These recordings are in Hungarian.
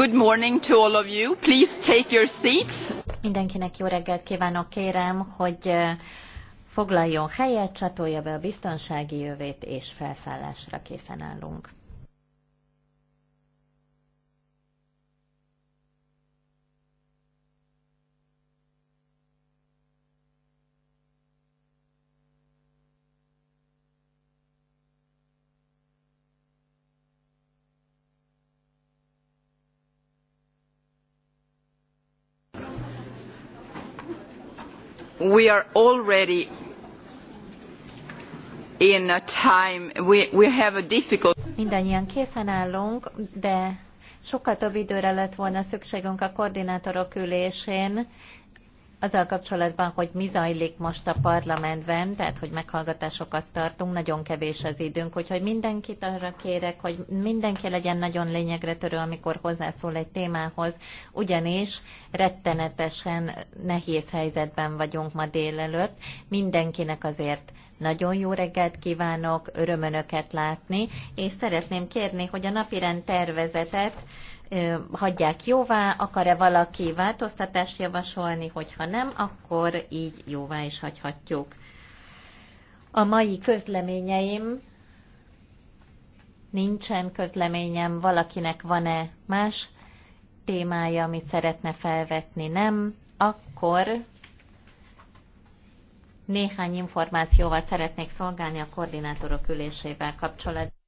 Good morning to all of you. Please take your seats. Mindenkinek jó reggelt kívánok, kérem, hogy eh, foglaljon helyet, csatolja be a biztonsági jövét, és felszállásra készen állunk. we are already in a time we, we have a difficult Mindannyian készen állunk, de sokkal több időre lett volna szükségünk a koordinátorok ülésén, azzal kapcsolatban, hogy mi zajlik most a parlamentben, tehát hogy meghallgatásokat tartunk, nagyon kevés az időnk, úgyhogy mindenkit arra kérek, hogy mindenki legyen nagyon lényegre törő, amikor hozzászól egy témához, ugyanis rettenetesen nehéz helyzetben vagyunk ma délelőtt. Mindenkinek azért nagyon jó reggelt kívánok, öröm önöket látni, és szeretném kérni, hogy a napirend tervezetet hagyják jóvá, akar-e valaki változtatást javasolni, hogyha nem, akkor így jóvá is hagyhatjuk. A mai közleményeim nincsen közleményem, valakinek van-e más témája, amit szeretne felvetni, nem, akkor néhány információval szeretnék szolgálni a koordinátorok ülésével kapcsolatban.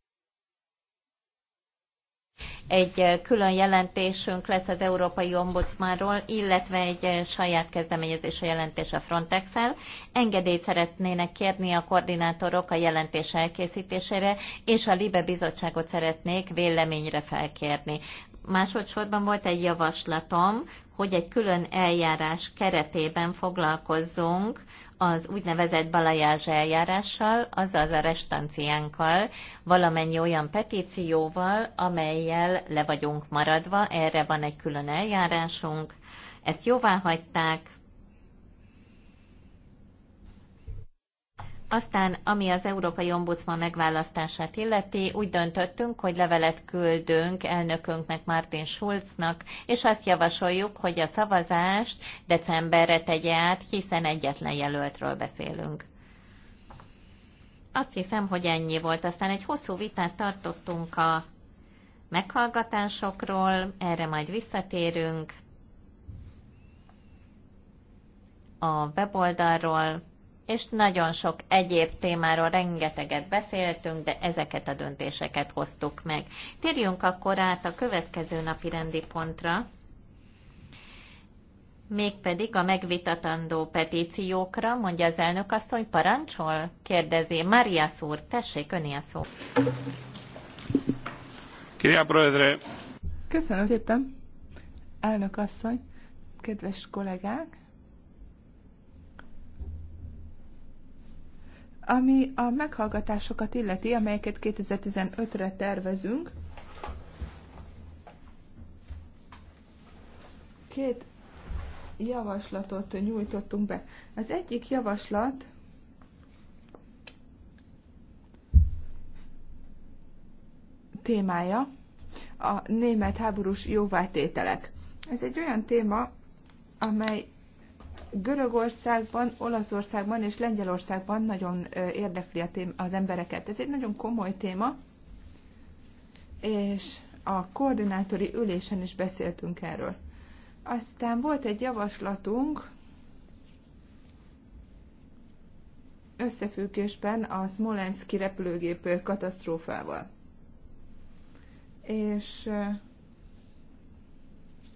Egy külön jelentésünk lesz az Európai Ombudsmanról, illetve egy saját a jelentés a frontex -el. Engedélyt szeretnének kérni a koordinátorok a jelentés elkészítésére, és a LIBE bizottságot szeretnék véleményre felkérni. Másodszorban volt egy javaslatom, hogy egy külön eljárás keretében foglalkozzunk az úgynevezett balajás eljárással, azaz a restanciánkkal, valamennyi olyan petícióval, amelyel le vagyunk maradva, erre van egy külön eljárásunk, ezt jóvá hagyták, Aztán, ami az Európai Ombudsman megválasztását illeti, úgy döntöttünk, hogy levelet küldünk elnökünknek Martin Schulznak, és azt javasoljuk, hogy a szavazást decemberre tegye át, hiszen egyetlen jelöltről beszélünk. Azt hiszem, hogy ennyi volt. Aztán egy hosszú vitát tartottunk a meghallgatásokról, erre majd visszatérünk a weboldalról, és nagyon sok egyéb témáról rengeteget beszéltünk, de ezeket a döntéseket hoztuk meg. Térjünk akkor át a következő napi rendi pontra, mégpedig a megvitatandó petíciókra, mondja az elnök asszony, parancsol? Kérdezi. Mária úr, tessék, öné a szó. Köszönöm szépen, elnök asszony, kedves kollégák! Ami a meghallgatásokat illeti, amelyeket 2015-re tervezünk, két javaslatot nyújtottunk be. Az egyik javaslat témája a német háborús jóvátételek. Ez egy olyan téma, amely Görögországban, Olaszországban és Lengyelországban nagyon érdekli a az embereket. Ez egy nagyon komoly téma, és a koordinátori ülésen is beszéltünk erről. Aztán volt egy javaslatunk összefüggésben a Smolenski repülőgép katasztrófával. És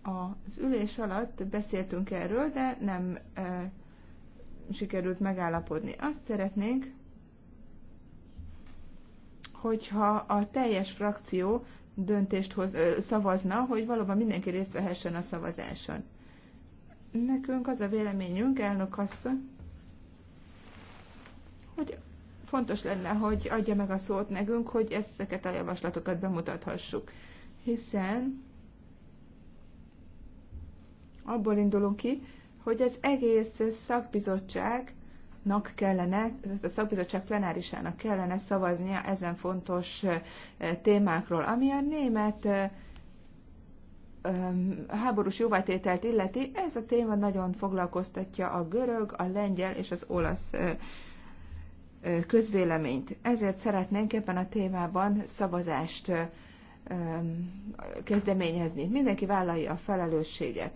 az ülés alatt beszéltünk erről, de nem e, sikerült megállapodni. Azt szeretnénk, hogyha a teljes frakció döntést hoz, ö, szavazna, hogy valóban mindenki részt vehessen a szavazáson. Nekünk az a véleményünk, elnök asszony, hogy fontos lenne, hogy adja meg a szót nekünk, hogy ezeket a javaslatokat bemutathassuk. Hiszen abból indulunk ki, hogy az egész szakbizottságnak kellene, tehát a szakbizottság plenárisának kellene szavaznia ezen fontos témákról, ami a német háborús jóvátételt illeti, ez a téma nagyon foglalkoztatja a görög, a lengyel és az olasz közvéleményt. Ezért szeretnénk ebben a témában szavazást kezdeményezni. Mindenki vállalja a felelősséget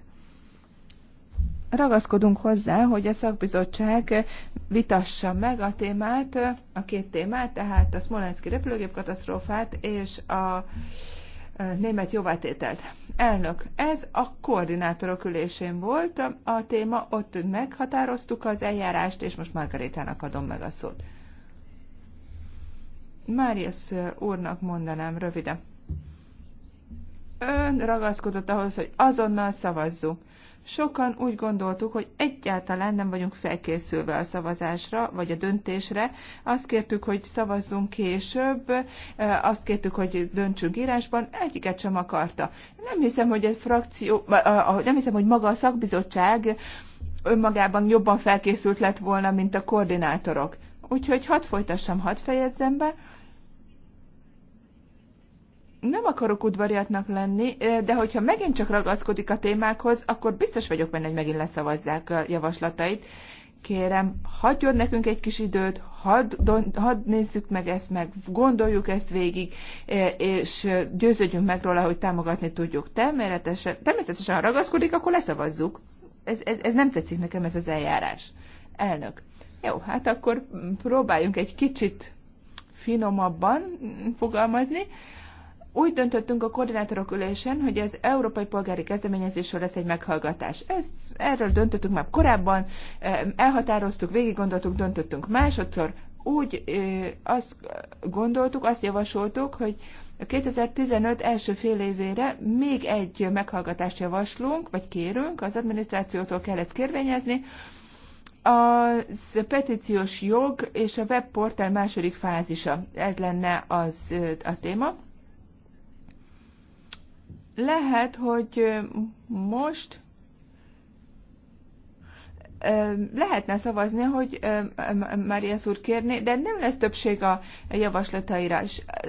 ragaszkodunk hozzá, hogy a szakbizottság vitassa meg a témát, a két témát, tehát a Smolenszki repülőgép katasztrófát és a német jóvátételt. Elnök, ez a koordinátorok ülésén volt a téma, ott meghatároztuk az eljárást, és most Margaritának adom meg a szót. Máriusz úrnak mondanám röviden. Ön ragaszkodott ahhoz, hogy azonnal szavazzunk sokan úgy gondoltuk, hogy egyáltalán nem vagyunk felkészülve a szavazásra, vagy a döntésre. Azt kértük, hogy szavazzunk később, eh, azt kértük, hogy döntsünk írásban, egyiket sem akarta. Nem hiszem, hogy egy frakció, nem hiszem, hogy maga a szakbizottság önmagában jobban felkészült lett volna, mint a koordinátorok. Úgyhogy hadd folytassam, hadd fejezzem be nem akarok udvariatnak lenni, de hogyha megint csak ragaszkodik a témákhoz, akkor biztos vagyok benne, hogy megint leszavazzák a javaslatait. Kérem, hagyjon nekünk egy kis időt, hadd, don, hadd nézzük meg ezt meg, gondoljuk ezt végig, és győződjünk meg róla, hogy támogatni tudjuk. Természetesen, természetesen ha ragaszkodik, akkor leszavazzuk. Ez, ez, ez nem tetszik nekem, ez az eljárás. Elnök. Jó, hát akkor próbáljunk egy kicsit finomabban fogalmazni úgy döntöttünk a koordinátorok ülésen, hogy az Európai Polgári Kezdeményezésről lesz egy meghallgatás. Ez, erről döntöttünk már korábban, e, elhatároztuk, gondoltuk, döntöttünk másodszor. Úgy e, azt gondoltuk, azt javasoltuk, hogy a 2015 első fél évére még egy meghallgatást javaslunk, vagy kérünk, az adminisztrációtól kell ezt kérvényezni, az petíciós jog és a webportál második fázisa, ez lenne az e, a téma. Lehet, hogy most lehetne szavazni, hogy Mária úr kérné, de nem lesz többség a javaslataira.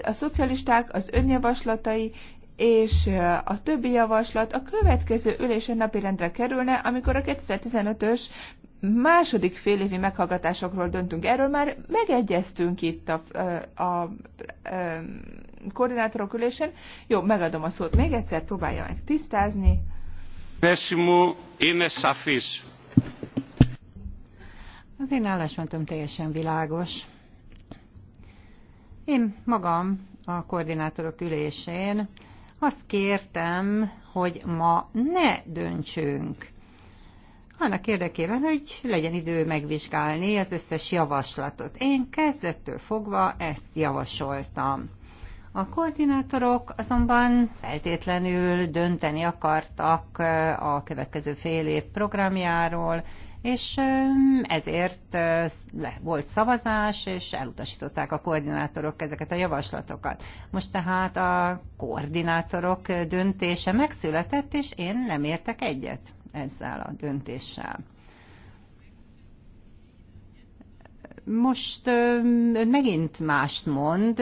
A szocialisták az önjavaslatai és a többi javaslat a következő ülésen napirendre kerülne, amikor a 2015-ös második félévi meghallgatásokról döntünk. Erről már megegyeztünk itt a, a, a, a koordinátorok ülésen. Jó, megadom a szót még egyszer, próbálja meg tisztázni. Az én álláspontom teljesen világos. Én magam a koordinátorok ülésén azt kértem, hogy ma ne döntsünk. Annak érdekében, hogy legyen idő megvizsgálni az összes javaslatot. Én kezdettől fogva ezt javasoltam. A koordinátorok azonban feltétlenül dönteni akartak eh, a következő fél év programjáról, és ezért volt szavazás, és elutasították a koordinátorok ezeket a javaslatokat. Most tehát a koordinátorok döntése megszületett, és én nem értek egyet ezzel a döntéssel. Most ön megint mást mond,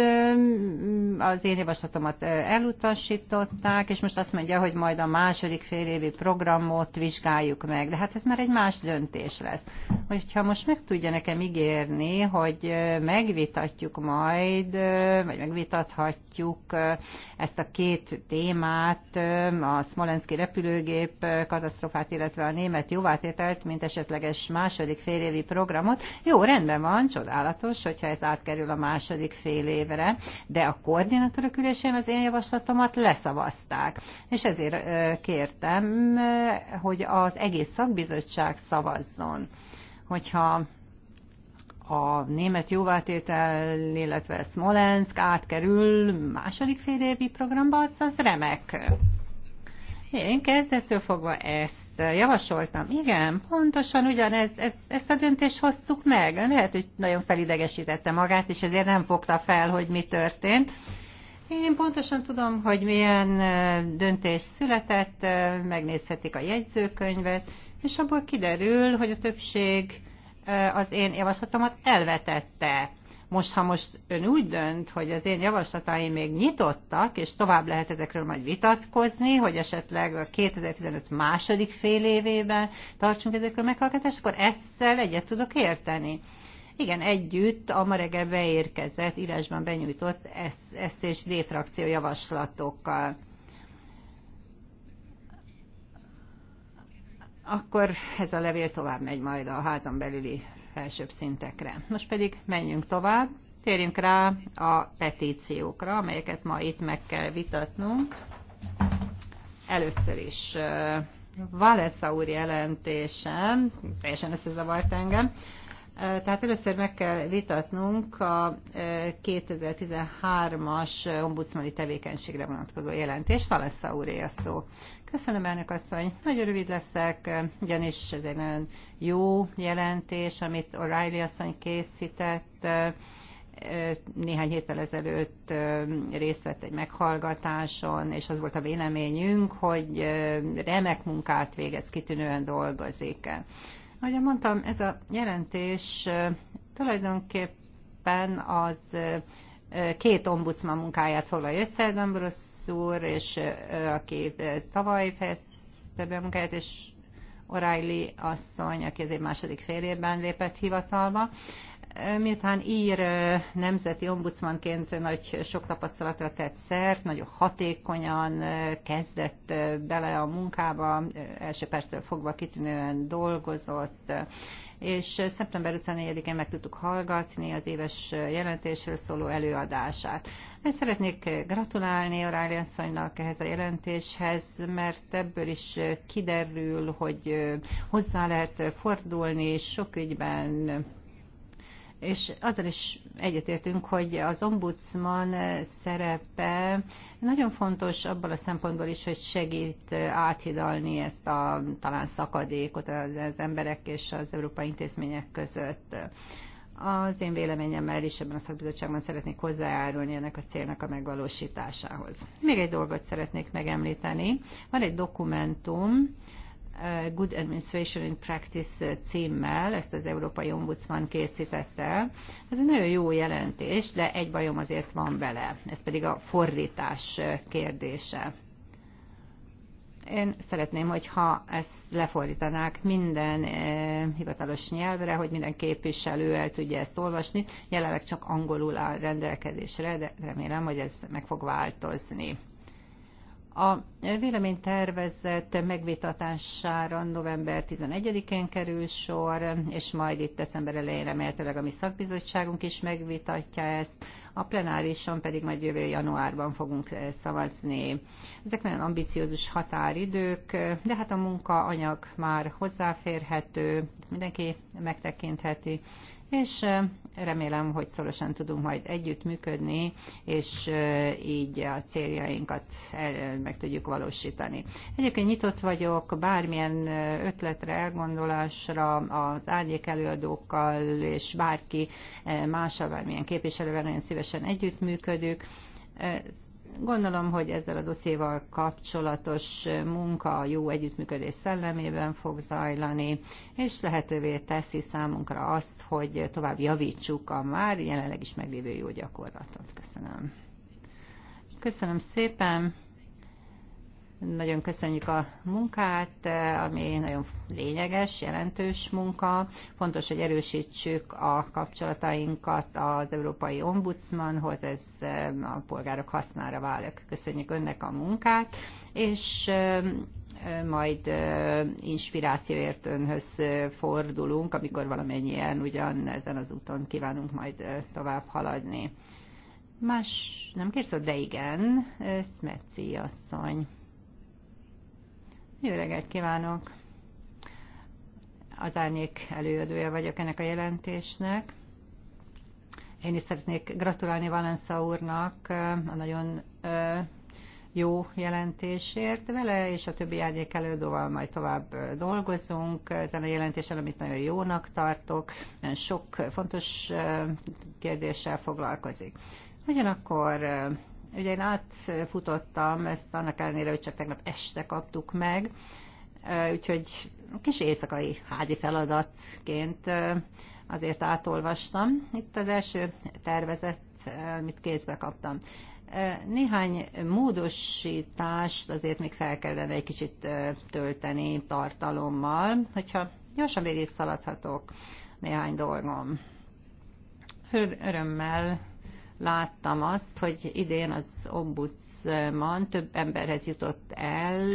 az én javaslatomat elutasították, és most azt mondja, hogy majd a második félévi programot vizsgáljuk meg, de hát ez már egy más döntés lesz. Hogyha most meg tudja nekem ígérni, hogy megvitatjuk majd, vagy megvitathatjuk ezt a két témát, a Smolenski repülőgép katasztrofát, illetve a német jóvátételt, mint esetleges második félévi programot, jó, rendben van, van, csodálatos, hogyha ez átkerül a második fél évre, de a koordinátorok ülésén az én javaslatomat leszavazták. És ezért kértem, hogy az egész szakbizottság szavazzon. Hogyha a német jóváltétel, illetve Smolensk átkerül második fél évi programba, az, az remek. Én kezdettől fogva ezt eh, javasoltam. Igen, pontosan ugyanez, ez, ezt a döntést hoztuk meg. Ön lehet, hogy nagyon felidegesítette magát, és ezért nem fogta fel, hogy mi történt. Én pontosan tudom, hogy milyen eh, döntés született, eh, megnézhetik a jegyzőkönyvet, és abból kiderül, hogy a többség az én javaslatomat elvetette. Most, ha most ön úgy dönt, hogy az én javaslataim még nyitottak, és tovább lehet ezekről majd vitatkozni, hogy esetleg a 2015 második fél évében tartsunk ezekről meghallgatást, akkor ezzel egyet tudok érteni. Igen, együtt a ma reggel beérkezett, írásban benyújtott S, S és D frakció javaslatokkal. Akkor ez a levél tovább megy majd a házon belüli felsőbb szintekre. Most pedig menjünk tovább, térjünk rá a petíciókra, amelyeket ma itt meg kell vitatnunk. Először is Valesza úr jelentése, teljesen összezavart engem, tehát először meg kell vitatnunk a 2013-as ombudsmani tevékenységre vonatkozó jelentést. Valesza úr a szó. Köszönöm, elnök asszony. Nagyon rövid leszek, ugyanis ez egy nagyon jó jelentés, amit O'Reilly asszony készített. Néhány héttel ezelőtt részt vett egy meghallgatáson, és az volt a véleményünk, hogy remek munkát végez, kitűnően dolgozik. Ahogy mondtam, ez a jelentés tulajdonképpen az két ombudsman munkáját foglalja össze, Dombrosz úr, és aki tavaly fejezte be munkáját, és O'Reilly asszony, aki az egy második évben lépett hivatalba. Miután ír nemzeti ombudsmanként nagy sok tapasztalatra tett szert, nagyon hatékonyan kezdett bele a munkába, első perctől fogva kitűnően dolgozott, és szeptember 24-én meg tudtuk hallgatni az éves jelentésről szóló előadását. Én szeretnék gratulálni Oráli asszonynak ehhez a jelentéshez, mert ebből is kiderül, hogy hozzá lehet fordulni sok ügyben és azzal is egyetértünk, hogy az ombudsman szerepe nagyon fontos abban a szempontból is, hogy segít áthidalni ezt a talán szakadékot az emberek és az európai intézmények között. Az én véleményemmel is ebben a szakbizottságban szeretnék hozzájárulni ennek a célnak a megvalósításához. Még egy dolgot szeretnék megemlíteni. Van egy dokumentum, Eh, Good Administration in Practice eh, címmel, ezt az Európai Ombudsman készítette. Ez egy nagyon jó jelentés, de egy bajom azért van vele, ez pedig a fordítás eh, kérdése. Én szeretném, hogyha ezt lefordítanák minden eh, hivatalos nyelvre, hogy minden képviselő el tudja ezt olvasni. Jelenleg csak angolul áll rendelkezésre, de remélem, hogy ez meg fog változni. A tervezett megvitatására november 11-én kerül sor, és majd itt december elején remélhetőleg a mi szakbizottságunk is megvitatja ezt a plenárison pedig majd jövő januárban fogunk eh, szavazni. Ezek nagyon ambiciózus határidők, eh, de hát a munkaanyag már hozzáférhető, mindenki megtekintheti, és eh, remélem, hogy szorosan tudunk majd együttműködni, és így a céljainkat meg tudjuk valósítani. Egyébként nyitott vagyok bármilyen ötletre, elgondolásra az árnyék előadókkal, és bárki mással, bármilyen képviselővel nagyon szívesen szívesen együttműködünk. Gondolom, hogy ezzel a dosszéval kapcsolatos munka jó együttműködés szellemében fog zajlani, és lehetővé teszi számunkra azt, hogy tovább javítsuk a már jelenleg is meglévő jó gyakorlatot. Köszönöm. Köszönöm szépen. Nagyon köszönjük a munkát, ami nagyon lényeges, jelentős munka. Fontos, hogy erősítsük a kapcsolatainkat az Európai Ombudsmanhoz, ez eh, a polgárok hasznára válik. Köszönjük önnek a munkát, és eh, eh, majd inspirációért önhöz fordulunk, amikor valamennyien ugyan ezen az úton kívánunk majd tovább haladni. Más nem kérsz, de igen, Smetszi asszony. Jó reggelt kívánok! Az árnyék előadója vagyok ennek a jelentésnek. Én is szeretnék gratulálni Valensza úrnak a nagyon jó jelentésért. Vele és a többi árnyék előadóval majd tovább dolgozunk. Ezen a jelentésen, amit nagyon jónak tartok, nagyon sok fontos kérdéssel foglalkozik. Ugyanakkor Ugye én átfutottam ezt annak ellenére, hogy csak tegnap este kaptuk meg, úgyhogy kis éjszakai házi feladatként azért átolvastam. Itt az első tervezet, amit kézbe kaptam. Néhány módosítást azért még fel kellene egy kicsit tölteni tartalommal, hogyha gyorsan végig szaladhatok néhány dolgom. Örömmel láttam azt, hogy idén az ombudsman több emberhez jutott el,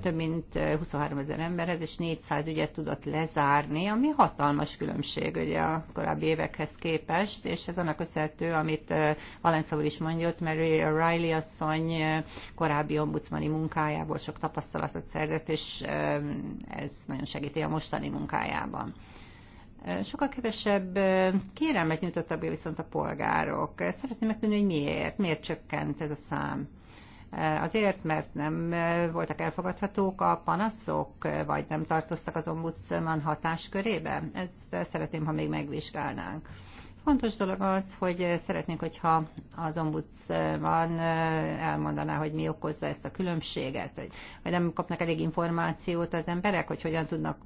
több mint 23 ezer emberhez, és 400 ügyet tudott lezárni, ami hatalmas különbség ugye a korábbi évekhez képest, és ez annak köszönhető, amit Valensza úr is mondott, a Riley asszony korábbi ombudsmani munkájából sok tapasztalatot szerzett, és ez nagyon segíti a mostani munkájában. Sokkal kevesebb kérelmet nyújtottak be viszont a polgárok. Szeretném megtudni, hogy miért, miért csökkent ez a szám. Azért, mert nem voltak elfogadhatók a panaszok, vagy nem tartoztak az ombudsman hatáskörébe? Ezt szeretném, ha még megvizsgálnánk. Fontos dolog az, hogy szeretnénk, hogyha az ombudsman elmondaná, hogy mi okozza ezt a különbséget, hogy, nem kapnak elég információt az emberek, hogy hogyan tudnak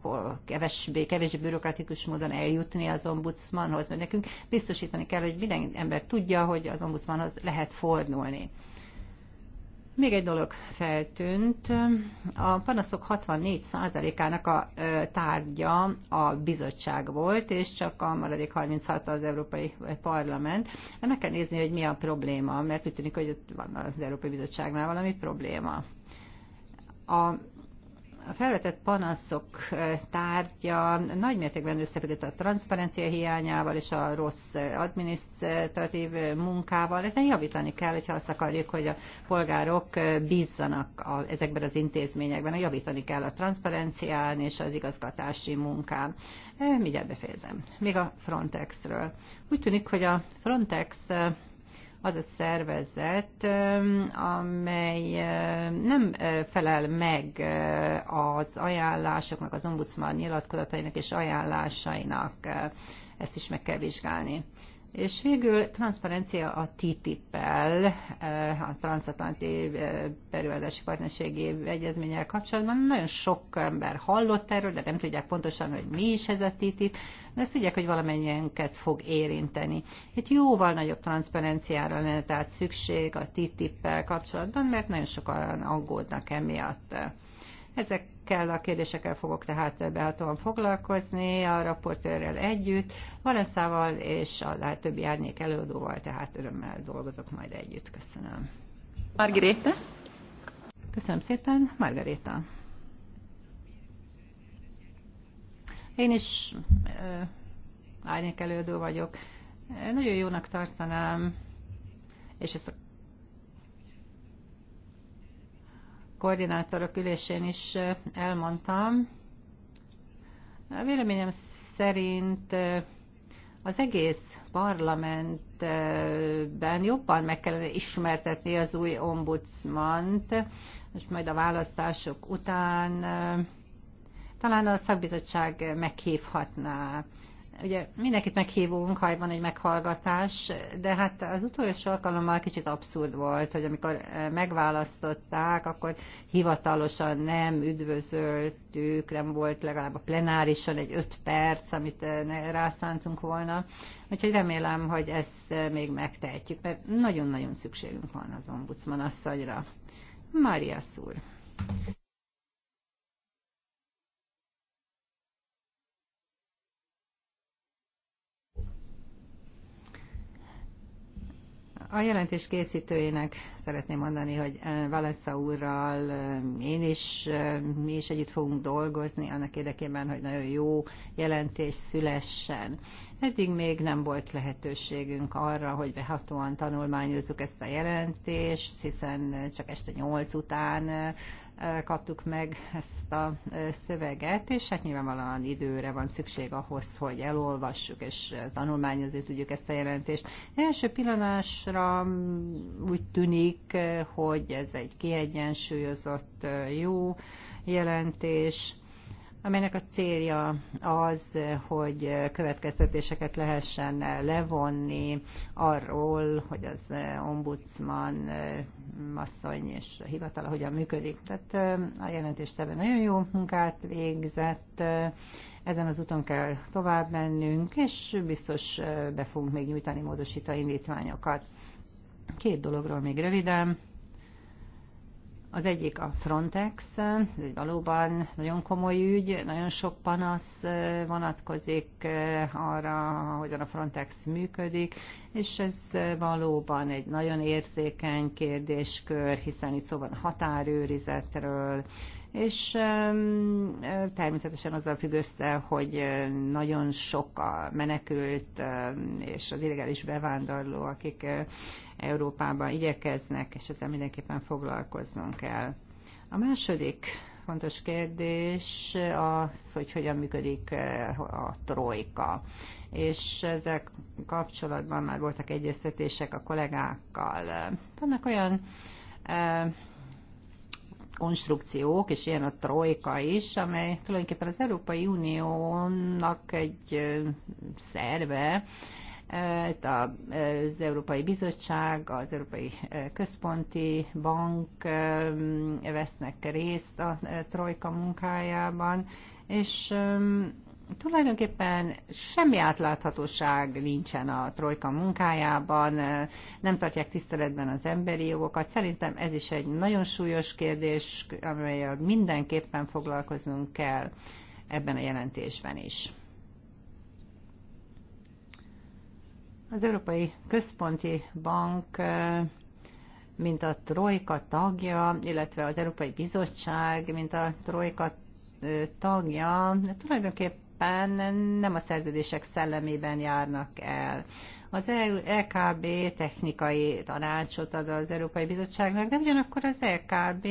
kevésbé, kevésbé bürokratikus módon eljutni az ombudsmanhoz. Nekünk biztosítani kell, hogy minden ember tudja, hogy az ombudsmanhoz lehet fordulni. Még egy dolog feltűnt. A panaszok 64%-ának a tárgya a bizottság volt, és csak a maradék 36 az Európai Parlament. Meg kell nézni, hogy mi a probléma, mert úgy tűnik, hogy ott van az Európai Bizottságnál valami probléma. A a felvetett panaszok tárgya nagymértékben összefüggött a transzparencia hiányával és a rossz adminisztratív munkával. Ezen javítani kell, hogyha azt akarjuk, hogy a polgárok bízzanak a, ezekben az intézményekben. Javítani kell a transzparencián és az igazgatási munkán. Mindjárt befejezem. Még a Frontexről. Úgy tűnik, hogy a Frontex az a szervezet, amely nem felel meg az ajánlásoknak, az ombudsman nyilatkozatainak és ajánlásainak. Ezt is meg kell vizsgálni. És végül transzparencia a TTIP-el, eh, a Transatlanti eh, Beruházási Partnerségi Egyezménnyel kapcsolatban. Nagyon sok ember hallott erről, de nem tudják pontosan, hogy mi is ez a TTIP, de ezt tudják, hogy valamennyienket fog érinteni. Itt jóval nagyobb transzparenciára lenne tehát szükség a TTIP-el kapcsolatban, mert nagyon sokan aggódnak emiatt. Ezek Ezekkel a kérdésekkel fogok tehát behatóan foglalkozni a raportőrrel együtt, Valenszával és a többi árnyék előadóval, tehát örömmel dolgozok majd együtt. Köszönöm. Margaréta. Köszönöm szépen, Margaréta. Én is árnyék előadó vagyok. Nagyon jónak tartanám, és ezt a koordinátorok ülésén is elmondtam. A véleményem szerint az egész parlamentben jobban meg kellene ismertetni az új ombudsmant, és majd a választások után talán a szakbizottság meghívhatná ugye mindenkit meghívunk, ha van egy meghallgatás, de hát az utolsó alkalommal kicsit abszurd volt, hogy amikor eh, megválasztották, akkor hivatalosan nem üdvözöltük, nem volt legalább a plenárison egy öt perc, amit eh, rászántunk volna. Úgyhogy remélem, hogy ezt eh, még megtehetjük, mert nagyon-nagyon szükségünk van az ombudsman asszonyra. Mária szúr! A jelentés készítőjének szeretném mondani, hogy eh, Valesza úrral eh, én is, eh, mi is együtt fogunk dolgozni annak érdekében, hogy nagyon jó jelentés szülessen. Eddig még nem volt lehetőségünk arra, hogy behatóan tanulmányozzuk ezt a jelentést, hiszen csak este nyolc után kaptuk meg ezt a e, szöveget, és hát nyilvánvalóan időre van szükség ahhoz, hogy elolvassuk és e, tanulmányozni tudjuk ezt a jelentést. Első pillanásra úgy tűnik, e, hogy ez egy kiegyensúlyozott jó jelentés, amelynek a célja az, hogy következtetéseket lehessen levonni arról, hogy az ombudsman mm, asszony és a hivatala hogyan működik. Tehát a jelentéstevő nagyon jó munkát végzett, ezen az úton kell tovább mennünk, és biztos be fogunk még nyújtani módosító indítványokat. Két dologról még röviden. Az egyik a Frontex, ez egy valóban nagyon komoly ügy, nagyon sok panasz vonatkozik arra, hogyan a Frontex működik, és ez valóban egy nagyon érzékeny kérdéskör, hiszen itt szó van határőrizetről, és természetesen azzal függ össze, hogy nagyon sok a menekült és az illegális bevándorló, akik Európába igyekeznek, és ezzel mindenképpen foglalkoznunk kell. A második fontos kérdés az, hogy hogyan működik a trojka. És ezek kapcsolatban már voltak egyeztetések a kollégákkal. Vannak olyan konstrukciók, és ilyen a trojka is, amely tulajdonképpen az Európai Uniónak egy szerve, az Európai Bizottság, az Európai Központi Bank vesznek részt a trojka munkájában, és tulajdonképpen semmi átláthatóság nincsen a trojka munkájában, nem tartják tiszteletben az emberi jogokat. Szerintem ez is egy nagyon súlyos kérdés, amelyel mindenképpen foglalkoznunk kell ebben a jelentésben is. Az Európai Központi Bank mint a Trojka tagja, illetve az Európai Bizottság, mint a Trojka tagja, tulajdonképpen Európán nem a szerződések szellemében járnak el. Az EKB e technikai tanácsot ad az Európai Bizottságnak, de ugyanakkor az EKB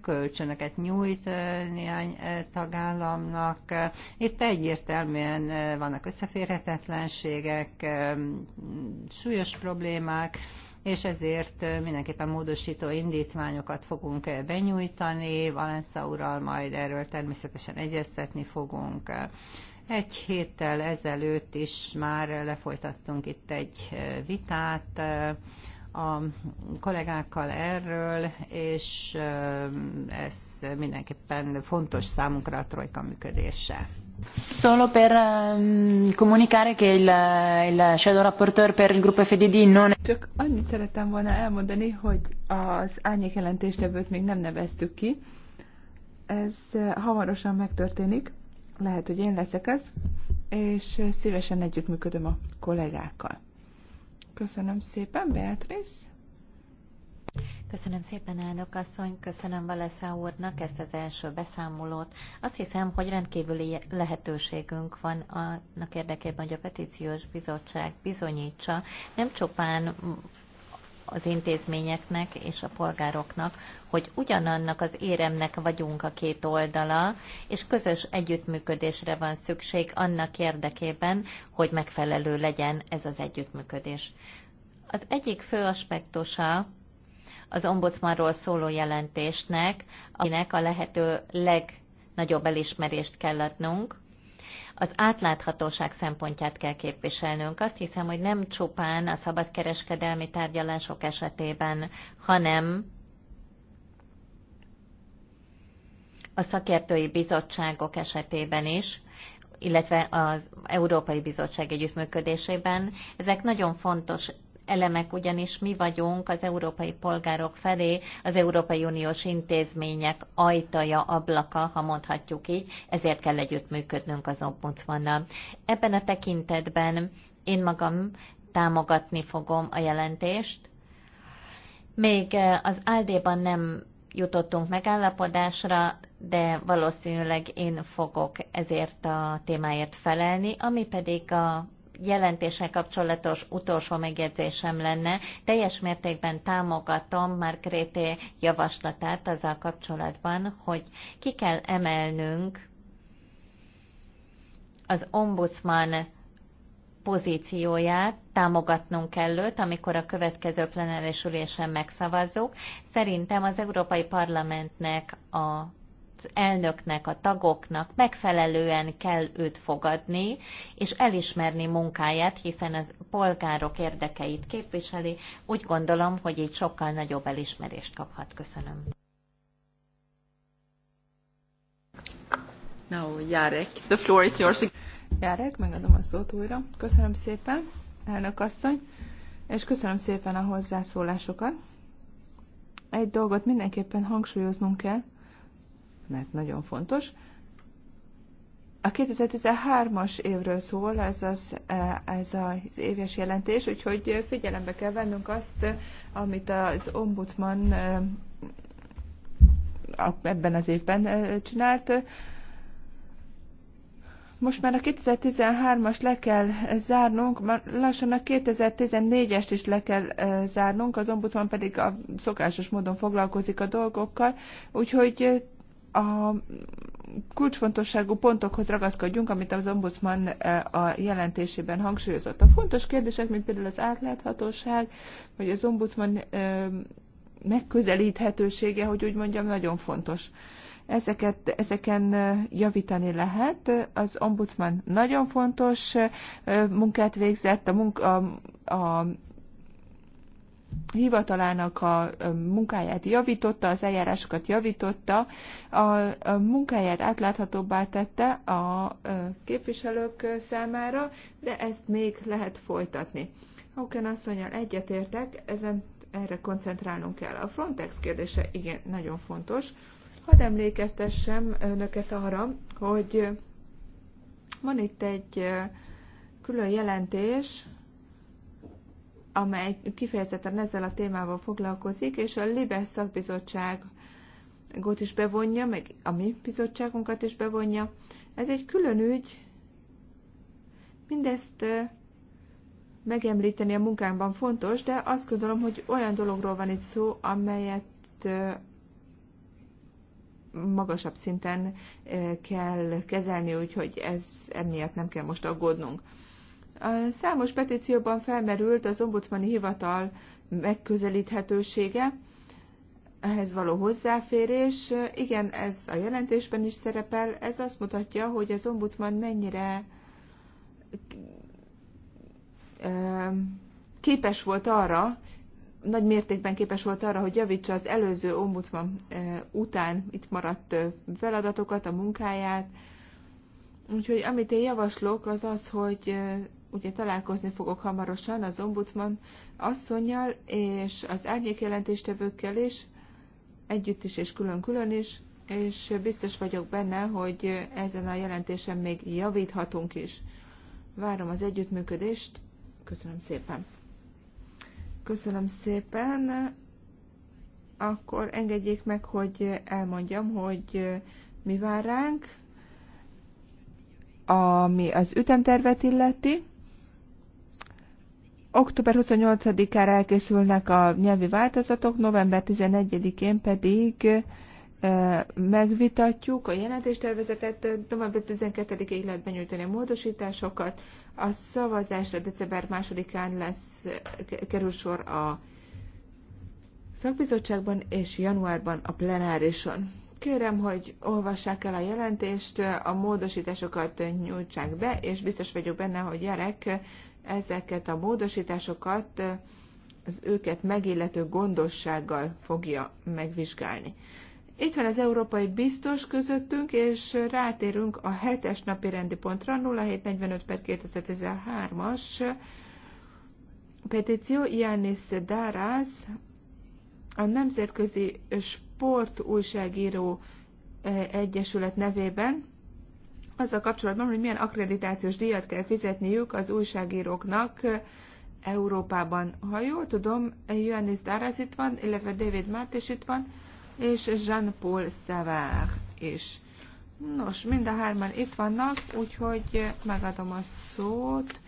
kölcsönöket nyújt néhány tagállamnak. Itt egyértelműen vannak összeférhetetlenségek, súlyos problémák, és ezért mindenképpen módosító indítványokat fogunk benyújtani, Valensza ural majd erről természetesen egyeztetni fogunk. Egy héttel ezelőtt is már lefolytattunk itt egy vitát, a kollégákkal erről, és ez mindenképpen fontos számunkra a trojka működése. Solo per um, comunicare che il, il shadow rapporteur per il gruppo FDD non... è... Csak annyit szerettem volna elmondani, hogy az árnyék jelentéstevőt még nem neveztük ki. Ez eh, hamarosan megtörténik. Lehet, hogy én leszek ez, és eh, szívesen együttműködöm a kollégákkal. Köszönöm szépen, Beatrice. Köszönöm szépen, elnök asszony, köszönöm Valesza úrnak ezt az első beszámolót. Azt hiszem, hogy rendkívüli lehetőségünk van annak érdekében, hogy a petíciós bizottság bizonyítsa nem csupán az intézményeknek és a polgároknak, hogy ugyanannak az éremnek vagyunk a két oldala, és közös együttműködésre van szükség annak érdekében, hogy megfelelő legyen ez az együttműködés. Az egyik fő aspektusa az ombudsmanról szóló jelentésnek, aminek a lehető legnagyobb elismerést kell adnunk. Az átláthatóság szempontját kell képviselnünk. Azt hiszem, hogy nem csupán a szabadkereskedelmi tárgyalások esetében, hanem a szakértői bizottságok esetében is, illetve az Európai Bizottság együttműködésében. Ezek nagyon fontos elemek, ugyanis mi vagyunk az európai polgárok felé az Európai Uniós intézmények ajtaja, ablaka, ha mondhatjuk így, ezért kell együttműködnünk az ombudsmannal. Ebben a tekintetben én magam támogatni fogom a jelentést. Még eh, az Áldéban nem jutottunk megállapodásra, de valószínűleg én fogok ezért a témáért felelni, ami pedig a jelentéssel kapcsolatos utolsó megjegyzésem lenne. Teljes mértékben támogatom már Krété javaslatát azzal kapcsolatban, hogy ki kell emelnünk az ombudsman pozícióját támogatnunk kell őt, amikor a következő plenáris ülésen megszavazzuk. Szerintem az Európai Parlamentnek a elnöknek, a tagoknak megfelelően kell őt fogadni, és elismerni munkáját, hiszen az polgárok érdekeit képviseli. Úgy gondolom, hogy így sokkal nagyobb elismerést kaphat. Köszönöm. Now, Jarek, the floor is yours. Jarek, megadom a szót újra. Köszönöm szépen, elnök asszony, és köszönöm szépen a hozzászólásokat. Egy dolgot mindenképpen hangsúlyoznunk kell, mert nagyon fontos. A 2013-as évről szól ez az, e, ez az éves jelentés, úgyhogy figyelembe kell vennünk azt, amit az ombudsman e, ebben az évben e, csinált. Most már a 2013-as le kell zárnunk, már lassan a 2014-est is le kell zárnunk, az ombudsman pedig a szokásos módon foglalkozik a dolgokkal, úgyhogy a kulcsfontosságú pontokhoz ragaszkodjunk, amit az ombudsman eh, a jelentésében hangsúlyozott. A fontos kérdések, mint például az átláthatóság, vagy az ombudsman eh, megközelíthetősége, hogy úgy mondjam, nagyon fontos. Ezeket, ezeken eh, javítani lehet. Az ombudsman nagyon fontos munkát végzett, a, munka, a, a hivatalának a munkáját javította, az eljárásokat javította, a, munkáját átláthatóbbá tette a képviselők számára, de ezt még lehet folytatni. Hauken asszonyal egyetértek, ezen erre koncentrálnunk kell. A Frontex kérdése igen, nagyon fontos. Hadd emlékeztessem önöket arra, hogy van itt egy külön jelentés, amely kifejezetten ezzel a témával foglalkozik, és a Libe szakbizottságot is bevonja, meg a mi bizottságunkat is bevonja. Ez egy külön ügy, mindezt megemlíteni a munkánkban fontos, de azt gondolom, hogy olyan dologról van itt szó, amelyet magasabb szinten kell kezelni, úgyhogy ez emiatt nem kell most aggódnunk. Számos petícióban felmerült az ombudsmani hivatal megközelíthetősége, ehhez való hozzáférés. Igen, ez a jelentésben is szerepel. Ez azt mutatja, hogy az ombudsman mennyire képes volt arra, nagy mértékben képes volt arra, hogy javítsa az előző ombudsman e, után itt maradt e, feladatokat, a munkáját. Úgyhogy amit én javaslok, az az, hogy e, ugye találkozni fogok hamarosan az ombudsman asszonyjal, és az árnyékjelentéstevőkkel is, együtt is és külön-külön is, és biztos vagyok benne, hogy ezen a jelentésen még javíthatunk is. Várom az együttműködést. Köszönöm szépen. Köszönöm szépen. Akkor engedjék meg, hogy elmondjam, hogy mi vár ránk, ami az ütemtervet illeti. Október 28 án elkészülnek a nyelvi változatok, november 11-én pedig megvitatjuk a jelentéstervezetet, november 12-ig lehet benyújtani a módosításokat, a szavazásra december 2-án lesz, kerül sor a szakbizottságban és januárban a plenárison. Kérem, hogy olvassák el a jelentést, a módosításokat nyújtsák be, és biztos vagyok benne, hogy gyerek ezeket a módosításokat az őket megillető gondossággal fogja megvizsgálni. Itt van az európai biztos közöttünk, és rátérünk a hetes napi rendi pontra, 0745 per 2013-as petíció Janis Dárász, a Nemzetközi Sport Sport újságíró egyesület nevében, azzal kapcsolatban, hogy milyen akkreditációs díjat kell fizetniük az újságíróknak Európában. Ha jól tudom, Ioannis Dárász itt van, illetve David Márt is itt van, és Jean-Paul Savard is. Nos, mind a hárman itt vannak, úgyhogy megadom a szót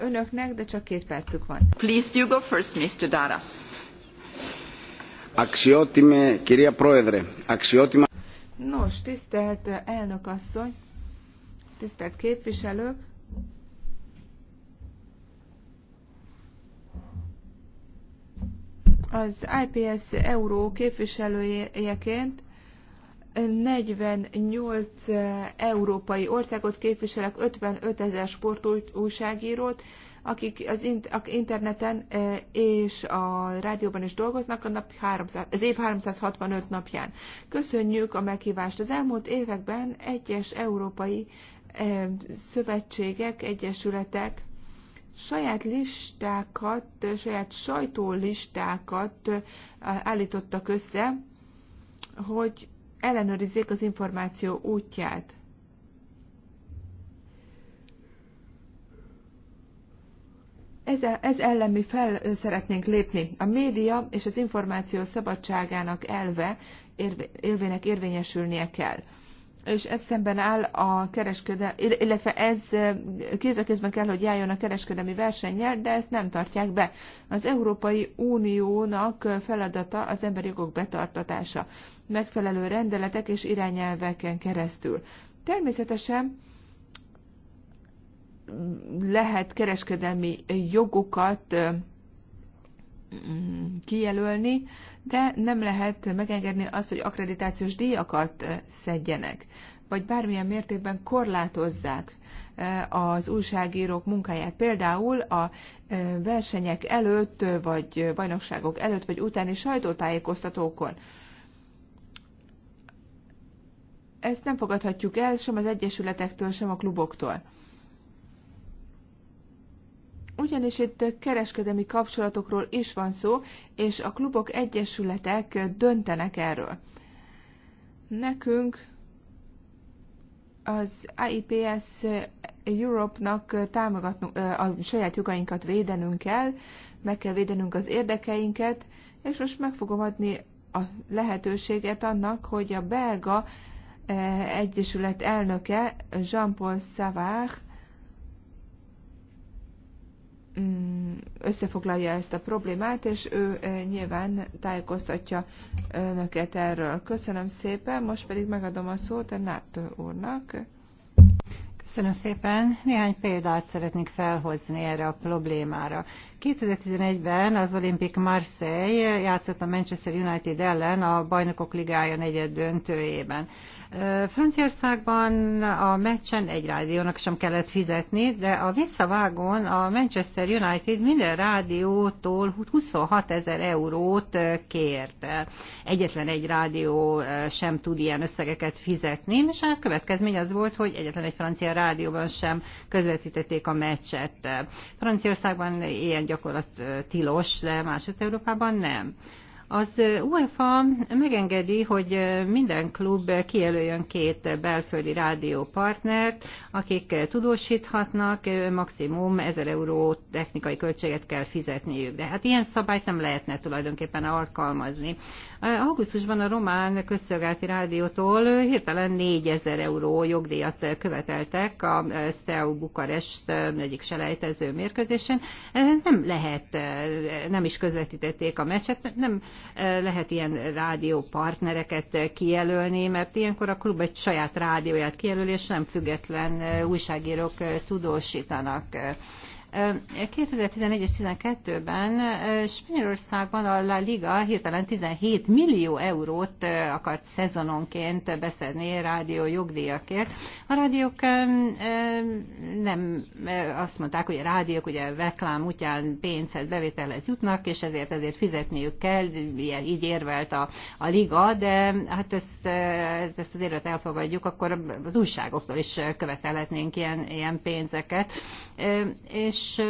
önöknek, de csak két percük van. Please you go first, Mr. Daras. Αξιότιμε, κυρία Πρόεδρε, αξιότιμα... Nos, tisztelt elnök asszony, tisztelt képviselők, az IPS Euró képviselőjeként 48 európai országot képviselek, 55 ezer sportújságírót, akik az interneten és a rádióban is dolgoznak a nap 300, az év 365 napján. Köszönjük a meghívást. Az elmúlt években egyes európai szövetségek, egyesületek saját listákat, saját sajtólistákat állítottak össze, hogy ellenőrizzék az információ útját. ez, ez ellen mi fel szeretnénk lépni. A média és az információ szabadságának elve érvének érvényesülnie kell. És ez szemben áll a kereskedelmi, illetve ez kézekézben kell, hogy járjon a kereskedelmi versennyel, de ezt nem tartják be. Az Európai Uniónak feladata az emberi jogok betartatása, megfelelő rendeletek és irányelveken keresztül. Természetesen lehet kereskedelmi jogokat mm, kijelölni, de nem lehet megengedni azt, hogy akkreditációs díjakat szedjenek, vagy bármilyen mértékben korlátozzák az újságírók munkáját. Például a versenyek előtt, vagy bajnokságok előtt, vagy utáni sajtótájékoztatókon. Ezt nem fogadhatjuk el sem az egyesületektől, sem a kluboktól ugyanis itt kereskedelmi kapcsolatokról is van szó, és a klubok, egyesületek döntenek erről. Nekünk az AIPS Europe-nak támogatnunk, a saját jogainkat védenünk kell, meg kell védenünk az érdekeinket, és most meg fogom adni a lehetőséget annak, hogy a belga egyesület elnöke Jean-Paul Savard Mm, összefoglalja ezt a problémát, és ő nyilván tájékoztatja önöket erről. Köszönöm szépen, most pedig megadom a szót a NATO úrnak. Köszönöm szépen. Néhány példát szeretnék felhozni erre a problémára. 2011-ben az Olympic Marseille játszott a Manchester United ellen a Bajnokok Ligája negyed döntőjében. Franciaországban a meccsen egy rádiónak sem kellett fizetni, de a visszavágón a Manchester United minden rádiótól 26 ezer eurót kért. Egyetlen egy rádió sem tud ilyen összegeket fizetni, és a következmény az volt, hogy egyetlen egy francia rádióban sem közvetítették a meccset. Franciaországban ilyen gyakorlat tilos, de más Európában nem. Az UEFA megengedi, hogy minden klub kijelöljön két belföldi rádiópartnert, akik tudósíthatnak, maximum 1000 euró technikai költséget kell fizetniük. De hát ilyen szabályt nem lehetne tulajdonképpen alkalmazni. Augusztusban a román közszolgálati rádiótól hirtelen 4000 euró jogdíjat követeltek a Steau Bukarest egyik selejtező mérkőzésen. Nem lehet, nem is közvetítették a meccset, nem lehet ilyen rádió partnereket kijelölni, mert ilyenkor a klub egy saját rádióját kijelöli, és nem független újságírók tudósítanak 2011 és 2012-ben Spanyolországban a La Liga hirtelen 17 millió eurót akart szezononként beszedni rádió jogdíjakért. A rádiók nem azt mondták, hogy a rádiók ugye reklám után pénzhez, bevételhez jutnak, és ezért ezért fizetniük kell, ilyen, így érvelt a, a liga, de hát ezt, ezt az érvet elfogadjuk, akkor az újságoktól is követelhetnénk ilyen, ilyen pénzeket. És és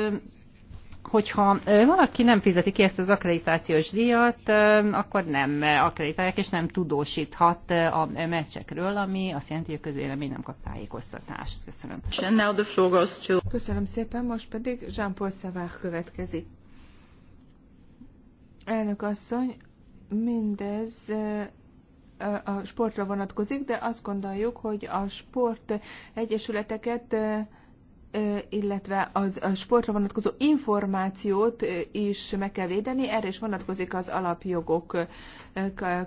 hogyha valaki nem fizeti ki ezt az akkreditációs díjat, akkor nem akkreditálják, és nem tudósíthat a meccsekről, ami azt jelenti, hogy a közélemény nem kap tájékoztatást. Köszönöm. Köszönöm szépen, most pedig Jean-Paul Savard következik. Elnök asszony, mindez a sportra vonatkozik, de azt gondoljuk, hogy a sport egyesületeket illetve az, a sportra vonatkozó információt is meg kell védeni, erre is vonatkozik az alapjogok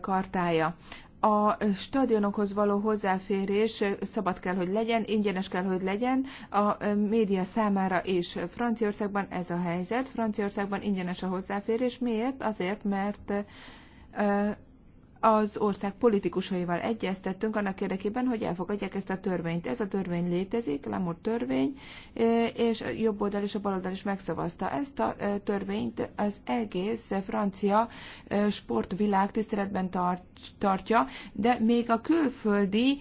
kartája. A stadionokhoz való hozzáférés szabad kell, hogy legyen, ingyenes kell, hogy legyen a média számára is. Franciaországban ez a helyzet. Franciaországban ingyenes a hozzáférés. Miért? Azért, mert az ország politikusaival egyeztettünk annak érdekében, hogy elfogadják ezt a törvényt. Ez a törvény létezik, Lamur törvény, és a jobb oldal és a bal oldal is megszavazta ezt a törvényt. Az egész francia sportvilág tiszteletben tartja, de még a külföldi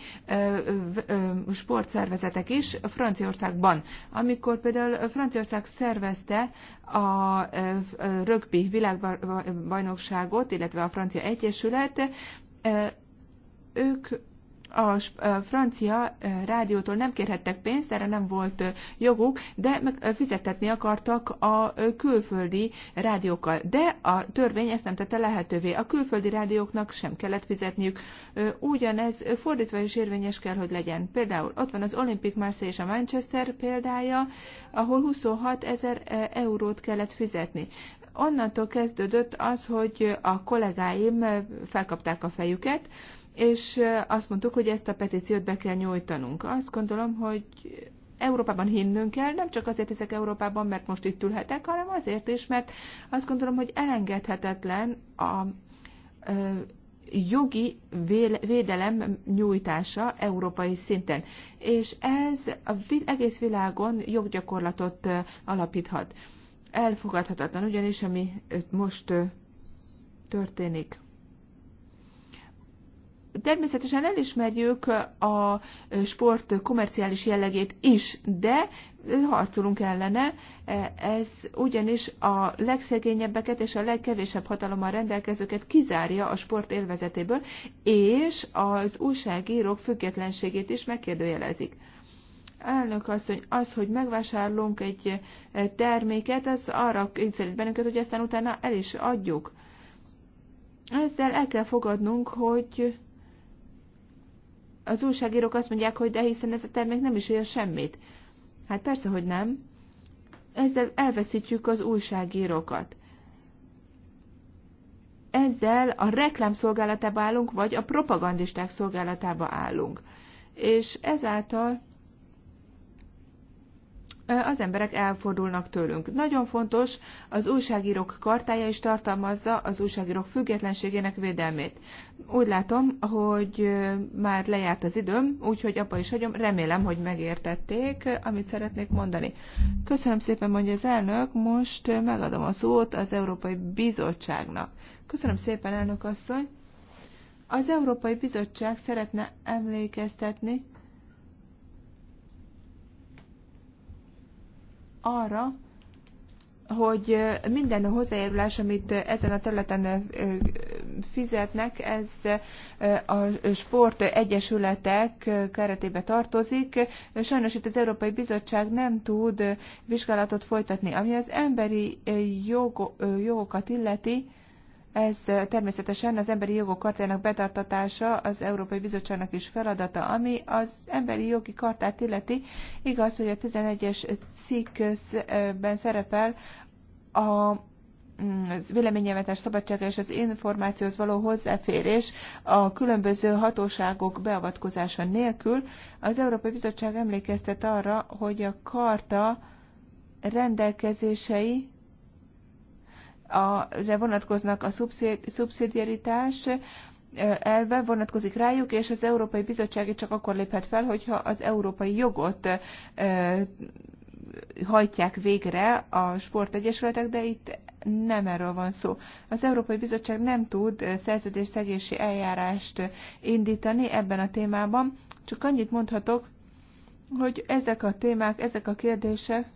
sportszervezetek is Franciaországban. Amikor például Franciaország szervezte a rögbi világbajnokságot, illetve a francia egyesület, ők a francia rádiótól nem kérhettek pénzt, erre nem volt joguk, de fizetetni akartak a külföldi rádiókkal. De a törvény ezt nem tette lehetővé. A külföldi rádióknak sem kellett fizetniük. Ugyanez fordítva is érvényes kell, hogy legyen. Például ott van az Olympic Marseille és a Manchester példája, ahol 26 ezer eurót kellett fizetni onnantól kezdődött az, hogy a kollégáim felkapták a fejüket, és azt mondtuk, hogy ezt a petíciót be kell nyújtanunk. Azt gondolom, hogy Európában hinnünk kell, nem csak azért ezek Európában, mert most itt ülhetek, hanem azért is, mert azt gondolom, hogy elengedhetetlen a ö, jogi védelem nyújtása európai szinten. És ez a egész világon joggyakorlatot alapíthat. Elfogadhatatlan, ugyanis ami most történik. Természetesen elismerjük a sport komerciális jellegét is, de harcolunk ellene, ez ugyanis a legszegényebbeket és a legkevésebb hatalommal rendelkezőket kizárja a sport élvezetéből, és az újságírók függetlenségét is megkérdőjelezik. Elnök asszony, az, hogy megvásárlunk egy terméket, az arra kényszerít bennünket, hogy aztán utána el is adjuk. Ezzel el kell fogadnunk, hogy az újságírók azt mondják, hogy de hiszen ez a termék nem is ér semmit. Hát persze, hogy nem. Ezzel elveszítjük az újságírókat. Ezzel a reklám szolgálatába állunk, vagy a propagandisták szolgálatába állunk. És ezáltal az emberek elfordulnak tőlünk. Nagyon fontos, az újságírók kartája is tartalmazza az újságírók függetlenségének védelmét. Úgy látom, hogy már lejárt az időm, úgyhogy apa is hagyom. Remélem, hogy megértették, amit szeretnék mondani. Köszönöm szépen, mondja az elnök, most megadom a szót az Európai Bizottságnak. Köszönöm szépen, elnök asszony. Az Európai Bizottság szeretne emlékeztetni arra, hogy minden hozzájárulás, amit ezen a területen fizetnek, ez a sport egyesületek keretébe tartozik. Sajnos itt az Európai Bizottság nem tud vizsgálatot folytatni. Ami az emberi jogokat illeti, ez természetesen az emberi jogok kartájának betartatása az Európai Bizottságnak is feladata, ami az emberi jogi kartát illeti. Igaz, hogy a 11-es cikkben szerepel a véleménynyilvánítás szabadság és az információhoz való hozzáférés a különböző hatóságok beavatkozása nélkül. Az Európai Bizottság emlékeztet arra, hogy a karta rendelkezései a, vonatkoznak a szubszidiaritás elve vonatkozik rájuk, és az Európai Bizottság csak akkor léphet fel, hogyha az európai jogot hajtják végre a sportegyesületek, de itt nem erről van szó. Az Európai Bizottság nem tud szerződésszegési eljárást indítani ebben a témában, csak annyit mondhatok, hogy ezek a témák, ezek a kérdések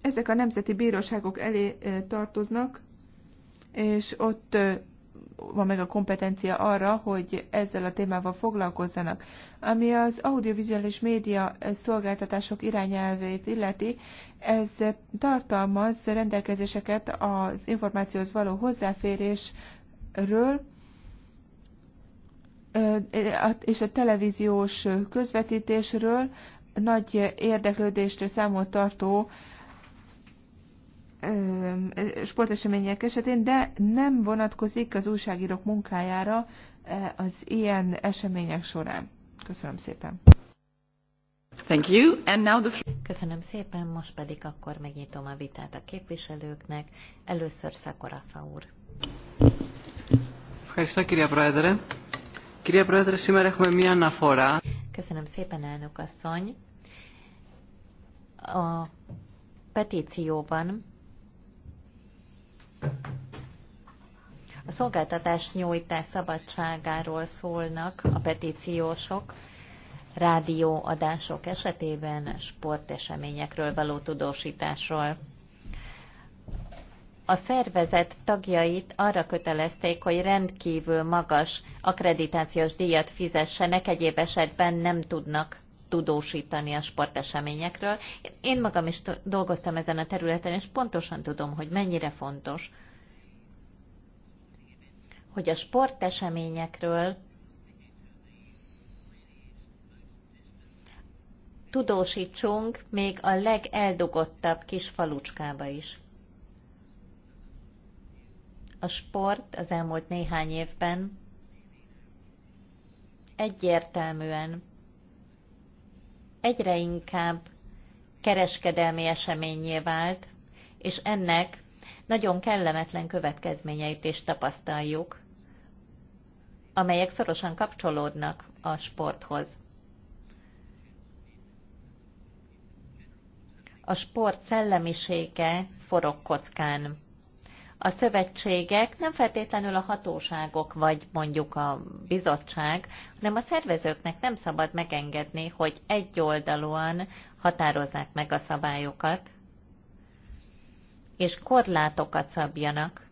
ezek a nemzeti bíróságok elé tartoznak, és ott van meg a kompetencia arra, hogy ezzel a témával foglalkozzanak. Ami az audiovizuális média szolgáltatások irányelvét illeti, ez tartalmaz rendelkezéseket az információhoz való hozzáférésről, és a televíziós közvetítésről nagy érdeklődésre számot tartó sportesemények esetén, de nem vonatkozik az újságírók munkájára az ilyen események során. Köszönöm szépen. Thank you. And now the... Köszönöm szépen, most pedig akkor megnyitom a vitát a képviselőknek. Először Szakorafa úr. Köszönöm szépen, elnök asszony. A petícióban szolgáltatás nyújtás szabadságáról szólnak a petíciósok, rádióadások esetében sporteseményekről való tudósításról. A szervezet tagjait arra kötelezték, hogy rendkívül magas akkreditációs díjat fizessenek, egyéb esetben nem tudnak tudósítani a sporteseményekről. Én magam is dolgoztam ezen a területen, és pontosan tudom, hogy mennyire fontos, hogy a sporteseményekről tudósítsunk még a legeldugottabb kis falucskába is. A sport az elmúlt néhány évben egyértelműen egyre inkább kereskedelmi eseményé vált, és ennek nagyon kellemetlen következményeit is tapasztaljuk amelyek szorosan kapcsolódnak a sporthoz. A sport szellemisége forog kockán. A szövetségek nem feltétlenül a hatóságok, vagy mondjuk a bizottság, hanem a szervezőknek nem szabad megengedni, hogy egyoldalúan határozzák meg a szabályokat, és korlátokat szabjanak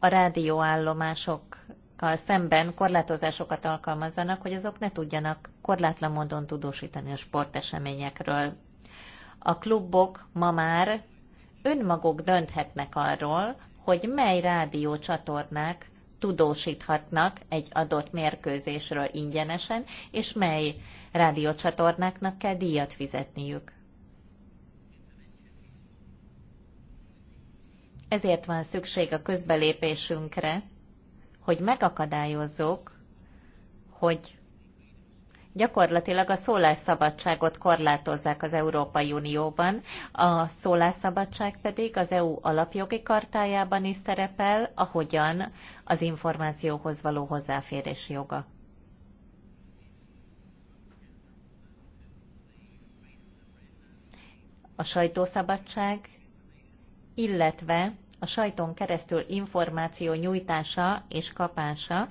a rádióállomásokkal szemben korlátozásokat alkalmazzanak, hogy azok ne tudjanak korlátlan módon tudósítani a sporteseményekről. A klubok ma már önmaguk dönthetnek arról, hogy mely rádiócsatornák tudósíthatnak egy adott mérkőzésről ingyenesen, és mely rádiócsatornáknak kell díjat fizetniük. ezért van szükség a közbelépésünkre, hogy megakadályozzuk, hogy gyakorlatilag a szólásszabadságot korlátozzák az Európai Unióban, a szólásszabadság pedig az EU alapjogi kartájában is szerepel, ahogyan az információhoz való hozzáférés joga. A sajtószabadság, illetve a sajton keresztül információ nyújtása és kapása,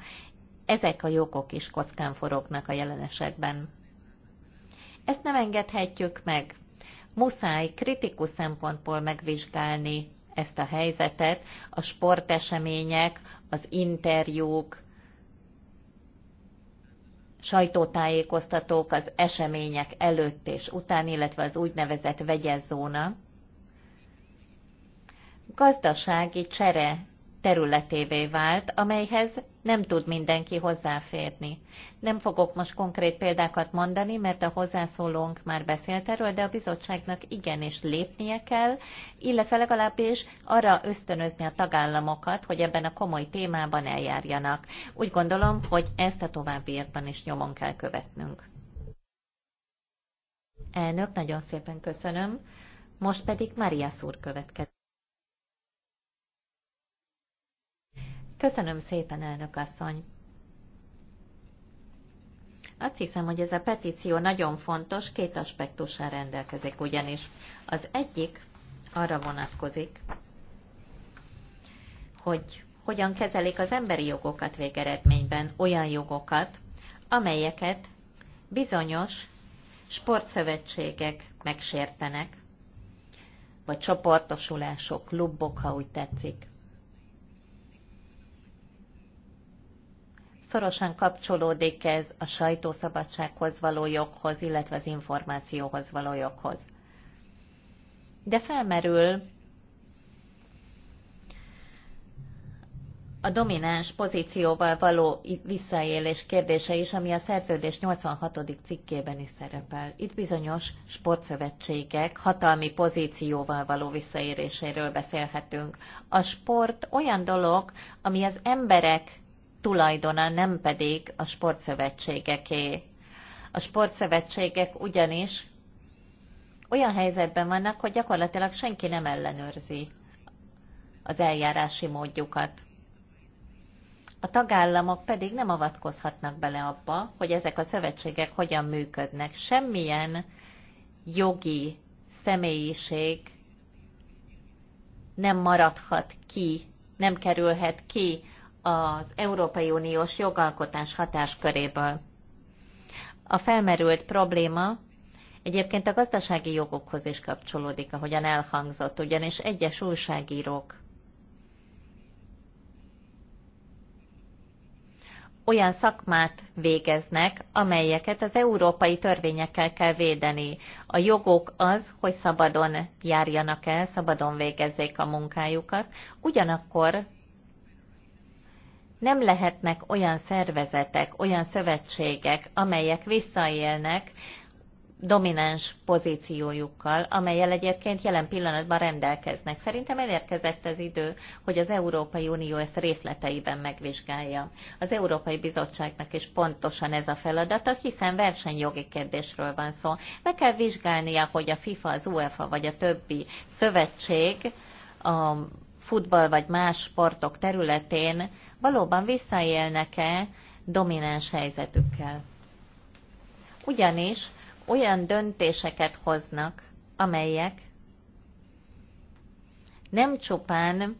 ezek a jogok is kockán forognak a jelen esetben. Ezt nem engedhetjük meg. Muszáj kritikus szempontból megvizsgálni ezt a helyzetet, a sportesemények, az interjúk, sajtótájékoztatók az események előtt és után, illetve az úgynevezett vegyes zóna, gazdasági csere területévé vált, amelyhez nem tud mindenki hozzáférni. Nem fogok most konkrét példákat mondani, mert a hozzászólónk már beszélt erről, de a bizottságnak igenis lépnie kell, illetve legalábbis arra ösztönözni a tagállamokat, hogy ebben a komoly témában eljárjanak. Úgy gondolom, hogy ezt a továbbiakban is nyomon kell követnünk. Elnök, nagyon szépen köszönöm. Most pedig Mária Szúr következik. Köszönöm szépen, elnök asszony! Azt hiszem, hogy ez a petíció nagyon fontos, két aspektussal rendelkezik ugyanis. Az egyik arra vonatkozik, hogy hogyan kezelik az emberi jogokat végeredményben, olyan jogokat, amelyeket bizonyos sportszövetségek megsértenek, vagy csoportosulások, klubok, ha úgy tetszik. Szorosan kapcsolódik ez a sajtószabadsághoz való joghoz, illetve az információhoz való joghoz. De felmerül a domináns pozícióval való visszaélés kérdése is, ami a szerződés 86. cikkében is szerepel. Itt bizonyos sportszövetségek hatalmi pozícióval való visszaéléséről beszélhetünk. A sport olyan dolog, ami az emberek tulajdona, nem pedig a sportszövetségeké. A sportszövetségek ugyanis olyan helyzetben vannak, hogy gyakorlatilag senki nem ellenőrzi az eljárási módjukat. A tagállamok pedig nem avatkozhatnak bele abba, hogy ezek a szövetségek hogyan működnek. Semmilyen jogi személyiség nem maradhat ki, nem kerülhet ki az Európai Uniós jogalkotás hatásköréből. A felmerült probléma egyébként a gazdasági jogokhoz is kapcsolódik, ahogyan elhangzott, ugyanis egyes újságírók olyan szakmát végeznek, amelyeket az európai törvényekkel kell védeni. A jogok az, hogy szabadon járjanak el, szabadon végezzék a munkájukat, ugyanakkor nem lehetnek olyan szervezetek, olyan szövetségek, amelyek visszaélnek domináns pozíciójukkal, amelyel egyébként jelen pillanatban rendelkeznek. Szerintem elérkezett az idő, hogy az Európai Unió ezt részleteiben megvizsgálja. Az Európai Bizottságnak is pontosan ez a feladata, hiszen versenyjogi kérdésről van szó. Meg kell vizsgálnia, hogy a FIFA, az UEFA vagy a többi szövetség a futball vagy más sportok területén valóban visszaélnek-e domináns helyzetükkel. Ugyanis olyan döntéseket hoznak, amelyek nem csupán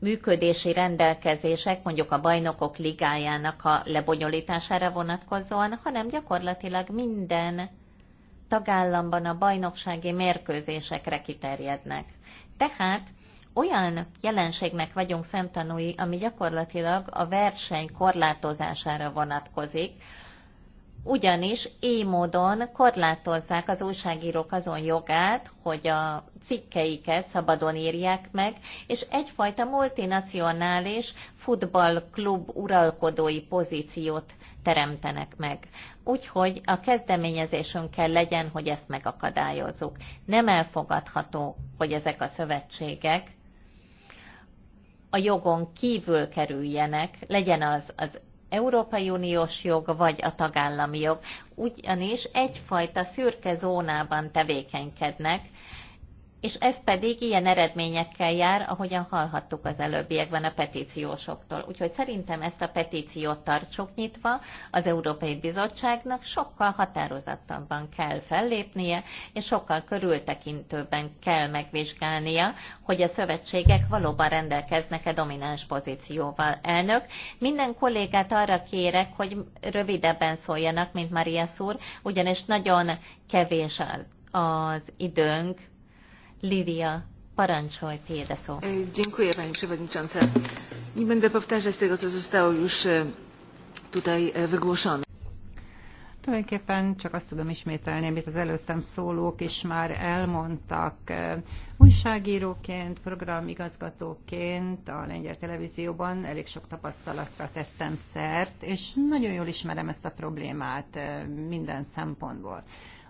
működési rendelkezések, mondjuk a bajnokok ligájának a lebonyolítására vonatkozóan, hanem gyakorlatilag minden tagállamban a bajnoksági mérkőzésekre kiterjednek. Tehát olyan jelenségnek vagyunk szemtanúi, ami gyakorlatilag a verseny korlátozására vonatkozik, ugyanis éj módon korlátozzák az újságírók azon jogát, hogy a cikkeiket szabadon írják meg, és egyfajta multinacionális futballklub uralkodói pozíciót teremtenek meg. Úgyhogy a kezdeményezésünk kell legyen, hogy ezt megakadályozzuk. Nem elfogadható, hogy ezek a szövetségek a jogon kívül kerüljenek, legyen az az Európai Uniós jog vagy a tagállami jog, ugyanis egyfajta szürke zónában tevékenykednek, és ez pedig ilyen eredményekkel jár, ahogyan hallhattuk az előbbiekben a petíciósoktól. Úgyhogy szerintem ezt a petíciót tartsuk nyitva, az Európai Bizottságnak sokkal határozottabban kell fellépnie, és sokkal körültekintőben kell megvizsgálnia, hogy a szövetségek valóban rendelkeznek-e domináns pozícióval. Elnök, minden kollégát arra kérek, hogy rövidebben szóljanak, mint Maria Szúr, ugyanis nagyon kevés az időnk, Lidia, parancsolj, tiéd e, Dziękuję, pani przewodnicząca. Nie będę powtarzać tego, co zostało już e, tutaj e, wygłoszone. Tulajdonképpen csak azt tudom ismételni, amit az előttem szólók is már elmondtak. Újságíróként, programigazgatóként a lengyel televízióban elég sok tapasztalatra tettem szert, és nagyon jól ismerem ezt a problémát minden szempontból.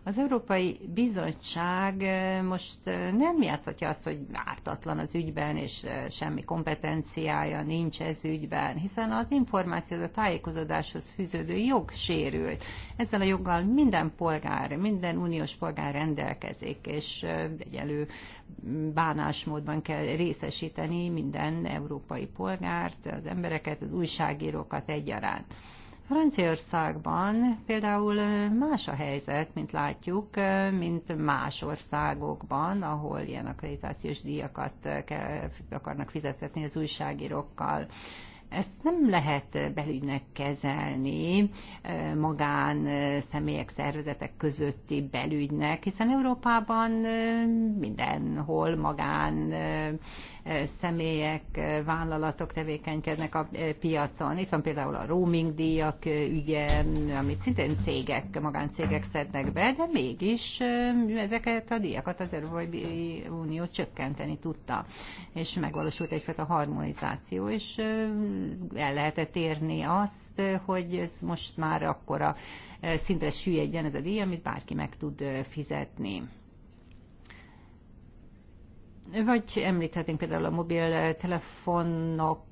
Az Európai Bizottság most nem játszhatja azt, hogy ártatlan az ügyben, és semmi kompetenciája nincs ez ügyben, hiszen az információ, a tájékozódáshoz fűződő jog sérült. Ezzel a joggal minden polgár, minden uniós polgár rendelkezik, és egyelő bánásmódban kell részesíteni minden európai polgárt, az embereket, az újságírókat egyaránt. Franciaországban például más a helyzet, mint látjuk, mint más országokban, ahol ilyen akkreditációs díjakat kell, akarnak fizetetni az újságírókkal. Ezt nem lehet belügynek kezelni eh, magán eh, személyek, szervezetek közötti belügynek, hiszen Európában eh, mindenhol magán személyek, vállalatok tevékenykednek a piacon. Itt van például a roaming díjak ügye, amit szintén cégek, magáncégek szednek be, de mégis ezeket a díjakat az Európai Unió csökkenteni tudta. És megvalósult egyfajta harmonizáció, és el lehetett érni azt, hogy ez most már akkora szinte süllyedjen ez a díj, amit bárki meg tud fizetni. Vagy említhetünk például a mobiltelefonok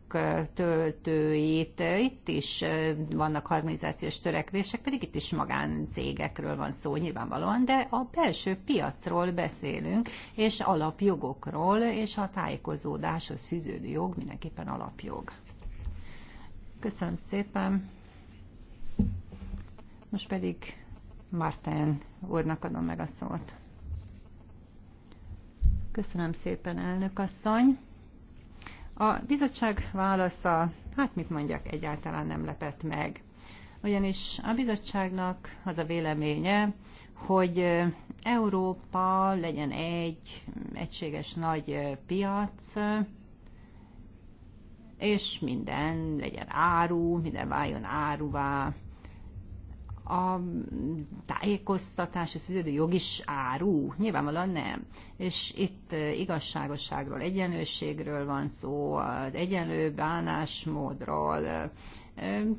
töltőit, itt is vannak harmonizációs törekvések, pedig itt is magáncégekről van szó nyilvánvalóan, de a belső piacról beszélünk, és alapjogokról, és a tájékozódáshoz fűződő jog mindenképpen alapjog. Köszönöm szépen. Most pedig Márten úrnak adom meg a szót. Köszönöm szépen, elnök asszony. A bizottság válasza, hát mit mondjak, egyáltalán nem lepett meg. Ugyanis a bizottságnak az a véleménye, hogy Európa legyen egy egységes nagy piac, és minden legyen áru, minden váljon áruvá, a tájékoztatás, ez ügyelő jog is áru? Nyilvánvalóan nem. És itt eh, igazságosságról, egyenlőségről van szó, az egyenlő bánásmódról, eh,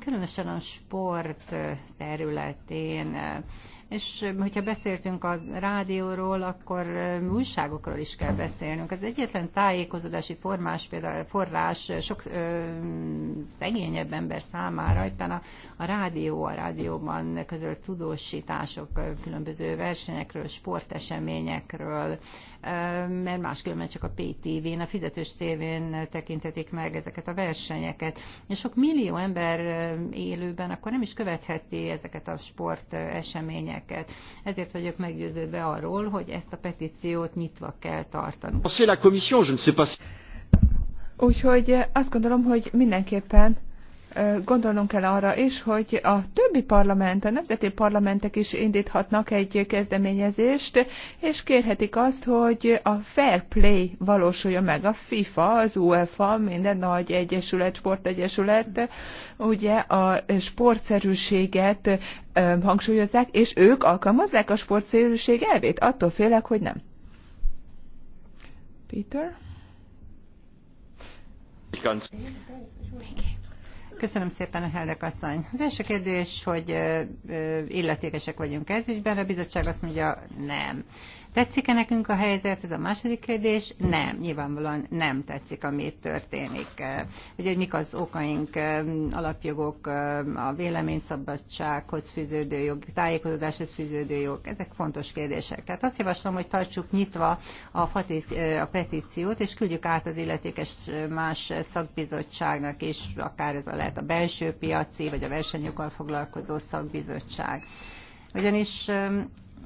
különösen a sport eh, területén és hogyha beszéltünk a rádióról, akkor újságokról is kell beszélnünk. Az egyetlen tájékozódási formás, például forrás sok ö, szegényebb ember számára, éppen a, a rádió, a rádióban közölt tudósítások, különböző versenyekről, sporteseményekről, mert máskülönben csak a PTV-n, a fizetős tévén tekintetik meg ezeket a versenyeket. És sok millió ember élőben akkor nem is követheti ezeket a sport eseményeket. Ezért vagyok meggyőződve arról, hogy ezt a petíciót nyitva kell tartanunk. Úgyhogy azt gondolom, hogy mindenképpen gondolnunk kell arra is, hogy a többi parlament, a nemzeti parlamentek is indíthatnak egy kezdeményezést, és kérhetik azt, hogy a fair play valósulja meg. A FIFA, az UEFA, minden nagy egyesület, sportegyesület, ugye a sportszerűséget hangsúlyozzák, és ők alkalmazzák a sportszerűség elvét. Attól félek, hogy nem. Peter? Még. Köszönöm szépen, a Heldek asszony. Az első kérdés, hogy illetékesek vagyunk ez ügyben, a bizottság azt mondja, nem. Tetszik-e nekünk a helyzet? Ez a második kérdés. Nem, nyilvánvalóan nem tetszik, ami itt történik. Ugye, hogy mik az okaink, alapjogok, a véleményszabadsághoz fűződő jog, tájékozódáshoz fűződő jog, ezek fontos kérdések. Tehát azt javaslom, hogy tartsuk nyitva a, fatiz, a petíciót, és küldjük át az illetékes más szakbizottságnak is, akár ez a lehet a belső piaci, vagy a versenyjogal foglalkozó szakbizottság. Ugyanis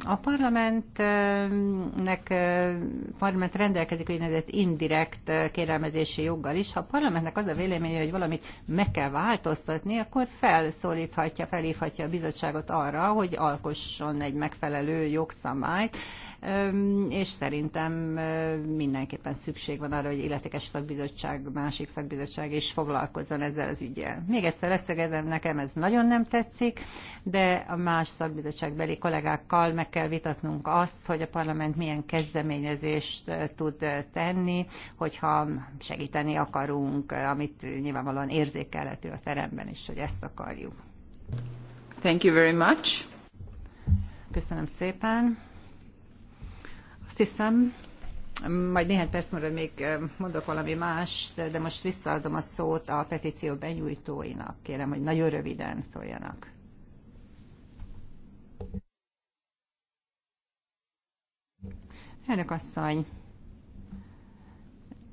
a parlamentnek, eh, parlament rendelkezik úgynevezett indirekt eh, kérelmezési joggal is. Ha a parlamentnek az a véleménye, hogy valamit meg kell változtatni, akkor felszólíthatja, felhívhatja a bizottságot arra, hogy alkosson egy megfelelő jogszabályt, és szerintem mindenképpen szükség van arra, hogy illetékes szakbizottság, másik szakbizottság is foglalkozzon ezzel az ügyel. Még egyszer leszögezem, nekem ez nagyon nem tetszik, de a más szakbizottságbeli kollégákkal meg kell vitatnunk azt, hogy a parlament milyen kezdeményezést tud tenni, hogyha segíteni akarunk, amit nyilvánvalóan érzékelhető a teremben is, hogy ezt akarjuk. Thank you very much. Köszönöm szépen hiszem, majd néhány perc múlva még mondok valami mást, de most visszaadom a szót a petíció benyújtóinak. Kérem, hogy nagyon röviden szóljanak. Elnök asszony,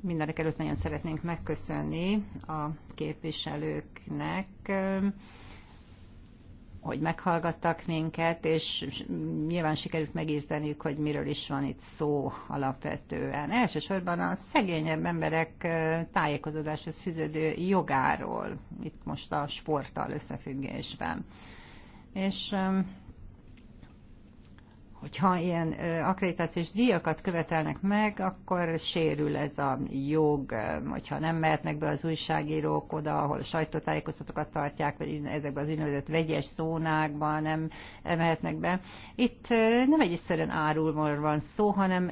mindenek előtt nagyon szeretnénk megköszönni a képviselőknek, hogy meghallgattak minket, és nyilván sikerült megérteniük, hogy miről is van itt szó alapvetően. Elsősorban a szegényebb emberek tájékozódáshoz fűződő jogáról, itt most a sporttal összefüggésben. És hogyha ilyen akkreditációs díjakat követelnek meg, akkor sérül ez a jog, hogyha nem mehetnek be az újságírók oda, ahol sajtótájékoztatókat tartják, vagy ezekben az úgynevezett vegyes zónákban nem mehetnek be. Itt nem egy egyszerűen árulmor van szó, hanem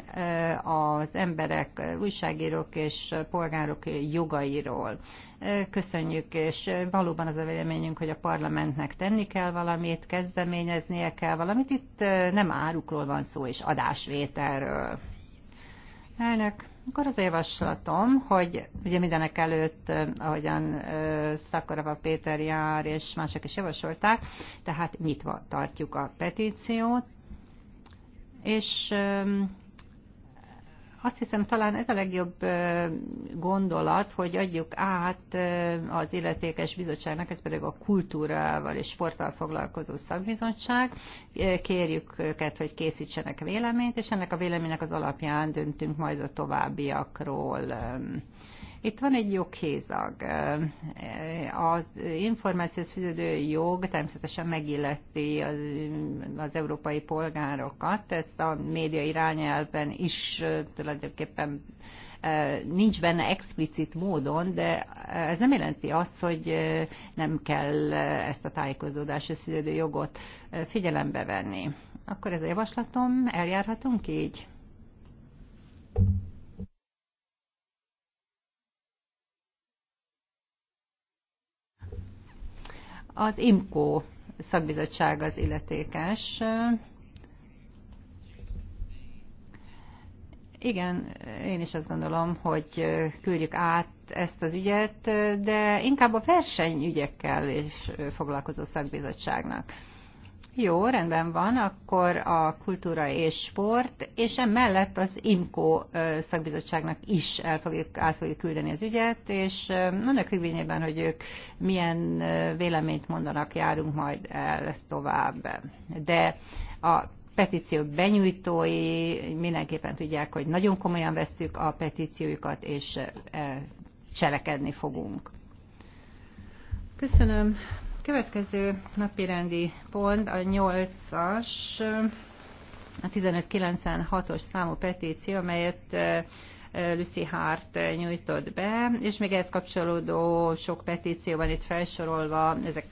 az emberek, újságírók és polgárok jogairól köszönjük, és valóban az a véleményünk, hogy a parlamentnek tenni kell valamit, kezdeményeznie kell valamit. Itt nem árukról van szó, és adásvételről. Elnök, akkor az a javaslatom, hogy ugye mindenek előtt, ahogyan Szakarava Péter jár, és mások is javasolták, tehát nyitva tartjuk a petíciót, és azt hiszem, talán ez a legjobb gondolat, hogy adjuk át az illetékes bizottságnak, ez pedig a kultúrával és sporttal foglalkozó szakbizottság. Kérjük őket, hogy készítsenek véleményt, és ennek a véleménynek az alapján döntünk majd a továbbiakról. Itt van egy joghézag. Az információs fizető jog természetesen megilleti az, az európai polgárokat. Ezt a média irányelven is tulajdonképpen nincs benne explicit módon, de ez nem jelenti azt, hogy nem kell ezt a tájékozódási fűződő jogot figyelembe venni. Akkor ez a javaslatom, eljárhatunk így? Az IMCO szakbizottság az illetékes. Igen, én is azt gondolom, hogy küldjük át ezt az ügyet, de inkább a versenyügyekkel is foglalkozó szakbizottságnak. Jó, rendben van, akkor a kultúra és sport, és emellett az IMCO szakbizottságnak is el fogjuk, át fogjuk küldeni az ügyet, és annak függvényében, hogy ők milyen véleményt mondanak, járunk majd el tovább. De a petíció benyújtói mindenképpen tudják, hogy nagyon komolyan vesszük a petíciójukat, és cselekedni fogunk. Köszönöm. Következő napirendi pont a 8-as, a 1596-os számú petíció, amelyet Lucy Hart nyújtott be, és még ehhez kapcsolódó sok petíció van itt felsorolva, ezek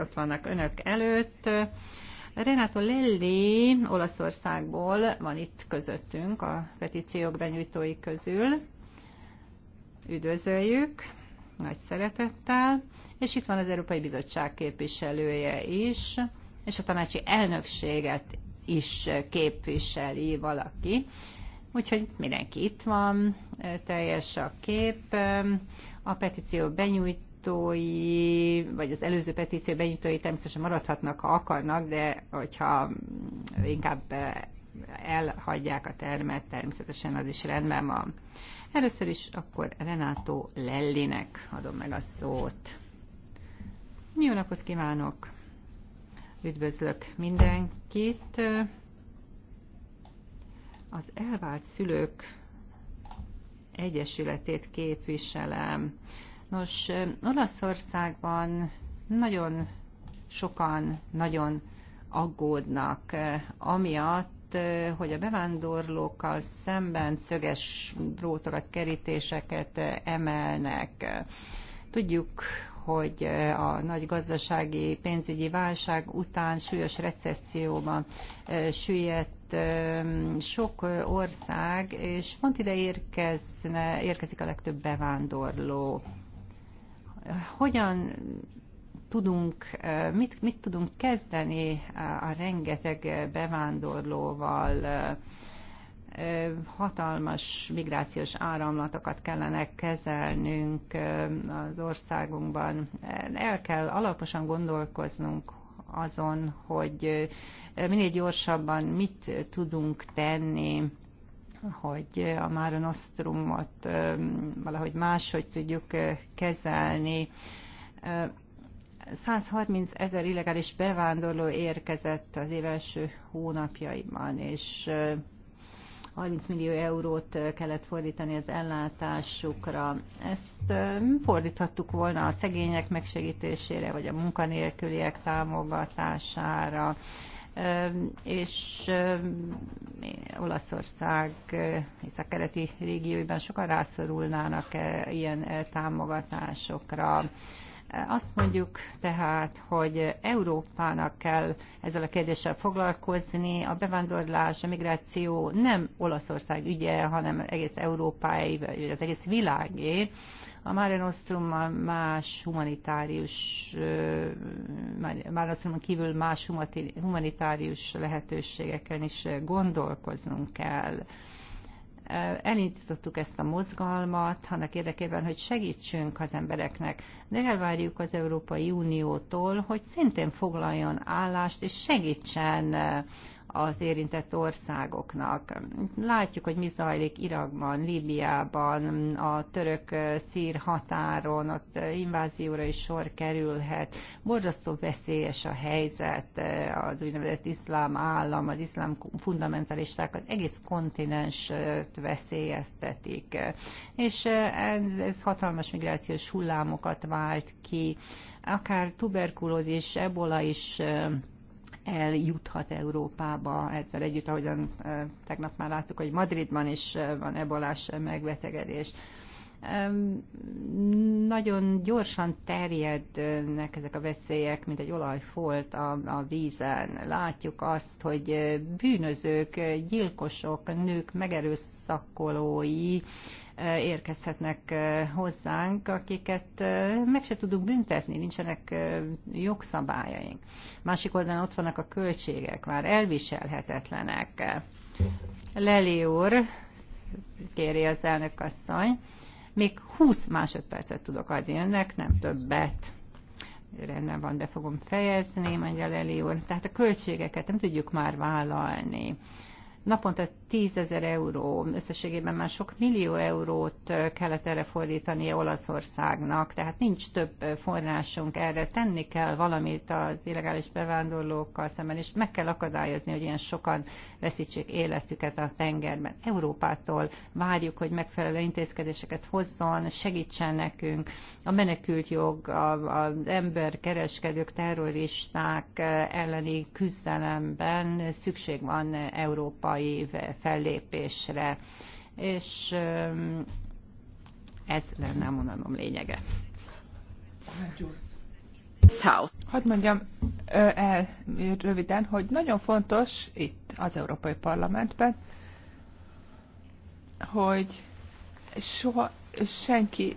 ott vannak önök előtt. Renato Lelli Olaszországból van itt közöttünk a petíciók benyújtói közül. Üdvözöljük! nagy szeretettel, és itt van az Európai Bizottság képviselője is, és a tanácsi elnökséget is képviseli valaki. Úgyhogy mindenki itt van, teljes a kép. A petíció benyújtói, vagy az előző petíció benyújtói természetesen maradhatnak, ha akarnak, de hogyha inkább elhagyják a termet, természetesen az is rendben van. Először is akkor Renátó Lellinek adom meg a szót. Jó napot kívánok! Üdvözlök mindenkit! Az elvált szülők egyesületét képviselem. Nos, Olaszországban nagyon sokan nagyon aggódnak, eh, amiatt, hogy a bevándorlókkal szemben szöges drótokat, kerítéseket emelnek. Tudjuk, hogy a nagy gazdasági pénzügyi válság után súlyos recesszióban süllyedt sok ország, és pont ide érkezne, érkezik a legtöbb bevándorló. Hogyan tudunk, mit, mit tudunk kezdeni a rengeteg bevándorlóval, hatalmas migrációs áramlatokat kellene kezelnünk az országunkban. El kell alaposan gondolkoznunk azon, hogy minél gyorsabban mit tudunk tenni, hogy a Mára Nostrumot valahogy máshogy tudjuk kezelni 130 ezer illegális bevándorló érkezett az év első hónapjaiban, és 30 millió eurót kellett fordítani az ellátásukra. Ezt fordíthattuk volna a szegények megsegítésére, vagy a munkanélküliek támogatására, és Olaszország és a keleti régióiban sokan rászorulnának ilyen támogatásokra azt mondjuk tehát, hogy Európának kell ezzel a kérdéssel foglalkozni, a bevándorlás, a migráció nem Olaszország ügye, hanem egész Európai, vagy az egész világé. A Mare Nostrum más humanitárius, Mare Nostrum kívül más humanitárius lehetőségeken is gondolkoznunk kell Eh, elindítottuk ezt a mozgalmat annak érdekében, hogy segítsünk az embereknek, de elvárjuk az Európai Uniótól, hogy szintén foglaljon állást és segítsen eh, az érintett országoknak. Látjuk, hogy mi zajlik Irakban, Líbiában, a török-szír határon, ott invázióra is sor kerülhet. Borzasztó veszélyes a helyzet, az úgynevezett iszlám állam, az iszlám fundamentalisták az egész kontinens veszélyeztetik. És ez, ez hatalmas migrációs hullámokat vált ki, akár tuberkulózis, ebola is eljuthat Európába ezzel együtt, ahogyan tegnap már láttuk, hogy Madridban is van ebolás megbetegedés nagyon gyorsan terjednek ezek a veszélyek, mint egy olajfolt a, a vízen. Látjuk azt, hogy bűnözők, gyilkosok, nők megerőszakolói érkezhetnek hozzánk, akiket meg se tudunk büntetni, nincsenek jogszabályaink. Másik oldalon ott vannak a költségek, már elviselhetetlenek. Leli úr, kéri az elnök asszony, még 20 másodpercet tudok adni önnek, nem többet. Rendben van, be fogom fejezni, mondja Leli úr. Tehát a költségeket nem tudjuk már vállalni. Naponta tízezer euró, összességében már sok millió eurót kellett erre fordítani Olaszországnak, tehát nincs több forrásunk erre. Tenni kell valamit az illegális bevándorlókkal szemben, és meg kell akadályozni, hogy ilyen sokan veszítsék életüket a tengerben. Európától várjuk, hogy megfelelő intézkedéseket hozzon, segítsen nekünk. A menekült jog, az emberkereskedők, terroristák elleni küzdelemben szükség van európai fellépésre, és ez lenne a mondanom lényege. Hadd mondjam el röviden, hogy nagyon fontos itt az Európai Parlamentben, hogy soha senki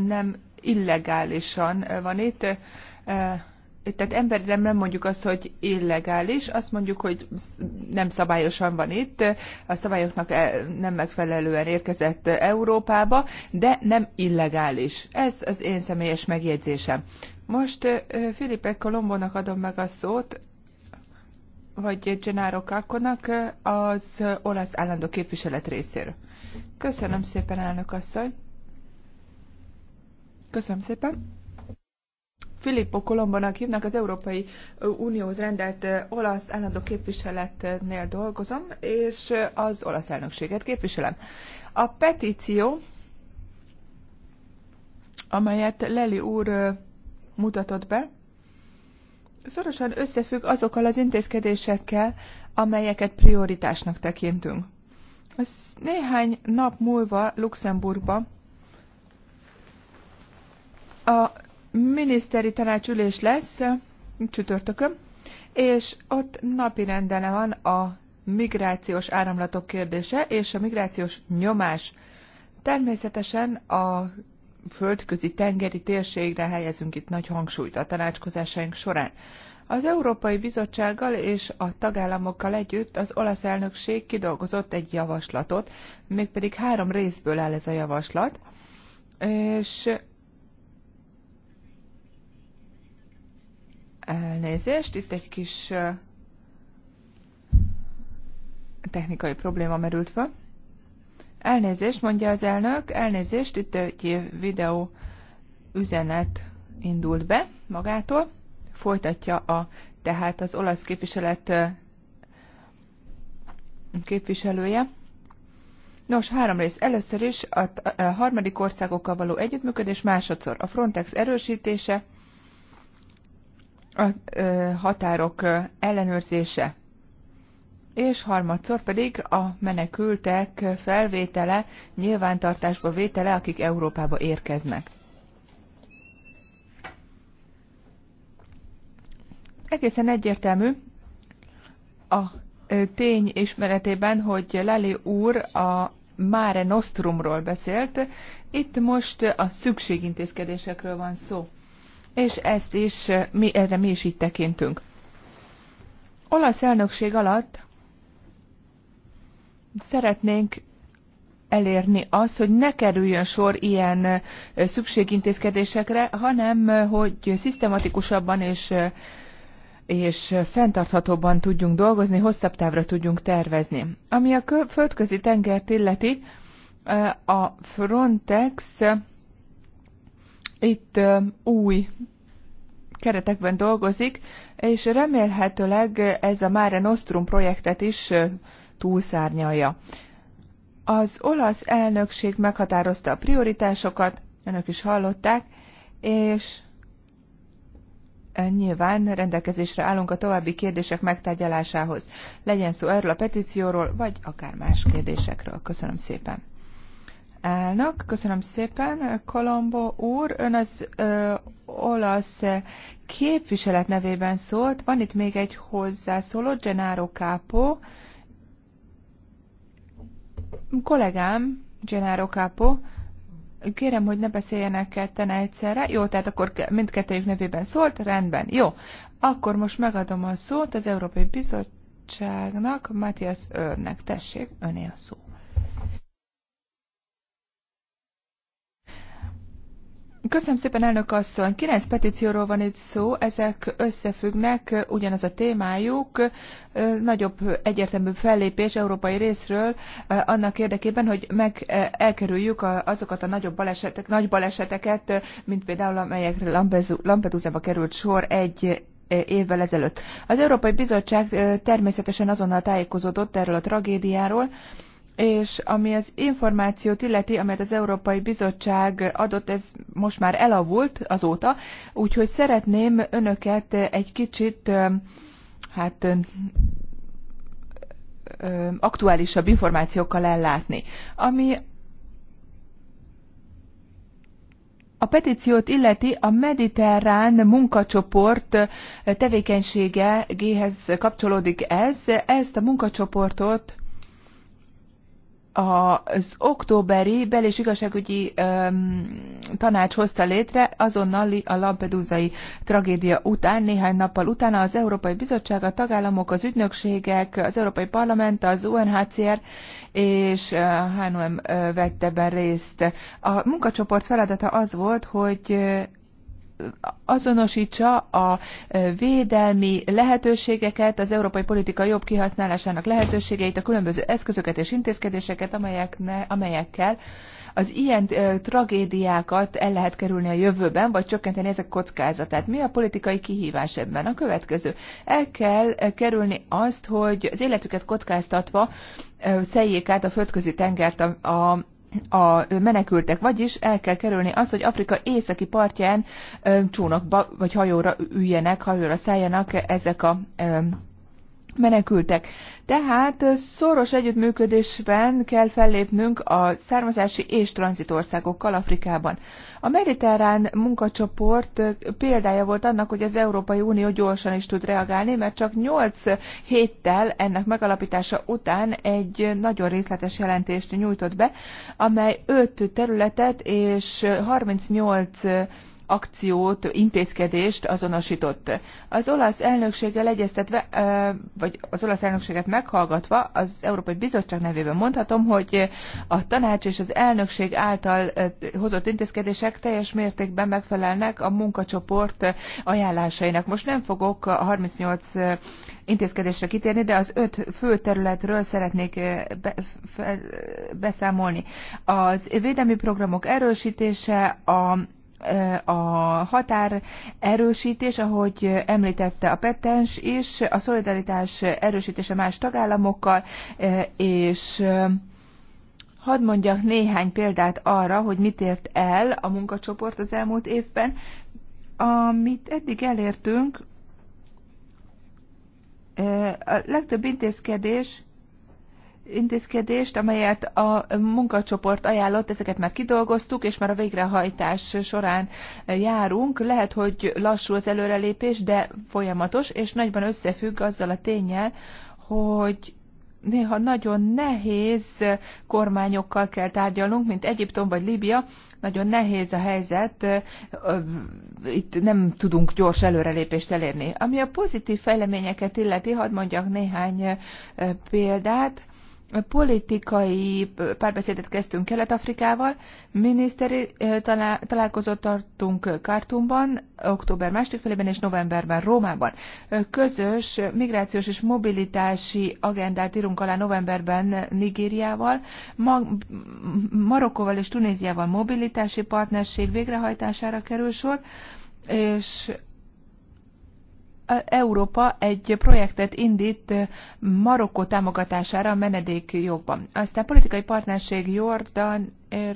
nem illegálisan van itt tehát emberre nem mondjuk azt, hogy illegális, azt mondjuk, hogy nem szabályosan van itt, a szabályoknak e- nem megfelelően érkezett Európába, de nem illegális. Ez az én személyes megjegyzésem. Most Filipe Kolombónak adom meg a szót, vagy Gennaro Kalkonak az olasz állandó képviselet részéről. Köszönöm szépen, elnök asszony. Köszönöm szépen. Filippo Kolombonak hívnak, az Európai Unióhoz rendelt olasz állandó képviseletnél dolgozom, és az olasz elnökséget képviselem. A petíció, amelyet Leli úr mutatott be, szorosan összefügg azokkal az intézkedésekkel, amelyeket prioritásnak tekintünk. Ez néhány nap múlva Luxemburgba a miniszteri tanácsülés lesz csütörtökön, és ott napi rendele van a migrációs áramlatok kérdése és a migrációs nyomás. Természetesen a földközi tengeri térségre helyezünk itt nagy hangsúlyt a tanácskozásaink során. Az Európai Bizottsággal és a tagállamokkal együtt az olasz elnökség kidolgozott egy javaslatot, mégpedig három részből áll ez a javaslat, és Elnézést, itt egy kis technikai probléma merült fel. Elnézést, mondja az elnök, elnézést, itt egy videó üzenet indult be magától, folytatja a, tehát az olasz képviselet képviselője. Nos, három rész. Először is a, a harmadik országokkal való együttműködés, másodszor a Frontex erősítése, a határok ellenőrzése, és harmadszor pedig a menekültek felvétele, nyilvántartásba vétele, akik Európába érkeznek. Egészen egyértelmű a tény ismeretében, hogy Leli úr a Mare Nostrumról beszélt, itt most a szükségintézkedésekről van szó és ezt is, eh, mi, erre mi is így tekintünk. Olasz elnökség alatt szeretnénk elérni azt, hogy ne kerüljön sor ilyen eh, szükségintézkedésekre, hanem eh, hogy szisztematikusabban és, és fenntarthatóban tudjunk dolgozni, hosszabb távra tudjunk tervezni. Ami a földközi tengert illeti, a Frontex itt új keretekben dolgozik, és remélhetőleg ez a Mare Nostrum projektet is túlszárnyalja. Az olasz elnökség meghatározta a prioritásokat, önök is hallották, és nyilván rendelkezésre állunk a további kérdések megtárgyalásához. Legyen szó erről a petícióról, vagy akár más kérdésekről. Köszönöm szépen. Elnök, köszönöm szépen. Kolombo úr, ön az ö, olasz képviselet nevében szólt. Van itt még egy hozzászóló, Gennaro Capo. Kollégám, Gennaro Capo, kérem, hogy ne beszéljenek ketten egyszerre. Jó, tehát akkor mindkettőjük nevében szólt, rendben. Jó, akkor most megadom a szót az Európai Bizottságnak, Matthias Örnek. Tessék, öné a szót. Köszönöm szépen, elnök asszony. Kilenc petícióról van itt szó, ezek összefüggnek, ugyanaz a témájuk, nagyobb egyértelmű fellépés európai részről annak érdekében, hogy meg elkerüljük azokat a nagyobb balesetek, nagy baleseteket, mint például amelyekre Lampedusa-ba került sor egy évvel ezelőtt. Az Európai Bizottság természetesen azonnal tájékozódott erről a tragédiáról, és ami az információt illeti, amelyet az Európai Bizottság adott, ez most már elavult azóta, úgyhogy szeretném önöket egy kicsit, hát aktuálisabb információkkal ellátni. Ami A petíciót illeti a mediterrán munkacsoport tevékenysége géhez kapcsolódik ez. Ezt a munkacsoportot az októberi bel- és igazságügyi um, tanács hozta létre azonnal a Lampedusai tragédia után, néhány nappal utána az Európai Bizottság, a tagállamok, az ügynökségek, az Európai Parlament, az UNHCR és uh, vette ebben részt. A munkacsoport feladata az volt, hogy azonosítsa a védelmi lehetőségeket, az európai politika jobb kihasználásának lehetőségeit, a különböző eszközöket és intézkedéseket, amelyek ne, amelyekkel az ilyen ö, tragédiákat el lehet kerülni a jövőben, vagy csökkenteni ezek kockázatát. Mi a politikai kihívás ebben? A következő. El kell kerülni azt, hogy az életüket kockáztatva szeljék át a földközi tengert a, a a menekültek, vagyis el kell kerülni azt, hogy Afrika északi partján csónakba vagy hajóra üljenek, hajóra szálljanak ezek a menekültek. Tehát szoros együttműködésben kell fellépnünk a származási és tranzitországokkal Afrikában. A mediterrán munkacsoport példája volt annak, hogy az Európai Unió gyorsan is tud reagálni, mert csak 8 héttel ennek megalapítása után egy nagyon részletes jelentést nyújtott be, amely 5 területet és 38 akciót, intézkedést azonosított. Az olasz elnökséggel egyeztetve, vagy az olasz elnökséget meghallgatva, az Európai Bizottság nevében mondhatom, hogy a tanács és az elnökség által hozott intézkedések teljes mértékben megfelelnek a munkacsoport ajánlásainak. Most nem fogok a 38 intézkedésre kitérni, de az öt fő területről szeretnék be, fe, beszámolni. Az védelmi programok erősítése, a a határ erősítés, ahogy említette a petens is, a szolidaritás erősítése más tagállamokkal, e, és e, Hadd mondjak néhány példát arra, hogy mit ért el a munkacsoport az elmúlt évben. Amit eddig elértünk, e, a legtöbb intézkedés intézkedést, amelyet a munkacsoport ajánlott, ezeket már kidolgoztuk, és már a végrehajtás során járunk. Lehet, hogy lassú az előrelépés, de folyamatos, és nagyban összefügg azzal a tényel, hogy néha nagyon nehéz kormányokkal kell tárgyalnunk, mint Egyiptom vagy Líbia, nagyon nehéz a helyzet, itt nem tudunk gyors előrelépést elérni. Ami a pozitív fejleményeket illeti, hadd mondjak néhány példát politikai párbeszédet kezdtünk Kelet-Afrikával, miniszteri talál, találkozót tartunk Kartumban, október második felében és novemberben Rómában. Közös migrációs és mobilitási agendát írunk alá novemberben Nigériával, Ma, Marokkóval és Tunéziával mobilitási partnerség végrehajtására kerül sor, és Európa egy projektet indít Marokkó támogatására a menedékjogban. Aztán politikai partnerség Jordán,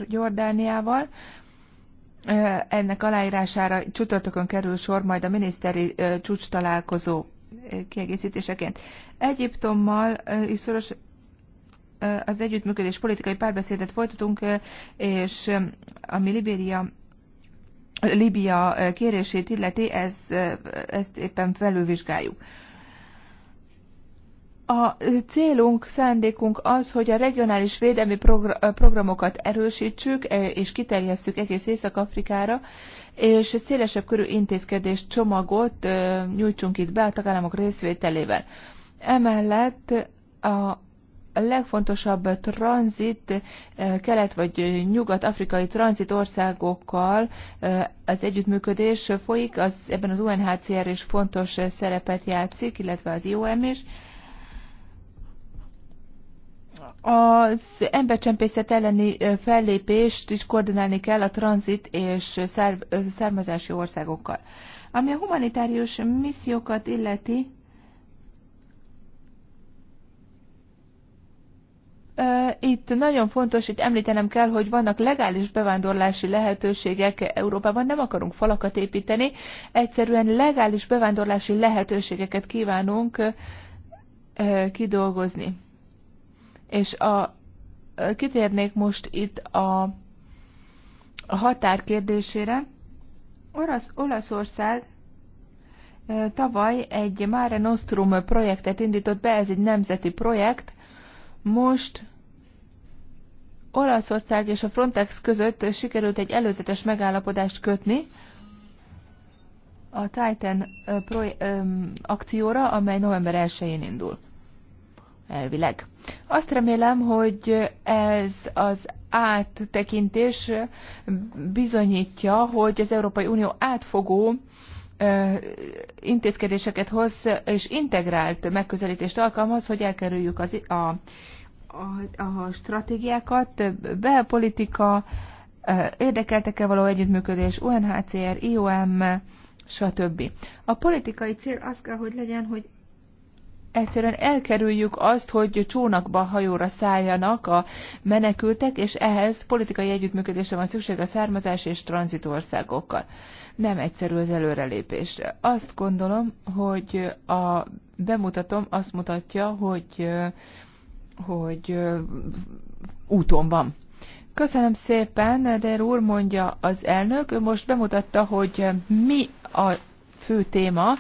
Jordániával, ennek aláírására csütörtökön kerül sor majd a miniszteri csúcs találkozó kiegészítéseként. Egyiptommal is szoros az együttműködés politikai párbeszédet folytatunk, és ami Libéria Libia kérését illeti, ez, ezt éppen felülvizsgáljuk. A célunk, szándékunk az, hogy a regionális védelmi programokat erősítsük és kiterjesszük egész Észak-Afrikára, és szélesebb körű intézkedés csomagot nyújtsunk itt be a tagállamok részvételével. Emellett a legfontosabb tranzit, eh, kelet vagy nyugat-afrikai tranzit országokkal eh, az együttműködés folyik, az, ebben az UNHCR is fontos eh, szerepet játszik, illetve az IOM is. Az embercsempészet elleni fellépést is koordinálni kell a tranzit és származási országokkal. Ami a humanitárius missziókat illeti, Itt nagyon fontos, itt említenem kell, hogy vannak legális bevándorlási lehetőségek Európában, nem akarunk falakat építeni, egyszerűen legális bevándorlási lehetőségeket kívánunk kidolgozni. És a, kitérnék most itt a, a határ kérdésére. Orasz, Olaszország tavaly egy Mare Nostrum projektet indított be, ez egy nemzeti projekt, most Olaszország és a Frontex között sikerült egy előzetes megállapodást kötni a Titan akcióra, amely november 1-én indul. Elvileg. Azt remélem, hogy ez az áttekintés bizonyítja, hogy az Európai Unió átfogó intézkedéseket hoz és integrált megközelítést alkalmaz, hogy elkerüljük az, a a, a stratégiákat, belpolitika, érdekeltek-e való együttműködés, UNHCR, IOM, stb. A politikai cél az kell, hogy legyen, hogy egyszerűen elkerüljük azt, hogy csónakba, hajóra szálljanak a menekültek, és ehhez politikai együttműködésre van szükség a származás és tranzitországokkal. Nem egyszerű az előrelépés. Azt gondolom, hogy a bemutatom azt mutatja, hogy hogy úton van. Köszönöm szépen, de úr mondja az elnök, ő most bemutatta, hogy mi a fő téma,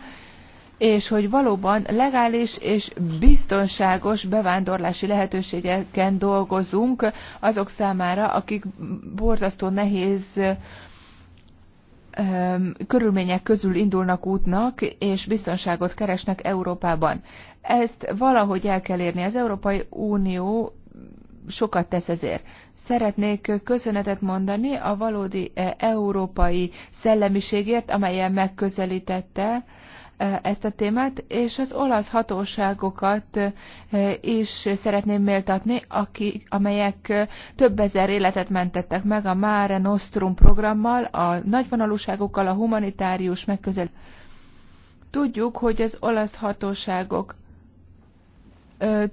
és hogy valóban legális és biztonságos bevándorlási lehetőségeken dolgozunk azok számára, akik borzasztó nehéz körülmények közül indulnak útnak, és biztonságot keresnek Európában. Ezt valahogy el kell érni. Az Európai Unió sokat tesz ezért. Szeretnék köszönetet mondani a valódi e, európai szellemiségért, amelyen megközelítette e, ezt a témát, és az olasz hatóságokat e, is szeretném méltatni, akik, amelyek több ezer életet mentettek meg a Mare Nostrum programmal, a nagyvonalúságokkal, a humanitárius megközel. Tudjuk, hogy az olasz hatóságok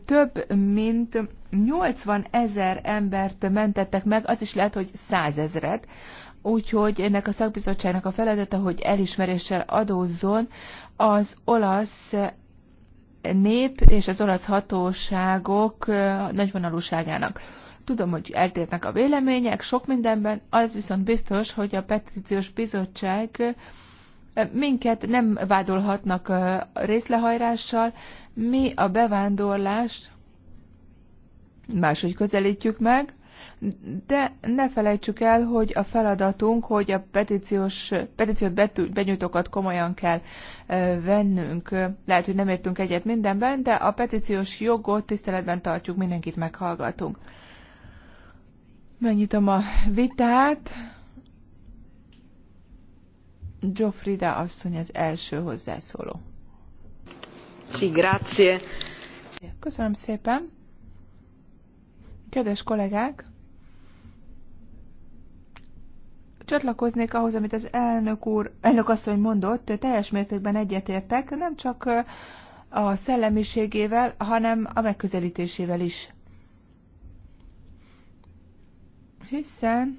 több mint 80 ezer embert mentettek meg, az is lehet, hogy 100 ezeret. Úgyhogy ennek a szakbizottságnak a feladata, hogy elismeréssel adózzon az olasz nép és az olasz hatóságok nagyvonalúságának. Tudom, hogy eltérnek a vélemények sok mindenben, az viszont biztos, hogy a petíciós bizottság Minket nem vádolhatnak részlehajrással, mi a bevándorlást máshogy közelítjük meg, de ne felejtsük el, hogy a feladatunk, hogy a petíciós, petíciót benyújtókat komolyan kell vennünk. Lehet, hogy nem értünk egyet mindenben, de a petíciós jogot tiszteletben tartjuk, mindenkit meghallgatunk. Megnyitom a vitát. Geoffrida asszony az első hozzászóló. Sí, grazie. Köszönöm szépen. Kedves kollégák, csatlakoznék ahhoz, amit az elnök úr, elnök asszony mondott, teljes mértékben egyetértek, nem csak a szellemiségével, hanem a megközelítésével is. Hiszen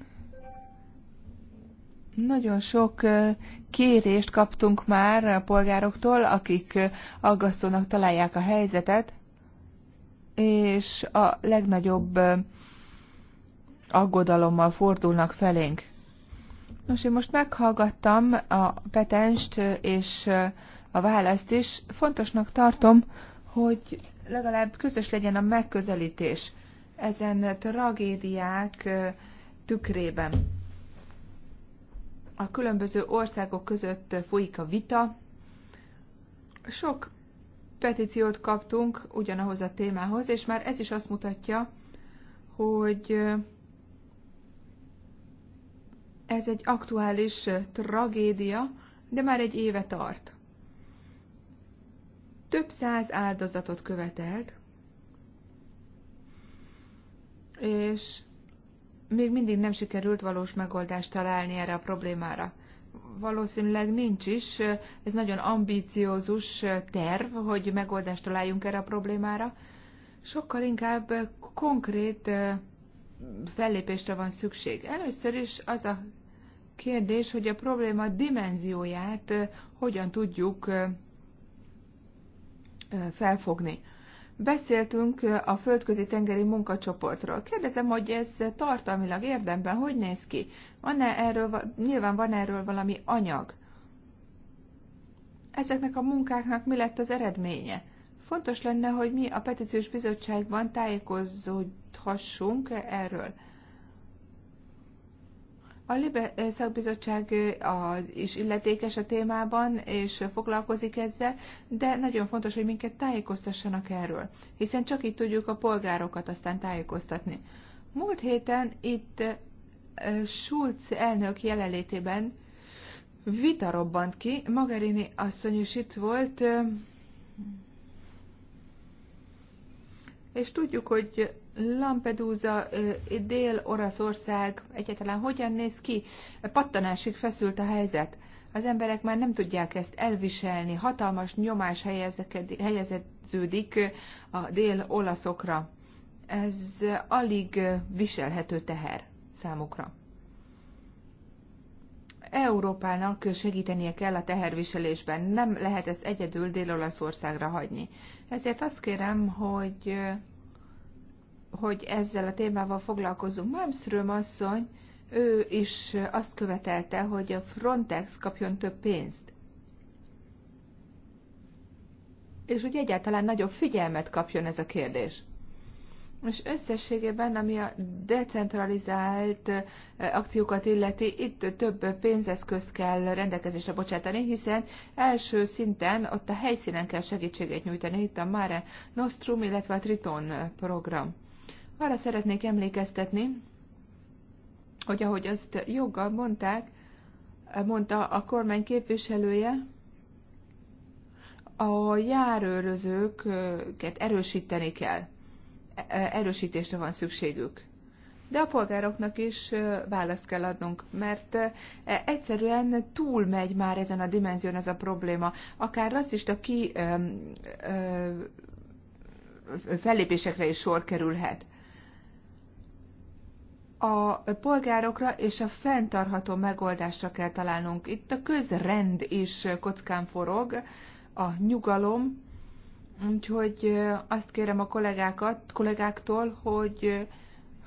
nagyon sok kérést kaptunk már a polgároktól, akik aggasztónak találják a helyzetet, és a legnagyobb aggodalommal fordulnak felénk. Nos, én most meghallgattam a petenst és a választ is. Fontosnak tartom, hogy legalább közös legyen a megközelítés ezen tragédiák tükrében a különböző országok között folyik a vita. Sok petíciót kaptunk ugyanahoz a témához, és már ez is azt mutatja, hogy ez egy aktuális tragédia, de már egy éve tart. Több száz áldozatot követelt, és még mindig nem sikerült valós megoldást találni erre a problémára. Valószínűleg nincs is. Ez nagyon ambíciózus terv, hogy megoldást találjunk erre a problémára. Sokkal inkább konkrét fellépésre van szükség. Először is az a kérdés, hogy a probléma dimenzióját hogyan tudjuk felfogni. Beszéltünk a földközi tengeri munkacsoportról. Kérdezem, hogy ez tartalmilag érdemben hogy néz ki? Van-e erről, nyilván van erről valami anyag? Ezeknek a munkáknak mi lett az eredménye? Fontos lenne, hogy mi a petíciós bizottságban tájékozódhassunk erről. A Libe szakbizottság is illetékes a témában, és foglalkozik ezzel, de nagyon fontos, hogy minket tájékoztassanak erről, hiszen csak így tudjuk a polgárokat aztán tájékoztatni. Múlt héten itt Schulz elnök jelenlétében vita robbant ki, Magarini asszony is itt volt, és tudjuk, hogy Lampedusa, dél oraszország egyáltalán hogyan néz ki? Pattanásig feszült a helyzet. Az emberek már nem tudják ezt elviselni, hatalmas nyomás helyeződik a dél-olaszokra. Ez alig viselhető teher számukra. Európának segítenie kell a teherviselésben, nem lehet ezt egyedül Dél-Olaszországra hagyni. Ezért azt kérem, hogy hogy ezzel a témával foglalkozunk. Malmström asszony, ő is azt követelte, hogy a Frontex kapjon több pénzt. És hogy egyáltalán nagyobb figyelmet kapjon ez a kérdés. És összességében, ami a decentralizált eh, akciókat illeti, itt több pénzeszközt kell rendelkezésre bocsátani, hiszen első szinten, ott a helyszínen kell segítséget nyújtani, itt a Mare Nostrum, illetve a Triton eh, program. Arra szeretnék emlékeztetni, hogy ahogy azt joggal mondták, mondta a kormány képviselője, a járőrözőket erősíteni kell. E, erősítésre van szükségük. De a polgároknak is választ kell adnunk, mert egyszerűen túl megy már ezen a dimenzión ez a probléma. Akár rasszista ki ö, ö, fellépésekre is sor kerülhet a polgárokra és a fenntartható megoldásra kell találnunk. Itt a közrend is kockán forog, a nyugalom, úgyhogy azt kérem a kollégákat, kollégáktól, hogy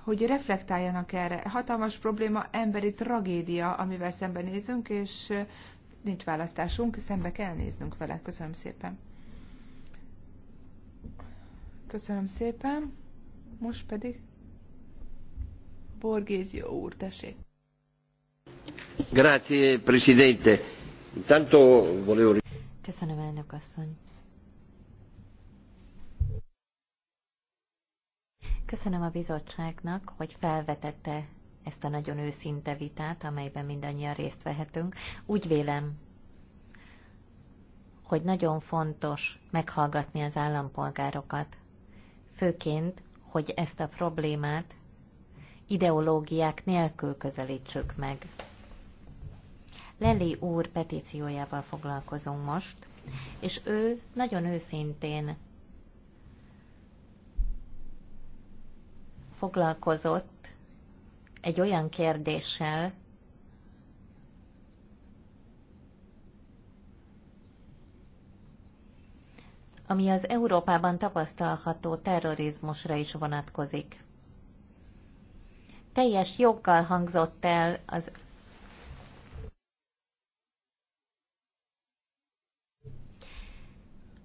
hogy reflektáljanak erre. Hatalmas probléma, emberi tragédia, amivel szembenézünk, és nincs választásunk, szembe kell néznünk vele. Köszönöm szépen. Köszönöm szépen. Most pedig Borgézió úr, tessék. Grazie, Presidente. Intanto volevo... Köszönöm, elnök asszony. Köszönöm a bizottságnak, hogy felvetette ezt a nagyon őszinte vitát, amelyben mindannyian részt vehetünk. Úgy vélem, hogy nagyon fontos meghallgatni az állampolgárokat, főként, hogy ezt a problémát ideológiák nélkül közelítsük meg. Leli úr petíciójával foglalkozunk most, és ő nagyon őszintén foglalkozott egy olyan kérdéssel, ami az Európában tapasztalható terrorizmusra is vonatkozik teljes joggal hangzott el az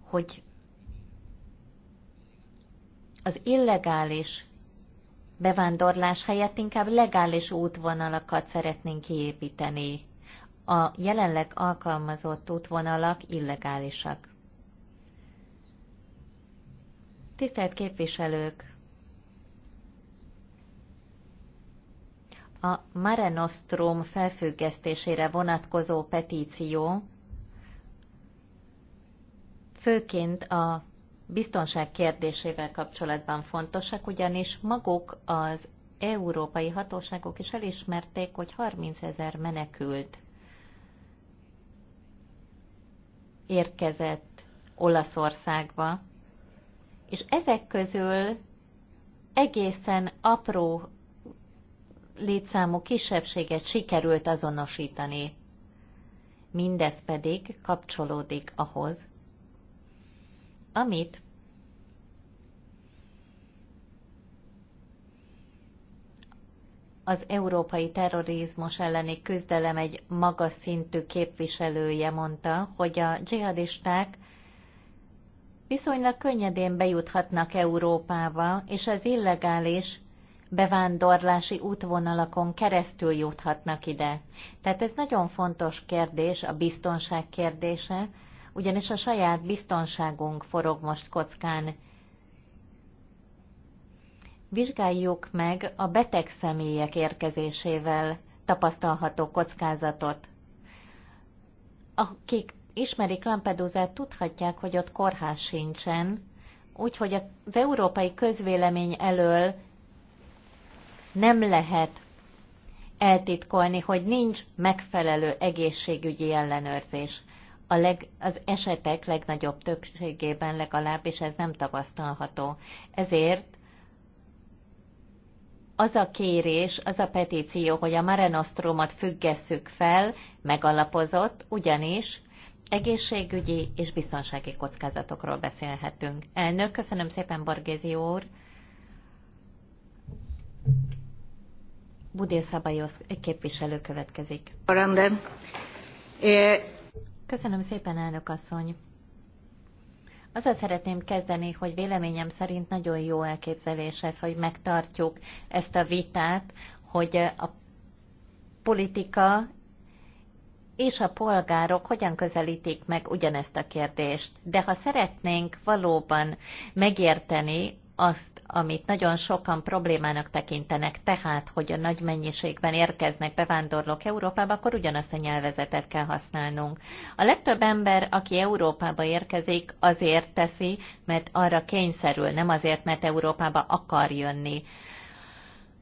hogy az illegális bevándorlás helyett inkább legális útvonalakat szeretnénk kiépíteni. A jelenleg alkalmazott útvonalak illegálisak. Tisztelt képviselők! a Mare Nostrum felfüggesztésére vonatkozó petíció főként a biztonság kérdésével kapcsolatban fontosak, ugyanis maguk az európai hatóságok is elismerték, hogy 30 ezer menekült érkezett Olaszországba, és ezek közül egészen apró létszámú kisebbséget sikerült azonosítani. Mindez pedig kapcsolódik ahhoz, amit az európai terrorizmus elleni küzdelem egy magas szintű képviselője mondta, hogy a dzsihadisták viszonylag könnyedén bejuthatnak Európába, és az illegális, bevándorlási útvonalakon keresztül juthatnak ide. Tehát ez nagyon fontos kérdés, a biztonság kérdése, ugyanis a saját biztonságunk forog most kockán. Vizsgáljuk meg a beteg személyek érkezésével tapasztalható kockázatot. Akik ismerik Lampedusát, tudhatják, hogy ott kórház sincsen, úgyhogy az európai közvélemény elől nem lehet eltitkolni, hogy nincs megfelelő egészségügyi ellenőrzés. A leg, az esetek legnagyobb többségében legalábbis ez nem tapasztalható. Ezért az a kérés, az a petíció, hogy a Mare függesszük fel, megalapozott, ugyanis egészségügyi és biztonsági kockázatokról beszélhetünk. Elnök, köszönöm szépen, Borgézi úr! Budél Szabályosz képviselő következik. Köszönöm szépen, elnök asszony. Azzal szeretném kezdeni, hogy véleményem szerint nagyon jó elképzelés ez, hogy megtartjuk ezt a vitát, hogy a politika és a polgárok hogyan közelítik meg ugyanezt a kérdést. De ha szeretnénk valóban megérteni azt, amit nagyon sokan problémának tekintenek, tehát, hogy a nagy mennyiségben érkeznek bevándorlók Európába, akkor ugyanazt a nyelvezetet kell használnunk. A legtöbb ember, aki Európába érkezik, azért teszi, mert arra kényszerül, nem azért, mert Európába akar jönni.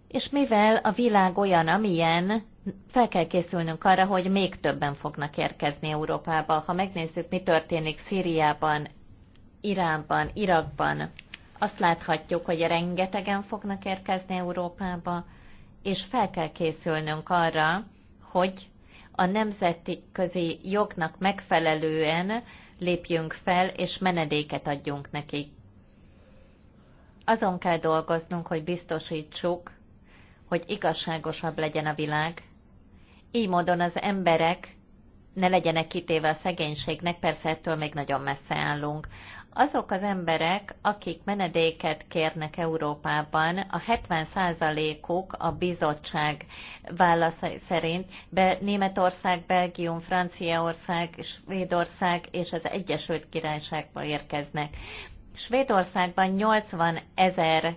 És mivel a világ olyan, amilyen, fel kell készülnünk arra, hogy még többen fognak érkezni Európába. Ha megnézzük, mi történik Szíriában, Iránban, Irakban, azt láthatjuk, hogy rengetegen fognak érkezni Európába, és fel kell készülnünk arra, hogy a nemzeti közi jognak megfelelően lépjünk fel, és menedéket adjunk nekik. Azon kell dolgoznunk, hogy biztosítsuk, hogy igazságosabb legyen a világ. Így módon az emberek ne legyenek kitéve a szegénységnek, persze ettől még nagyon messze állunk azok az emberek, akik menedéket kérnek Európában, a 70%-uk a bizottság válasza szerint be Németország, Belgium, Franciaország, Svédország és az Egyesült Királyságba érkeznek. Svédországban 80 ezer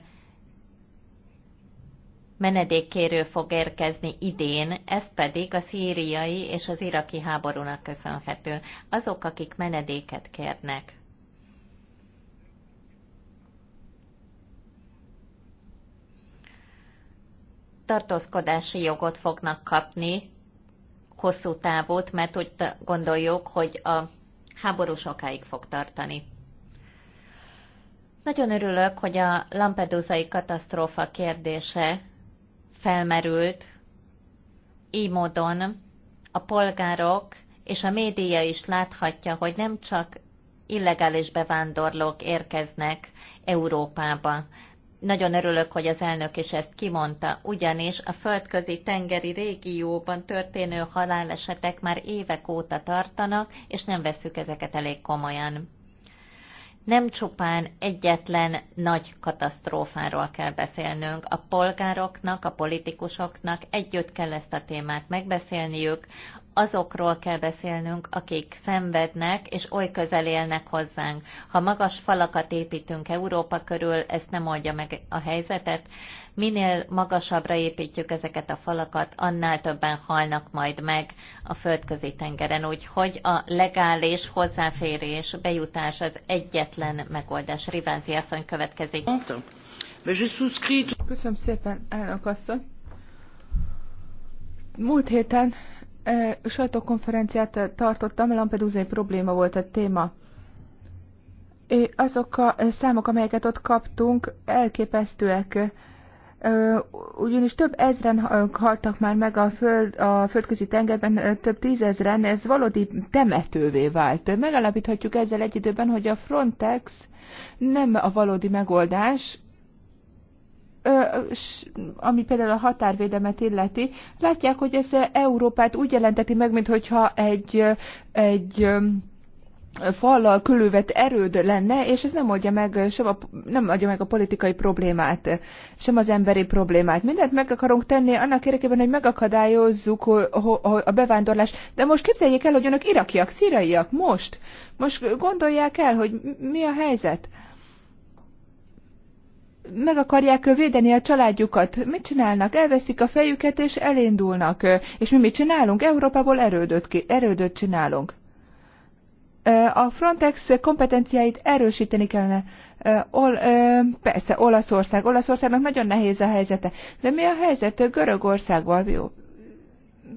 menedékkérő fog érkezni idén, ez pedig a szíriai és az iraki háborúnak köszönhető. Azok, akik menedéket kérnek tartózkodási jogot fognak kapni hosszú távot, mert úgy gondoljuk, hogy a háború sokáig fog tartani. Nagyon örülök, hogy a Lampedusai katasztrófa kérdése felmerült, így módon a polgárok és a média is láthatja, hogy nem csak illegális bevándorlók érkeznek Európába, nagyon örülök, hogy az elnök is ezt kimondta, ugyanis a földközi tengeri régióban történő halálesetek már évek óta tartanak, és nem veszük ezeket elég komolyan nem csupán egyetlen nagy katasztrófáról kell beszélnünk. A polgároknak, a politikusoknak együtt kell ezt a témát megbeszélniük, azokról kell beszélnünk, akik szenvednek és oly közel élnek hozzánk. Ha magas falakat építünk Európa körül, ez nem oldja meg a helyzetet, Minél magasabbra építjük ezeket a falakat, annál többen halnak majd meg a földközi tengeren. Úgyhogy a legális hozzáférés, bejutás az egyetlen megoldás. Rivázi asszony következik. Köszönöm szépen, elnök asszony. Múlt héten e, sajtókonferenciát tartottam, lampedusa probléma volt a téma. Azok a e, számok, amelyeket ott kaptunk, elképesztőek ugyanis több ezren haltak már meg a, föld, a földközi tengerben, több tízezren, ez valódi temetővé vált. Megalapíthatjuk ezzel egy időben, hogy a Frontex nem a valódi megoldás, ami például a határvédelmet illeti, látják, hogy ez Európát úgy jelenteti meg, mintha egy, egy fallal körülvett erőd lenne, és ez nem adja meg, sem a, nem adja meg a politikai problémát, sem az emberi problémát. Mindent meg akarunk tenni annak érdekében, hogy megakadályozzuk a bevándorlást. De most képzeljék el, hogy önök irakiak, szíraiak, most. Most gondolják el, hogy mi a helyzet. Meg akarják védeni a családjukat. Mit csinálnak? Elveszik a fejüket, és elindulnak. És mi mit csinálunk? Európából erődöt, erődöt csinálunk a Frontex kompetenciáit erősíteni kellene. Ol, persze, Olaszország. Olaszországnak nagyon nehéz a helyzete. De mi a helyzet Görögországgal? Jó.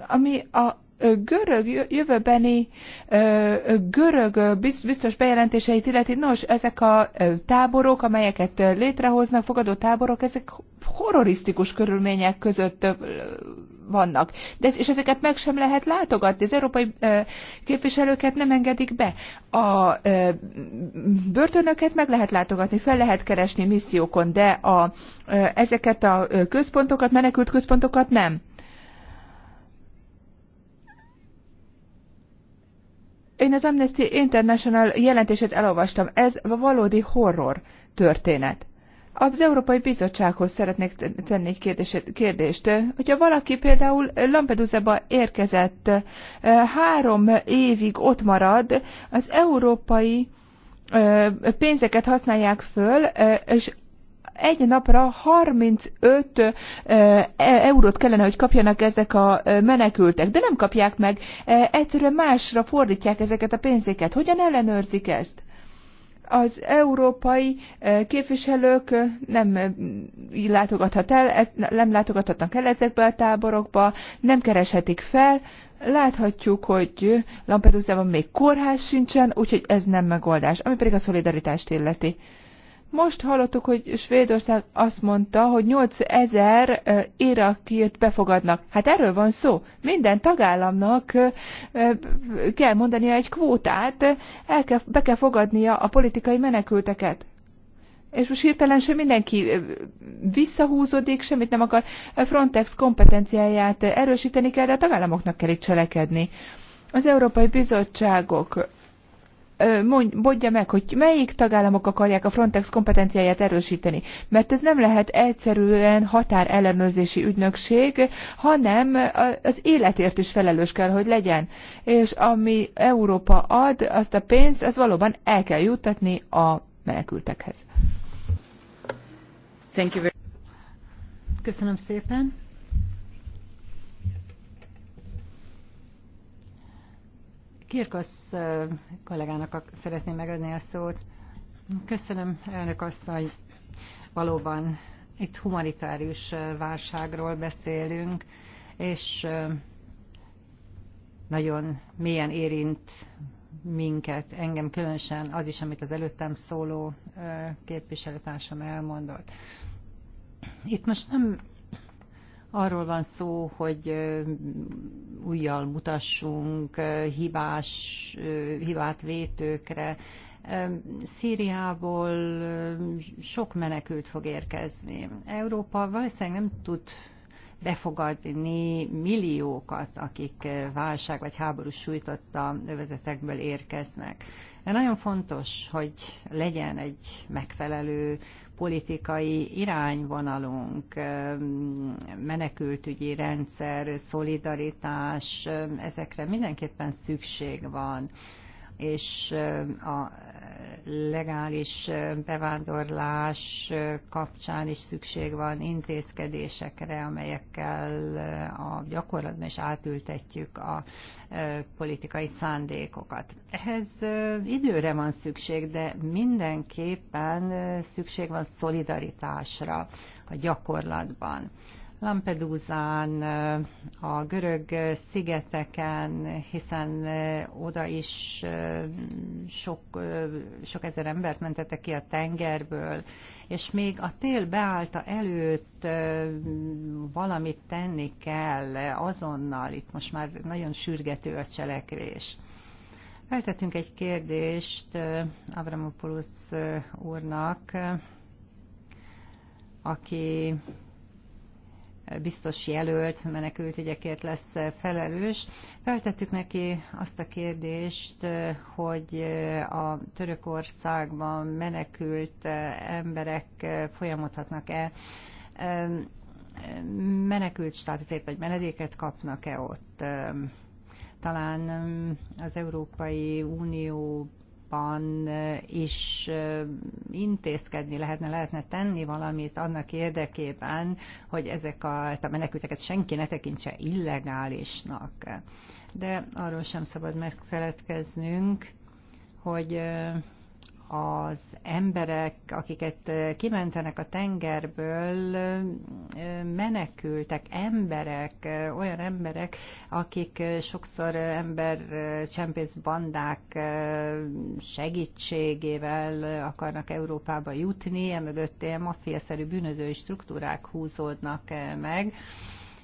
Ami a görög jövőbeni görög biztos bejelentéseit illeti, nos, ezek a táborok, amelyeket létrehoznak, fogadó táborok, ezek horrorisztikus körülmények között vannak. De, ez és ezeket meg sem lehet látogatni. Az európai képviselőket nem engedik be. A börtönöket meg lehet látogatni, fel lehet keresni missziókon, de a, ezeket a központokat, menekült központokat nem. Én az Amnesty International jelentését elolvastam. Ez a valódi horror történet. Az Európai Bizottsághoz szeretnék tenni egy kérdést. Hogyha valaki például Lampedusa-ba érkezett, három évig ott marad, az európai pénzeket használják föl, és egy napra 35 e-, eurót kellene, hogy kapjanak ezek a menekültek, de nem kapják meg, e, egyszerűen másra fordítják ezeket a pénzeket. Hogyan ellenőrzik ezt? az európai képviselők nem látogathat el, nem látogathatnak el ezekbe a táborokba, nem kereshetik fel. Láthatjuk, hogy Lampedusában még kórház sincsen, úgyhogy ez nem megoldás, ami pedig a szolidaritást illeti. Most hallottuk, hogy Svédország azt mondta, hogy 8000 irakiért befogadnak. Hát erről van szó. Minden tagállamnak kell mondania egy kvótát, el kell, be kell fogadnia a politikai menekülteket. És most hirtelen sem mindenki visszahúzódik, semmit nem akar. Frontex kompetenciáját erősíteni kell, de a tagállamoknak kell itt cselekedni. Az Európai Bizottságok mondja meg, hogy melyik tagállamok akarják a Frontex kompetenciáját erősíteni. Mert ez nem lehet egyszerűen határellenőrzési ügynökség, hanem az életért is felelős kell, hogy legyen. És ami Európa ad, azt a pénzt, az valóban el kell juttatni a menekültekhez. Thank you very Köszönöm szépen. Kirkosz kollégának szeretném megadni a szót. Köszönöm, elnök asszony. Valóban itt humanitárius válságról beszélünk, és nagyon mélyen érint minket, engem különösen az is, amit az előttem szóló képviselőtársam elmondott. Itt most nem arról van szó, hogy újjal mutassunk hibás, hibát vétőkre. Szíriából sok menekült fog érkezni. Európa valószínűleg nem tud befogadni milliókat, akik válság vagy háború sújtotta övezetekből érkeznek. De nagyon fontos, hogy legyen egy megfelelő politikai irányvonalunk, menekültügyi rendszer, szolidaritás, ezekre mindenképpen szükség van és a legális bevándorlás kapcsán is szükség van intézkedésekre, amelyekkel a gyakorlatban is átültetjük a politikai szándékokat. Ehhez időre van szükség, de mindenképpen szükség van szolidaritásra a gyakorlatban. Lampedusán, a görög szigeteken, hiszen oda is sok, sok ezer embert mentettek ki a tengerből, és még a tél beállta előtt valamit tenni kell azonnal, itt most már nagyon sürgető a cselekvés. Feltettünk egy kérdést Avramopoulos úrnak, aki biztos jelölt menekült ügyekért lesz eh, felelős. Feltettük neki azt a kérdést, eh, hogy eh, a Törökországban menekült emberek folyamodhatnak-e menekült státuszért vagy menedéket kapnak-e ott. Talán az Európai Unió jobban is intézkedni lehetne, lehetne tenni valamit annak érdekében, hogy ezek a, a menekülteket senki ne tekintse illegálisnak. De arról sem szabad megfeledkeznünk, hogy az emberek, akiket kimentenek a tengerből, menekültek, emberek, olyan emberek, akik sokszor csempész bandák segítségével akarnak Európába jutni, emögött ilyen maffiaszerű bűnözői struktúrák húzódnak meg,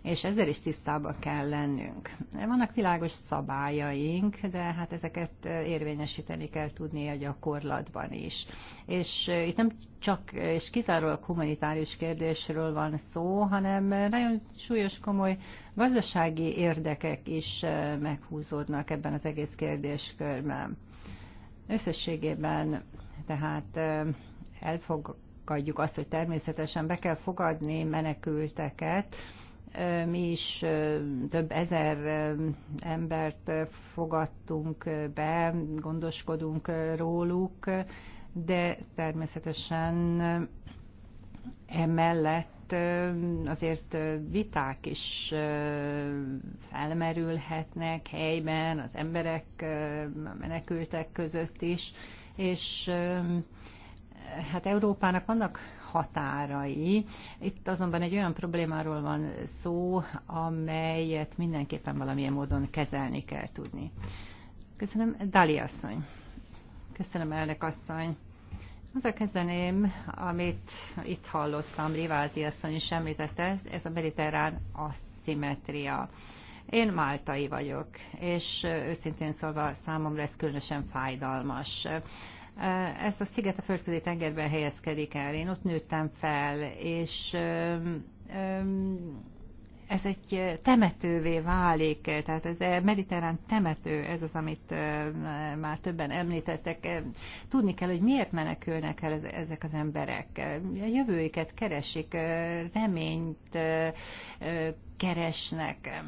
és ezzel is tisztába kell lennünk. Vannak világos szabályaink, de hát ezeket érvényesíteni kell tudni a gyakorlatban is. És itt nem csak és kizárólag humanitárius kérdésről van szó, hanem nagyon súlyos, komoly gazdasági érdekek is meghúzódnak ebben az egész kérdéskörben. Összességében tehát elfogadjuk azt, hogy természetesen be kell fogadni menekülteket, mi is több ezer embert fogadtunk be, gondoskodunk róluk, de természetesen emellett azért viták is felmerülhetnek helyben, az emberek, a menekültek között is, és hát Európának vannak határai. Itt azonban egy olyan problémáról van szó, amelyet mindenképpen valamilyen módon kezelni kell tudni. Köszönöm, Dali asszony. Köszönöm, elnök asszony. a kezdeném, amit itt hallottam, Rivázi asszony is említette, ez a mediterrán asszimetria. Én máltai vagyok, és őszintén szólva számomra ez különösen fájdalmas. Eh, ez a sziget a földközi tengerben helyezkedik el. Én ott nőttem fel, és ez egy eh, temetővé válik, tehát ez a eh, mediterrán temető, ez az, amit már többen említettek. Tudni kell, hogy miért menekülnek el ezek az emberek. A jövőiket keresik, reményt keresnek.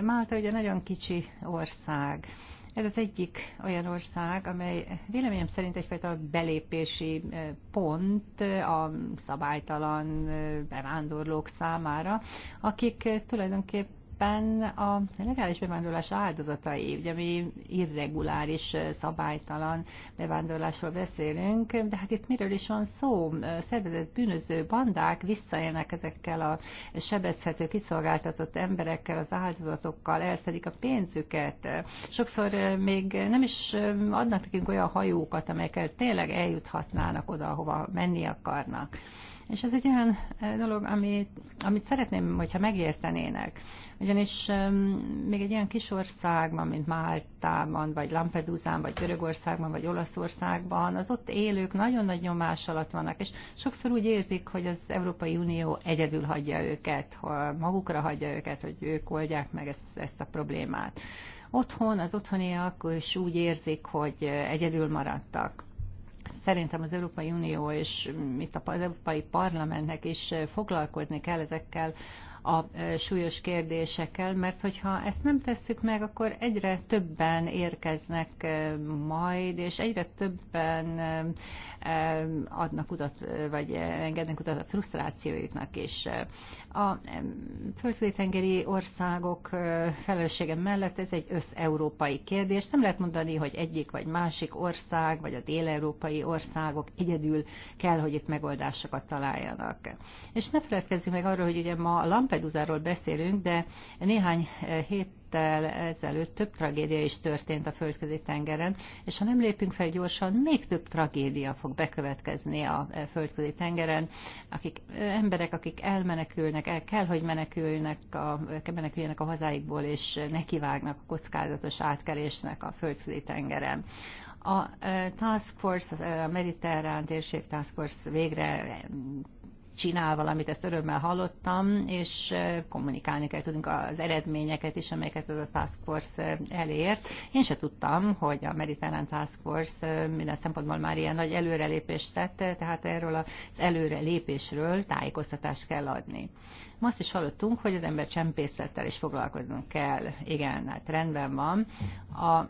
Málta ugye nagyon kicsi ország ez az egyik olyan ország, amely véleményem szerint egyfajta belépési pont a szabálytalan bevándorlók számára, akik tulajdonképpen mindenképpen a legális bevándorlás áldozatai, ugye mi irreguláris, szabálytalan bevándorlásról beszélünk, de hát itt miről is van szó? Szervezett bűnöző bandák visszaélnek ezekkel a sebezhető, kiszolgáltatott emberekkel, az áldozatokkal, elszedik a pénzüket. Sokszor még nem is adnak nekünk olyan hajókat, amelyekkel tényleg eljuthatnának oda, hova menni akarnak. És ez egy olyan dolog, amit, amit szeretném, hogyha megértenének. Ugyanis még egy ilyen kis országban, mint Máltában, vagy Lampedusán, vagy Görögországban, vagy Olaszországban, az ott élők nagyon nagy nyomás alatt vannak, és sokszor úgy érzik, hogy az Európai Unió egyedül hagyja őket, ha magukra hagyja őket, hogy ők oldják meg ezt, ezt a problémát. Otthon, az otthoniak is úgy érzik, hogy egyedül maradtak. Szerintem az Európai Unió és itt az Európai Parlamentnek is foglalkozni kell ezekkel a súlyos kérdésekkel, mert hogyha ezt nem tesszük meg, akkor egyre többen érkeznek majd, és egyre többen Eh, adnak utat, eh, vagy eh, engednek utat a frusztrációjuknak és A földközi-tengeri országok felelőssége mellett ez egy összeurópai kérdés. Nem lehet mondani, hogy egyik vagy másik ország, vagy a déleurópai országok egyedül kell, hogy itt megoldásokat találjanak. És ne feledkezzünk meg arról, hogy ugye ma a Lampedusáról beszélünk, de néhány hét évtizeddel ezelőtt több tragédia is történt a földközi tengeren, és ha nem lépünk fel gyorsan, még több tragédia fog bekövetkezni a e, földközi tengeren. Akik e, emberek, akik elmenekülnek, el kell, hogy menekülnek a, meneküljenek a hazáikból, és nekivágnak a kockázatos átkelésnek a földközi tengeren. A e, Task Force, a Mediterrán térség Task Force végre csinál valamit, ezt örömmel hallottam, és kommunikálni kell tudunk az eredményeket is, amelyeket ez a Task Force elért. Én se tudtam, hogy a Mediterrán Task Force minden szempontból már ilyen nagy előrelépést tette, tehát erről az előrelépésről tájékoztatást kell adni. Ma azt is hallottunk, hogy az ember csempészettel is foglalkoznunk kell. Igen, hát rendben van. A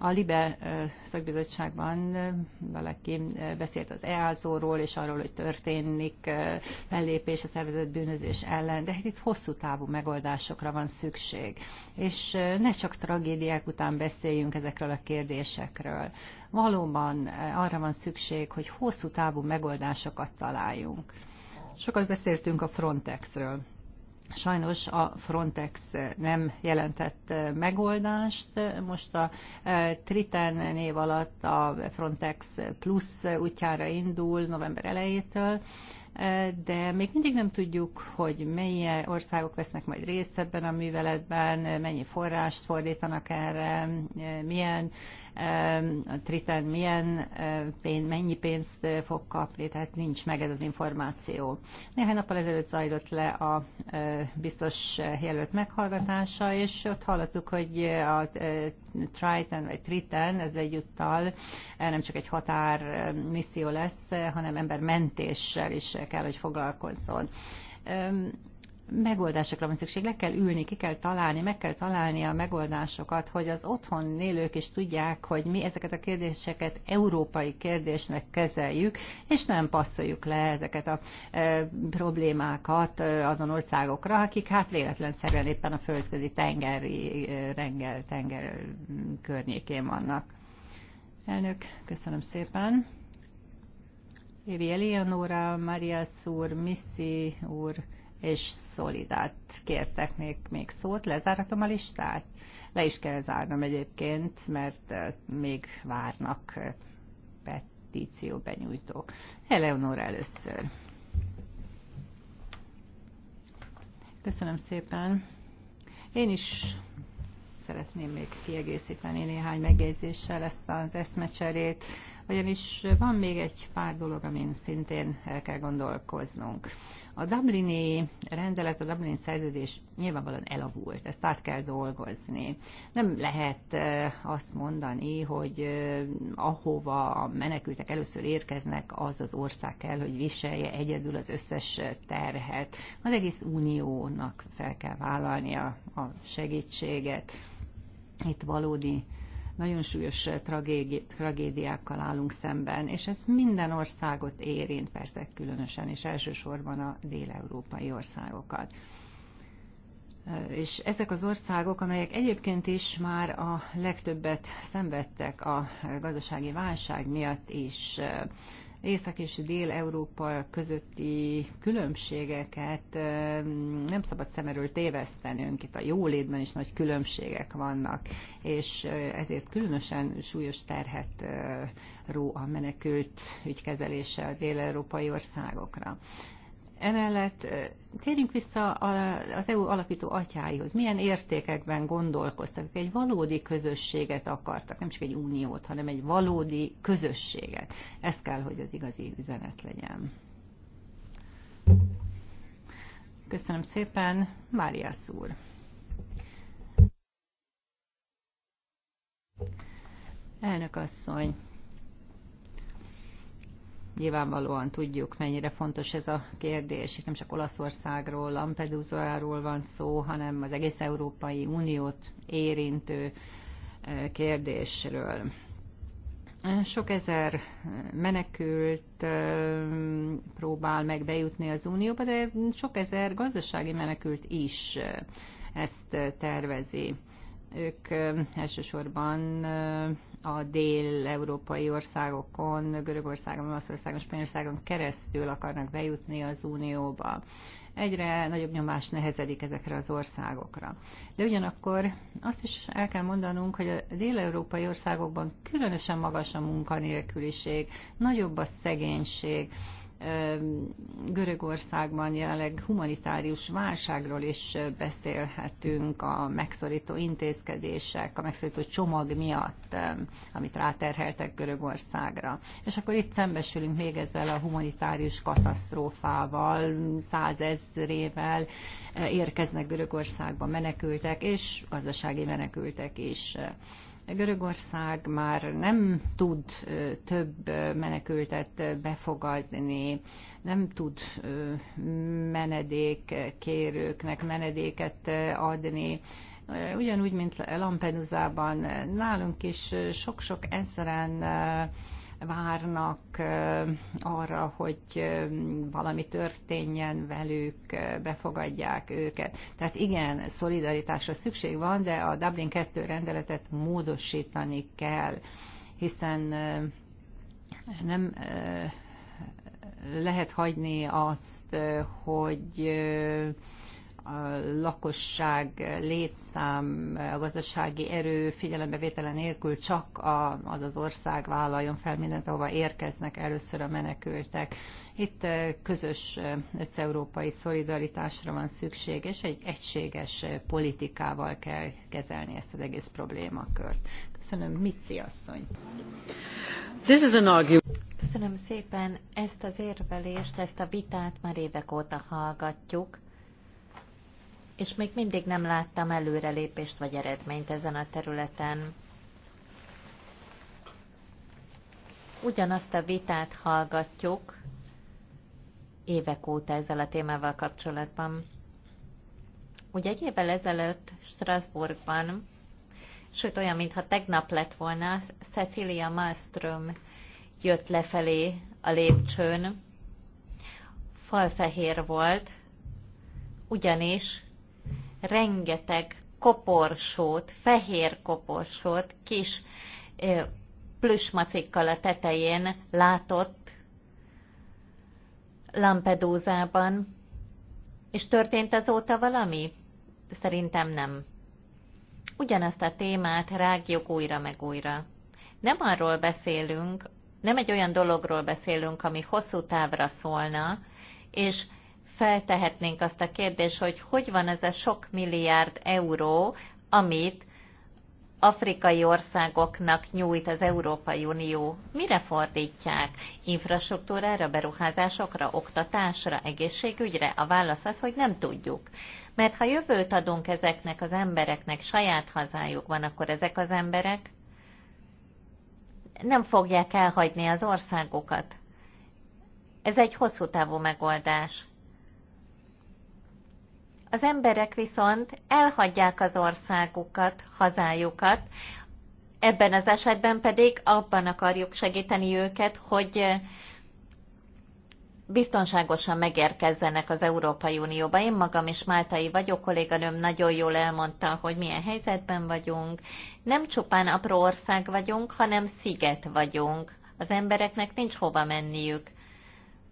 a LIBE szakbizottságban valaki beszélt az EASO-ról, és arról, hogy történik fellépés a szervezett bűnözés ellen, de hát itt hosszú távú megoldásokra van szükség. És ne csak tragédiák után beszéljünk ezekről a kérdésekről. Valóban arra van szükség, hogy hosszú távú megoldásokat találjunk. Sokat beszéltünk a Frontexről. Sajnos a Frontex nem jelentett megoldást. Most a Triten név alatt a Frontex Plus útjára indul november elejétől de még mindig nem tudjuk, hogy mennyi országok vesznek majd részt ebben a műveletben, mennyi forrást fordítanak erre, milyen a Triton milyen pénz, mennyi pénzt fog kapni, tehát nincs meg ez az információ. Néhány nappal ezelőtt zajlott le a biztos jelölt meghallgatása, és ott hallottuk, hogy a Triton vagy Triton, ez egyúttal nem csak egy határ misszió lesz, hanem embermentéssel is kell, hogy foglalkozzon megoldásokra van szükség, le kell ülni, ki kell találni, meg kell találni a megoldásokat, hogy az otthon élők is tudják, hogy mi ezeket a kérdéseket európai kérdésnek kezeljük, és nem passzoljuk le ezeket a e, problémákat e, azon országokra, akik hát véletlenszerűen éppen a földközi tengeri, e, rengel, tenger környékén vannak. Elnök, köszönöm szépen. Évi Eleonora, Maria Szúr, Misszi úr, és Szolidát kértek még, még szót. Lezáratom a listát? Le is kell zárnom egyébként, mert eh, még várnak eh, petíció benyújtók. Eleonora először. Köszönöm szépen. Én is szeretném még kiegészíteni néhány megjegyzéssel ezt az eszmecserét ugyanis van még egy pár dolog, amin szintén el kell gondolkoznunk. A Dublini rendelet, a Dublini szerződés nyilvánvalóan elavult, ezt át kell dolgozni. Nem lehet azt mondani, hogy ahova a menekültek először érkeznek, az az ország kell, hogy viselje egyedül az összes terhet. Az egész uniónak fel kell vállalnia a segítséget. Itt valódi nagyon súlyos eh, tragédi, tragédiákkal állunk szemben, és ez minden országot érint, persze különösen, és elsősorban a déleurópai országokat. Eh, és ezek az országok, amelyek egyébként is már a legtöbbet szenvedtek a eh, gazdasági válság miatt is, Észak és Dél-Európa közötti különbségeket nem szabad szem erről tévesztenünk. Itt a jólétben is nagy különbségek vannak, és ezért különösen súlyos terhet ró a menekült ügykezelése a dél-európai országokra. Emellett térjünk vissza az EU alapító atyáihoz. Milyen értékekben gondolkoztak? hogy egy valódi közösséget akartak, nem csak egy uniót, hanem egy valódi közösséget. Ez kell, hogy az igazi üzenet legyen. Köszönöm szépen, Mária úr. Elnök asszony, nyilvánvalóan tudjuk, mennyire fontos ez a kérdés. Itt nem csak Olaszországról, Lampedusa-ról van szó, hanem az egész Európai Uniót érintő e, kérdésről. Sok ezer menekült e, próbál meg bejutni az Unióba, de sok ezer gazdasági menekült is e, ezt tervezi. Ők elsősorban a dél-európai országokon, Görögországon, Olaszországon, Spanyolországon keresztül akarnak bejutni az Unióba. Egyre nagyobb nyomás nehezedik ezekre az országokra. De ugyanakkor azt is el kell mondanunk, hogy a dél-európai országokban különösen magas a munkanélküliség, nagyobb a szegénység, Görögországban jelenleg humanitárius válságról is beszélhetünk a megszorító intézkedések, a megszorító csomag miatt, amit ráterheltek Görögországra. És akkor itt szembesülünk még ezzel a humanitárius katasztrófával, százezrével érkeznek Görögországba menekültek, és gazdasági menekültek is. Görögország már nem tud több menekültet befogadni, nem tud menedékkérőknek menedéket adni. Ugyanúgy, mint Lampedusában, nálunk is sok-sok ezeren várnak arra, hogy valami történjen velük, befogadják őket. Tehát igen, szolidaritásra szükség van, de a Dublin 2 rendeletet módosítani kell, hiszen nem lehet hagyni azt, hogy lakosság, létszám, a gazdasági erő figyelembevétele nélkül csak a, az az ország vállaljon fel mindent, ahova érkeznek először a menekültek. Itt közös európai szolidaritásra van szükség, és egy egységes politikával kell kezelni ezt az egész problémakört. Köszönöm, Mici asszony. This is an Köszönöm szépen ezt az érvelést, ezt a vitát már évek óta hallgatjuk és még mindig nem láttam előrelépést vagy eredményt ezen a területen. Ugyanazt a vitát hallgatjuk évek óta ezzel a témával kapcsolatban. Ugye egy évvel ezelőtt Strasbourgban, sőt olyan, mintha tegnap lett volna, Cecilia Malmström jött lefelé a lépcsőn, falfehér volt, ugyanis rengeteg koporsót, fehér koporsót, kis plüsmacikkal a tetején látott Lampedúzában. És történt azóta valami? Szerintem nem. Ugyanazt a témát rágjuk újra meg újra. Nem arról beszélünk, nem egy olyan dologról beszélünk, ami hosszú távra szólna, és feltehetnénk azt a kérdést, hogy hogy van ez a sok milliárd euró, amit afrikai országoknak nyújt az Európai Unió, mire fordítják? Infrastruktúrára, beruházásokra, oktatásra, egészségügyre? A válasz az, hogy nem tudjuk. Mert ha jövőt adunk ezeknek az embereknek, saját hazájuk van, akkor ezek az emberek nem fogják elhagyni az országokat. Ez egy hosszú távú megoldás. Az emberek viszont elhagyják az országukat, hazájukat, ebben az esetben pedig abban akarjuk segíteni őket, hogy biztonságosan megérkezzenek az Európai Unióba. Én magam is máltai vagyok, kolléganőm nagyon jól elmondta, hogy milyen helyzetben vagyunk. Nem csupán apró ország vagyunk, hanem sziget vagyunk. Az embereknek nincs hova menniük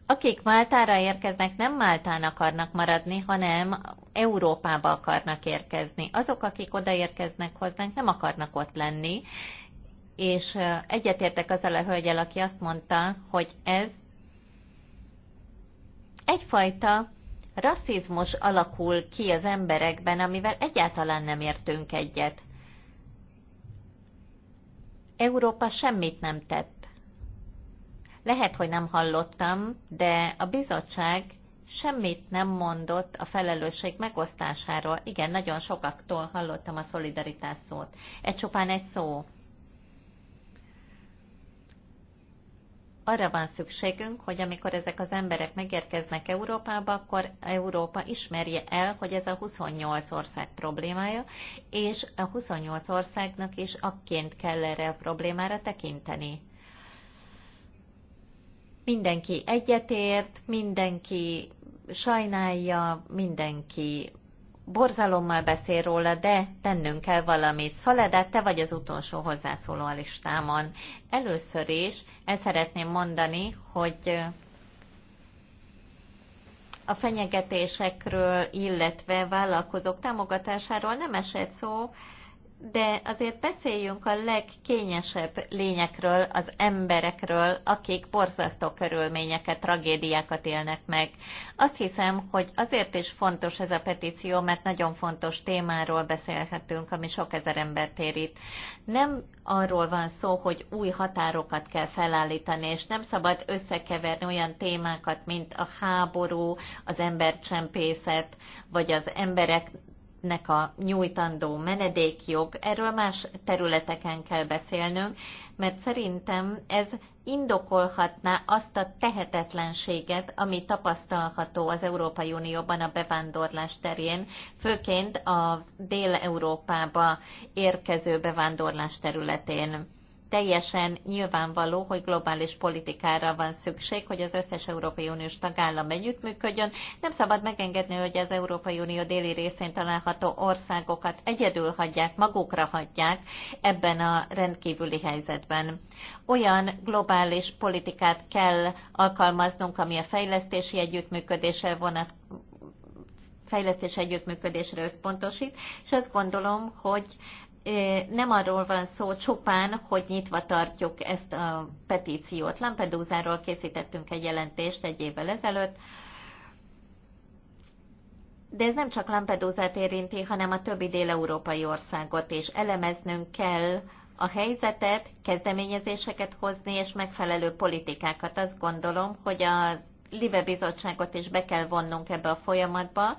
akik Máltára érkeznek, nem Máltán akarnak maradni, hanem Európába akarnak érkezni. Azok, akik odaérkeznek hozzánk, nem akarnak ott lenni. És egyetértek azzal a hölgyel, aki azt mondta, hogy ez egyfajta rasszizmus alakul ki az emberekben, amivel egyáltalán nem értünk egyet. Európa semmit nem tett lehet, hogy nem hallottam, de a bizottság semmit nem mondott a felelősség megosztásáról. Igen, nagyon sokaktól hallottam a szolidaritás szót. Egy csupán egy szó. Arra van szükségünk, hogy amikor ezek az emberek megérkeznek Európába, akkor Európa ismerje el, hogy ez a 28 ország problémája, és a 28 országnak is akként kell erre a problémára tekinteni. Mindenki egyetért, mindenki sajnálja, mindenki borzalommal beszél róla, de tennünk kell valamit. Szoledát, te vagy az utolsó hozzászóló a listámon. Először is el szeretném mondani, hogy a fenyegetésekről, illetve vállalkozók támogatásáról nem esett szó, de azért beszéljünk a legkényesebb lényekről, az emberekről, akik borzasztó körülményeket, tragédiákat élnek meg. Azt hiszem, hogy azért is fontos ez a petíció, mert nagyon fontos témáról beszélhetünk, ami sok ezer embert érít. Nem arról van szó, hogy új határokat kell felállítani, és nem szabad összekeverni olyan témákat, mint a háború, az embercsempészet, vagy az emberek nek a nyújtandó menedékjog, erről más területeken kell beszélnünk, mert szerintem ez indokolhatná azt a tehetetlenséget, ami tapasztalható az Európai Unióban a bevándorlás terén, főként a Dél-Európába érkező bevándorlás területén teljesen nyilvánvaló, hogy globális politikára van szükség, hogy az összes Európai Uniós tagállam együttműködjön. Nem szabad megengedni, hogy az Európai Unió déli részén található országokat egyedül hagyják, magukra hagyják ebben a rendkívüli helyzetben. Olyan globális politikát kell alkalmaznunk, ami a fejlesztési együttműködéssel vonat, fejlesztés együttműködésre összpontosít, és azt gondolom, hogy nem arról van szó csupán, hogy nyitva tartjuk ezt a petíciót. Lampedusáról készítettünk egy jelentést egy évvel ezelőtt, de ez nem csak Lampedusát érinti, hanem a többi dél-európai országot is. Elemeznünk kell a helyzetet, kezdeményezéseket hozni és megfelelő politikákat. Azt gondolom, hogy az Libe Bizottságot is be kell vonnunk ebbe a folyamatba,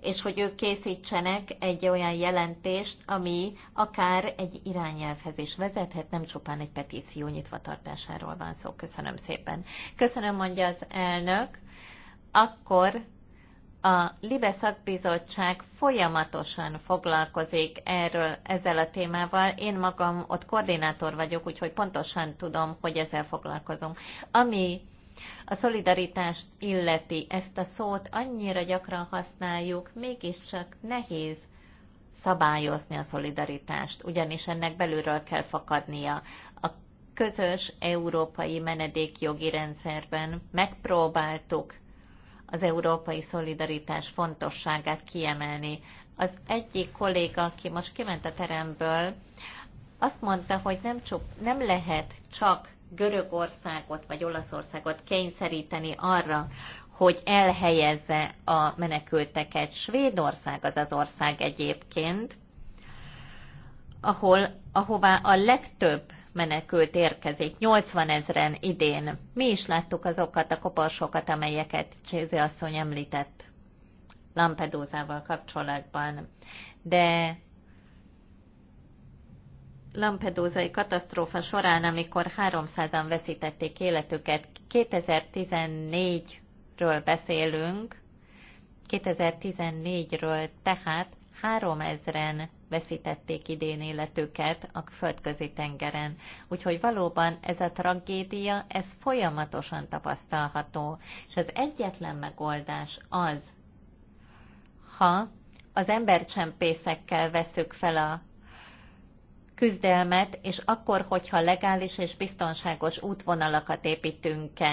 és hogy ők készítsenek egy olyan jelentést, ami akár egy irányelvhez is vezethet, nem csupán egy petíció nyitvatartásáról van szó. Köszönöm szépen. Köszönöm, mondja az elnök. Akkor a Libe szakbizottság folyamatosan foglalkozik erről, ezzel a témával. Én magam ott koordinátor vagyok, úgyhogy pontosan tudom, hogy ezzel foglalkozunk. Ami a szolidaritást illeti ezt a szót annyira gyakran használjuk, mégiscsak nehéz szabályozni a szolidaritást, ugyanis ennek belülről kell fakadnia. A közös európai menedékjogi rendszerben megpróbáltuk az európai szolidaritás fontosságát kiemelni. Az egyik kolléga, aki most kiment a teremből, azt mondta, hogy nem, csak, nem lehet csak Görögországot vagy Olaszországot kényszeríteni arra, hogy elhelyezze a menekülteket. Svédország az az ország egyébként, ahol, ahová a legtöbb menekült érkezik, 80 ezeren idén. Mi is láttuk azokat a koparsokat, amelyeket Csézi asszony említett lampedózával kapcsolatban. De Lampedusai katasztrófa során, amikor 300-an veszítették életüket, 2014-ről beszélünk, 2014-ről tehát 3000-en veszítették idén életüket a földközi tengeren. Úgyhogy valóban ez a tragédia, ez folyamatosan tapasztalható. És az egyetlen megoldás az, ha az embercsempészekkel veszük fel a küzdelmet, és akkor, hogyha legális és biztonságos útvonalakat építünk ki.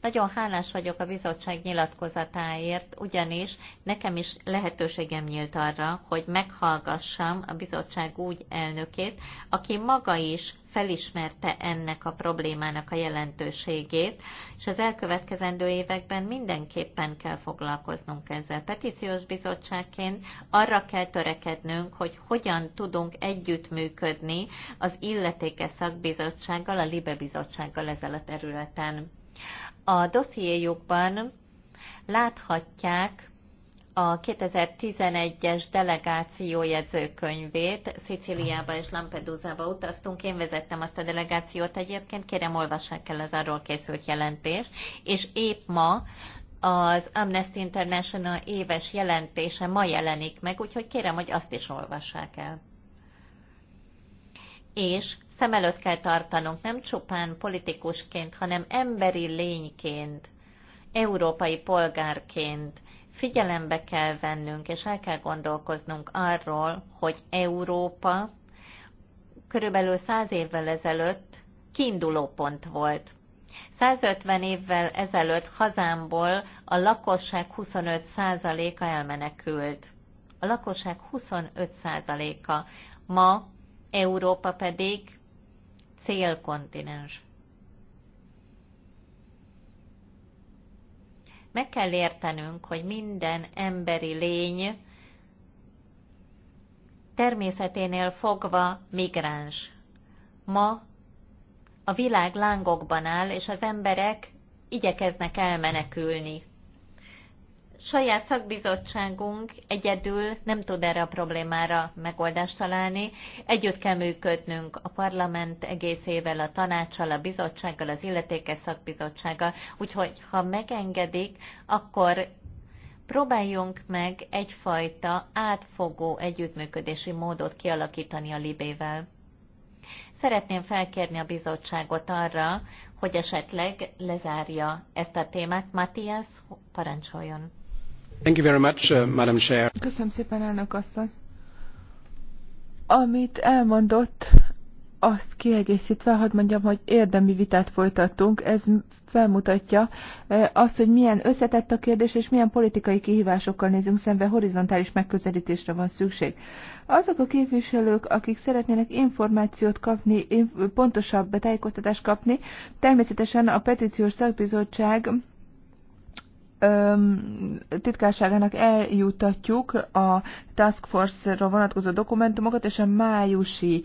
Nagyon hálás vagyok a bizottság nyilatkozatáért, ugyanis nekem is lehetőségem nyílt arra, hogy meghallgassam a bizottság úgy elnökét, aki maga is felismerte ennek a problémának a jelentőségét, és az elkövetkezendő években mindenképpen kell foglalkoznunk ezzel. Petíciós bizottságként arra kell törekednünk, hogy hogyan tudunk együttműködni az illetékes szakbizottsággal, a LIBE bizottsággal ezzel a területen. A dossziéjukban láthatják a 2011-es delegáció jegyzőkönyvét. Sziciliába és Lampedusába utaztunk, én vezettem azt a delegációt egyébként, kérem olvassák el az arról készült jelentést, és épp ma az Amnesty International éves jelentése ma jelenik meg, úgyhogy kérem, hogy azt is olvassák el. És szem előtt kell tartanunk, nem csupán politikusként, hanem emberi lényként, európai polgárként figyelembe kell vennünk, és el kell gondolkoznunk arról, hogy Európa körülbelül száz évvel ezelőtt kiinduló pont volt. 150 évvel ezelőtt hazámból a lakosság 25%-a elmenekült. A lakosság 25%-a. Ma Európa pedig célkontinens. Meg kell értenünk, hogy minden emberi lény természeténél fogva migráns. Ma a világ lángokban áll, és az emberek igyekeznek elmenekülni saját szakbizottságunk egyedül nem tud erre a problémára megoldást találni. Együtt kell működnünk a parlament egészével, a tanácssal, a bizottsággal, az illetékes szakbizottsággal, úgyhogy ha megengedik, akkor próbáljunk meg egyfajta átfogó együttműködési módot kialakítani a libével. Szeretném felkérni a bizottságot arra, hogy esetleg lezárja ezt a témát. Matthias, parancsoljon! Uh, Köszönöm szépen, elnök asszony. Amit elmondott, azt kiegészítve, hadd mondjam, hogy érdemi vitát folytattunk. Ez felmutatja e, azt, hogy milyen összetett a kérdés, és milyen politikai kihívásokkal nézünk szembe, horizontális megközelítésre van szükség. Azok a képviselők, akik szeretnének információt kapni, pontosabb tájékoztatást kapni, természetesen a petíciós szakbizottság titkárságának eljuttatjuk a Task Force-ra vonatkozó dokumentumokat és a májusi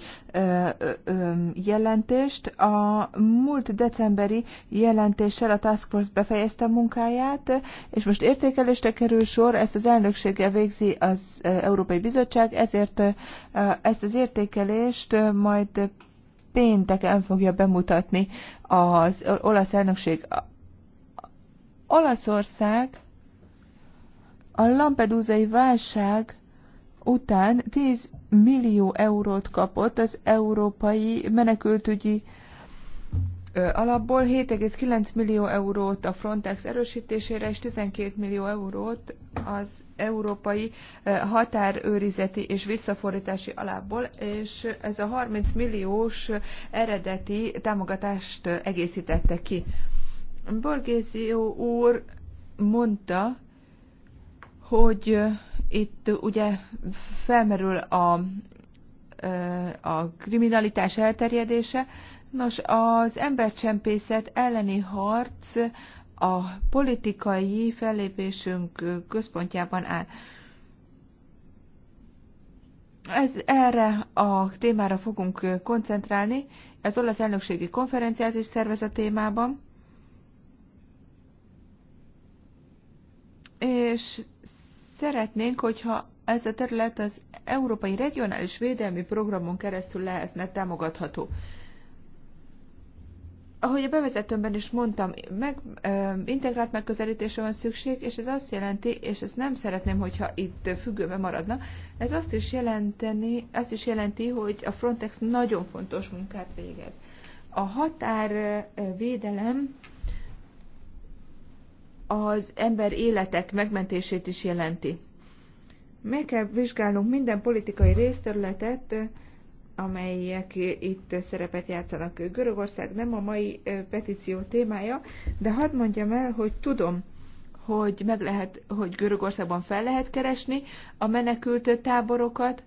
jelentést. A múlt decemberi jelentéssel a Task Force befejezte a munkáját, és most értékelésre kerül sor, ezt az elnökséggel végzi az Európai Bizottság, ezért ezt az értékelést majd pénteken fogja bemutatni az olasz elnökség Olaszország a Lampedusai válság után 10 millió eurót kapott az Európai Menekültügyi Alapból 7,9 millió eurót a Frontex erősítésére és 12 millió eurót az Európai Határőrizeti és Visszafordítási Alapból, és ez a 30 milliós eredeti támogatást egészítette ki. Borgézió úr mondta, hogy itt ugye felmerül a, a kriminalitás elterjedése. Nos, az embercsempészet elleni harc a politikai fellépésünk központjában áll. Ez, erre a témára fogunk koncentrálni. Az olasz elnökségi konferenciát is szervez a témában. és szeretnénk, hogyha ez a terület az Európai Regionális Védelmi Programon keresztül lehetne támogatható. Ahogy a bevezetőmben is mondtam, meg, ö, integrált megközelítésre van szükség, és ez azt jelenti, és ezt nem szeretném, hogyha itt függőbe maradna, ez azt is, jelenteni, azt is jelenti, hogy a Frontex nagyon fontos munkát végez. A határvédelem az ember életek megmentését is jelenti. Meg kell vizsgálnunk minden politikai részterületet, amelyek itt szerepet játszanak. Görögország nem a mai petíció témája, de hadd mondjam el, hogy tudom, hogy meg lehet, hogy Görögországban fel lehet keresni a menekültő táborokat.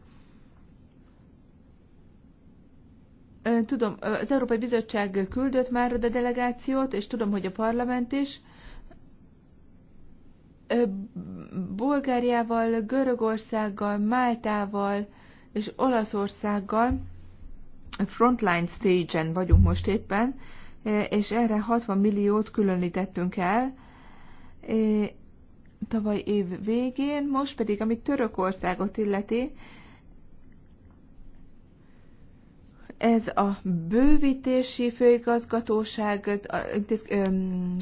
Tudom, az Európai Bizottság küldött már oda delegációt, és tudom, hogy a parlament is Bulgáriával, Görögországgal, Máltával és Olaszországgal frontline stage-en vagyunk most éppen, és erre 60 milliót különítettünk el tavaly év végén, most pedig, ami Törökországot illeti, Ez a bővítési főigazgatóság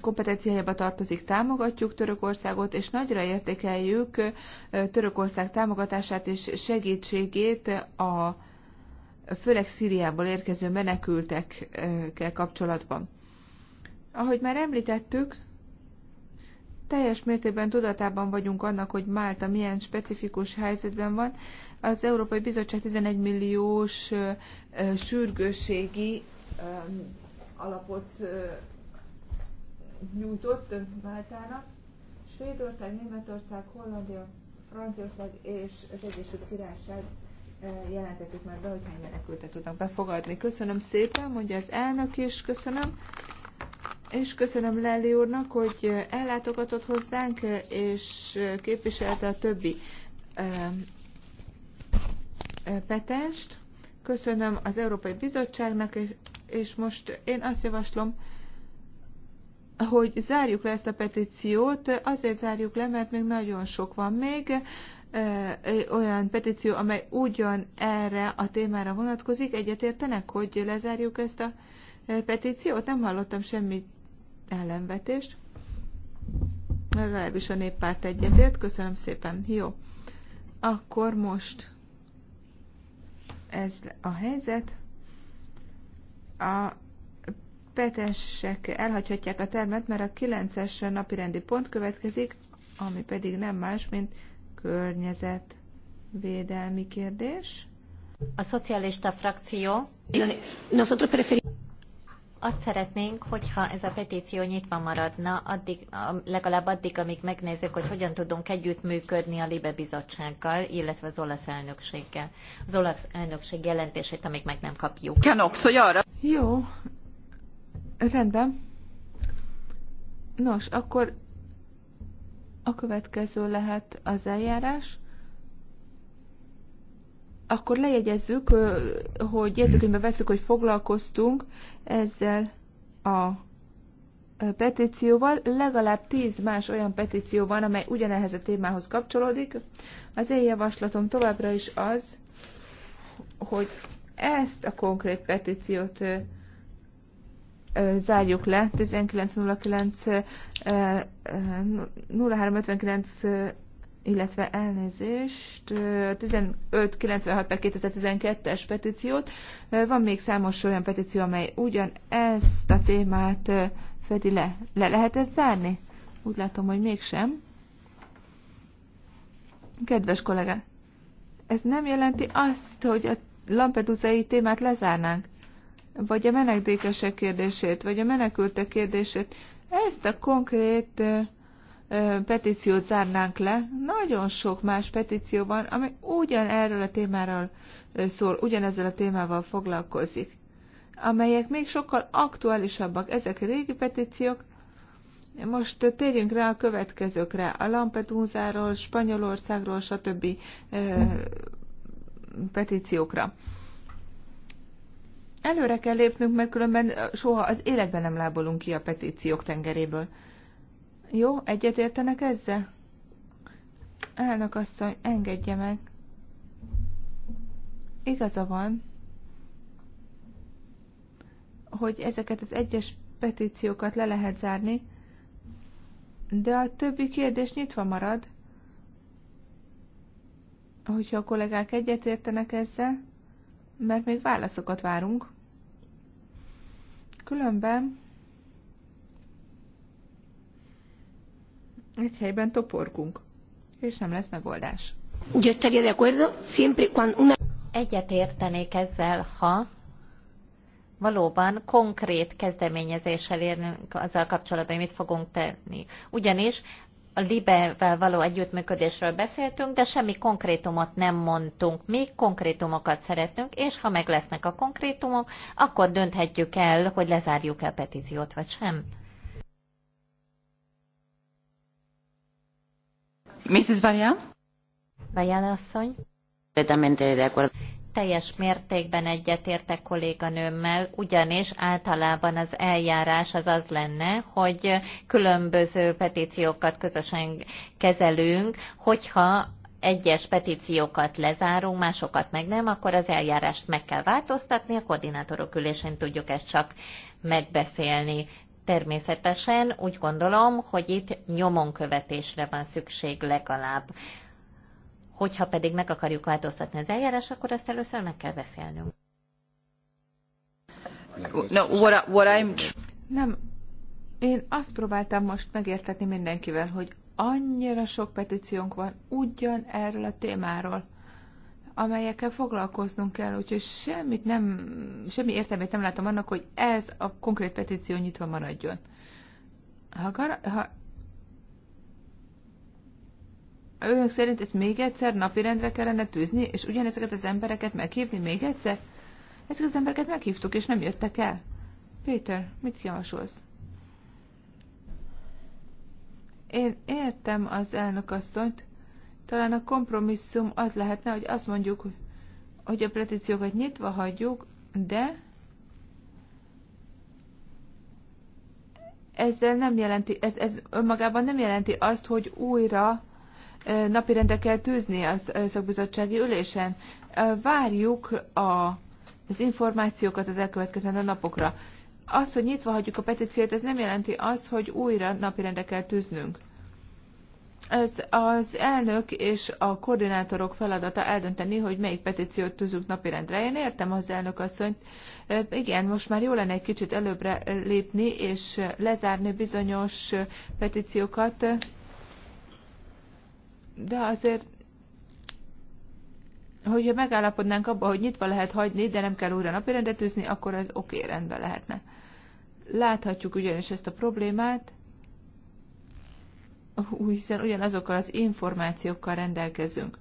kompetenciájába tartozik, támogatjuk Törökországot, és nagyra értékeljük Törökország támogatását és segítségét a főleg Szíriából érkező menekültekkel kapcsolatban. Ahogy már említettük, teljes mértékben tudatában vagyunk annak, hogy Málta milyen specifikus helyzetben van, az Európai Bizottság 11 milliós sürgősségi alapot nyújtott Máltának. Svédország, Németország, Hollandia, Franciaország és az Egyesült Királyság jelentették már be, hogy hány menekültet tudnak befogadni. Köszönöm szépen, mondja az elnök is, köszönöm. És köszönöm Lelli úrnak, hogy ellátogatott hozzánk, és képviselte a többi petest. Köszönöm az Európai Bizottságnak, és, és most én azt javaslom, hogy zárjuk le ezt a petíciót. Azért zárjuk le, mert még nagyon sok van még e, olyan petíció, amely ugyan erre a témára vonatkozik. Egyetértenek, hogy lezárjuk ezt a e, petíciót? Nem hallottam semmi ellenvetést. Legalábbis a néppárt egyetért. Köszönöm szépen. Jó. Akkor most ez a helyzet. A petesek elhagyhatják a termet, mert a 9-es napirendi pont következik, ami pedig nem más, mint környezetvédelmi kérdés. A szocialista frakció. Nosotros preferimos azt szeretnénk, hogyha ez a petíció nyitva maradna, addig, legalább addig, amíg megnézzük, hogy hogyan tudunk együttműködni a Libe Bizottsággal, illetve az olasz elnökséggel. Az olasz elnökség jelentését, amíg meg nem kapjuk. Szóval Jó, rendben. Nos, akkor a következő lehet az eljárás akkor lejegyezzük, hogy jegyzőkönyvbe veszük, hogy foglalkoztunk ezzel a petícióval. Legalább tíz más olyan petíció van, amely ugyanehhez a témához kapcsolódik. Az én javaslatom továbbra is az, hogy ezt a konkrét petíciót zárjuk le, 1909 0359 illetve elnézést, 1596 per 2012-es petíciót. Van még számos olyan petíció, amely ugyan ezt a témát fedi le. Le lehet ezt zárni? Úgy látom, hogy mégsem. Kedves kollega, ez nem jelenti azt, hogy a lampedusai témát lezárnánk, vagy a menekdékesek kérdését, vagy a menekültek kérdését. Ezt a konkrét petíciót zárnánk le, nagyon sok más petíció van, ami ugyan erről a témáról szól, ugyanezzel a témával foglalkozik, amelyek még sokkal aktuálisabbak. Ezek régi petíciók, most térjünk rá a következőkre, a Lampedusáról, Spanyolországról, stb. petíciókra. Előre kell lépnünk, mert különben soha az életben nem lábolunk ki a petíciók tengeréből. Jó, egyetértenek ezzel? Elnök asszony, engedje meg. Igaza van, hogy ezeket az egyes petíciókat le lehet zárni, de a többi kérdés nyitva marad. Hogyha a kollégák egyetértenek ezzel, mert még válaszokat várunk. Különben egy helyben toporgunk, és nem lesz megoldás. Yo estaría de acuerdo siempre cuando una... Egyetértenék ezzel, ha valóban konkrét kezdeményezéssel érnünk azzal kapcsolatban, hogy mit fogunk tenni. Ugyanis a Libevel való együttműködésről beszéltünk, de semmi konkrétumot nem mondtunk. Mi konkrétumokat szeretünk, és ha meg lesznek a konkrétumok, akkor dönthetjük el, hogy lezárjuk-e a petíciót, vagy sem. Mrs. Vajan? Vajan asszony? De acuerdo. Teljes mértékben egyetértek kolléganőmmel, ugyanis általában az eljárás az az lenne, hogy különböző petíciókat közösen kezelünk, hogyha egyes petíciókat lezárunk, másokat meg nem, akkor az eljárást meg kell változtatni, a koordinátorok ülésén tudjuk ezt csak megbeszélni. Természetesen úgy gondolom, hogy itt nyomonkövetésre van szükség legalább. Hogyha pedig meg akarjuk változtatni az eljárás, akkor ezt először meg kell beszélnünk. No, what I, what I'm... Nem, én azt próbáltam most megértetni mindenkivel, hogy annyira sok petíciónk van ugyan erről a témáról amelyekkel foglalkoznunk kell, úgyhogy semmit nem, semmi értelmét nem látom annak, hogy ez a konkrét petíció nyitva maradjon. Ha, gar- ha önök szerint ezt még egyszer napirendre kellene tűzni, és ugyanezeket az embereket meghívni még egyszer? Ezeket az embereket meghívtuk, és nem jöttek el. Péter, mit javasolsz? Én értem az elnök asszonyt, talán a kompromisszum az lehetne, hogy azt mondjuk, hogy a petíciókat nyitva hagyjuk, de ezzel nem jelenti, ez, ez önmagában nem jelenti azt, hogy újra napirendre kell tűzni a szakbizottsági ülésen. Várjuk a, az információkat az elkövetkezendő napokra. Az, hogy nyitva hagyjuk a petíciót, ez nem jelenti azt, hogy újra napirendre kell tűznünk. Ez az elnök és a koordinátorok feladata eldönteni, hogy melyik petíciót tűzünk napirendre. Én értem az elnök asszonyt. Igen, most már jó lenne egy kicsit előbbre lépni és lezárni bizonyos petíciókat, de azért hogyha megállapodnánk abba, hogy nyitva lehet hagyni, de nem kell újra napirendet tűzni, akkor ez oké, okay, rendben lehetne. Láthatjuk ugyanis ezt a problémát, hiszen ugyanazokkal az információkkal rendelkezünk.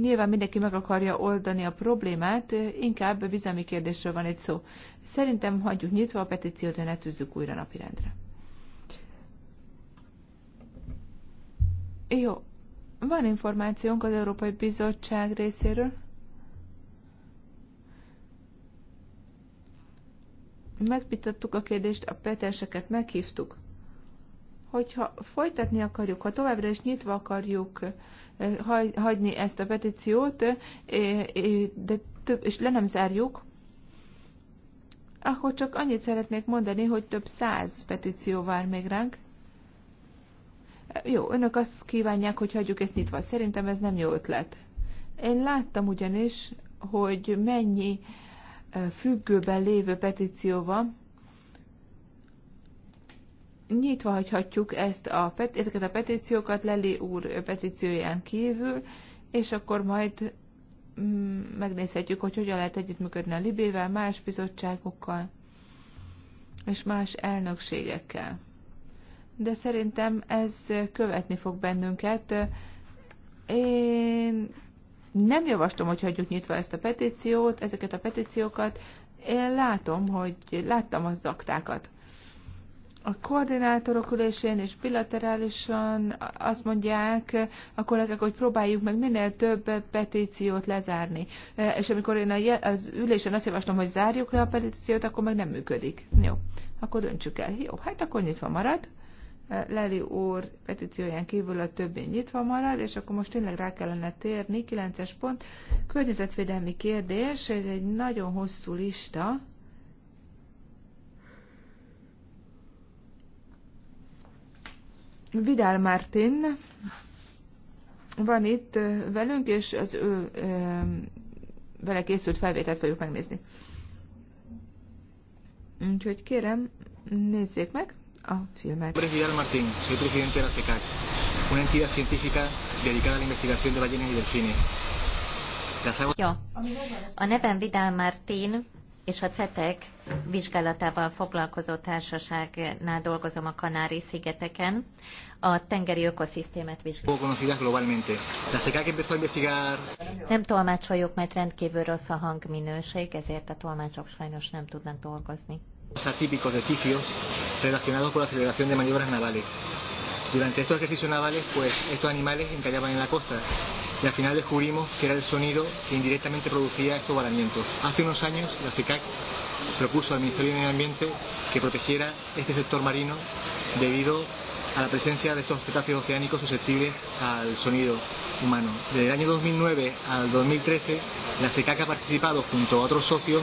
Nyilván mindenki meg akarja oldani a problémát, inkább bizalmi kérdésről van egy szó. Szerintem hagyjuk nyitva a petíciót, de ne tűzzük újra napirendre. Jó, van információnk az Európai Bizottság részéről. Megpitattuk a kérdést, a petenseket meghívtuk hogyha folytatni akarjuk, ha továbbra is nyitva akarjuk eh, hagyni ezt a petíciót, eh, eh, de több, és le nem zárjuk, akkor csak annyit szeretnék mondani, hogy több száz petíció vár még ránk. Jó, önök azt kívánják, hogy hagyjuk ezt nyitva. Szerintem ez nem jó ötlet. Én láttam ugyanis, hogy mennyi függőben lévő petíció van, nyitva hagyhatjuk ezt a, ezeket a petíciókat Leli úr petícióján kívül, és akkor majd mm, megnézhetjük, hogy hogyan lehet együttműködni a Libével, más bizottságokkal és más elnökségekkel. De szerintem ez követni fog bennünket. Én nem javaslom, hogy hagyjuk nyitva ezt a petíciót, ezeket a petíciókat. Én látom, hogy láttam az aktákat a koordinátorok ülésén és bilaterálisan azt mondják a kollégák, hogy próbáljuk meg minél több petíciót lezárni. És amikor én az ülésen azt javaslom, hogy zárjuk le a petíciót, akkor meg nem működik. Jó, akkor döntsük el. Jó, hát akkor nyitva marad. Leli úr petícióján kívül a többi nyitva marad, és akkor most tényleg rá kellene térni. 9-es pont. Környezetvédelmi kérdés, ez egy nagyon hosszú lista. Vidal Martin van itt velünk, és az ő vele készült felvételt fogjuk megnézni. Úgyhogy kérem, nézzék meg a filmet. Vidal Martín, soy presidente de la SECAC, una entidad científica dedicada a la investigación de ballenas y delfines. Ja. A nevem Vidal Martín, és a CETEK vizsgálatával foglalkozó társaságnál dolgozom a Kanári-szigeteken, a tengeri ökoszisztémát vizsgálom. Nem tolmácsoljuk, mert rendkívül rossz a hangminőség, ezért a tolmácsok sajnos nem tudnak dolgozni. atípicos ejercicios relacionados con la celebración de maniobras navales. Durante estos ejercicios navales, pues estos animales encallaban en la costa y al final descubrimos que era el sonido que indirectamente producía estos varamientos. Hace unos años la SECAC propuso al Ministerio de Medio Ambiente que protegiera este sector marino debido a la presencia de estos cetáceos oceánicos susceptibles al sonido humano. Desde el año 2009 al 2013, la SECAC ha participado junto a otros socios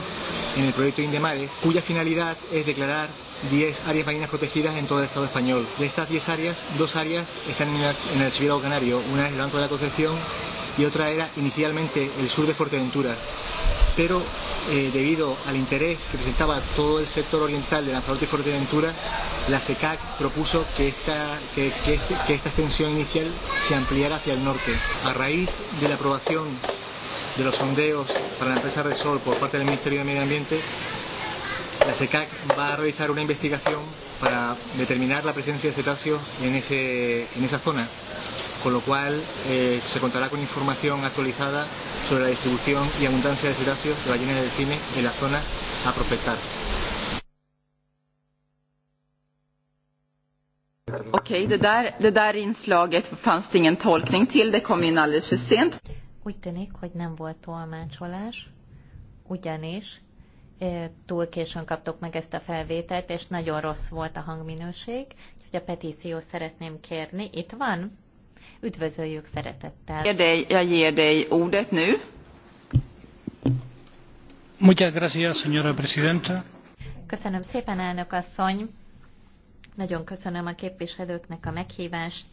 en el proyecto Indemares, cuya finalidad es declarar 10 áreas marinas protegidas en todo el Estado español. De estas 10 áreas, dos áreas están en el, en el archipiélago canario. Una es el Banco de la Concepción y otra era inicialmente el sur de Fuerteventura. Pero eh, debido al interés que presentaba todo el sector oriental de Lanzarote y Fuerteventura, la SECAC propuso que esta, que, que, este, que esta extensión inicial se ampliara hacia el norte. A raíz de la aprobación de los sondeos para la empresa Resol por parte del Ministerio de Medio Ambiente, la SECAC va a realizar una investigación para determinar la presencia de cetáceos en, ese, en esa zona, con lo cual eh, se contará con información actualizada sobre la distribución y abundancia de cetáceos de ballenas de delfines en la zona a prospectar. Okej, det, där, det där inslaget fanns det ingen tolkning till, det kom in alldeles för sent. Úgy tűnik, hogy nem volt tolmácsolás, ugyanis túl későn kaptuk meg ezt a felvételt, és nagyon rossz volt a hangminőség, úgyhogy a petíció szeretném kérni. Itt van? Üdvözöljük szeretettel. Érdej, jag ger dig ordet Muchas gracias, señora presidenta. Köszönöm szépen, elnök asszony. Nagyon köszönöm a képviselőknek a meghívást.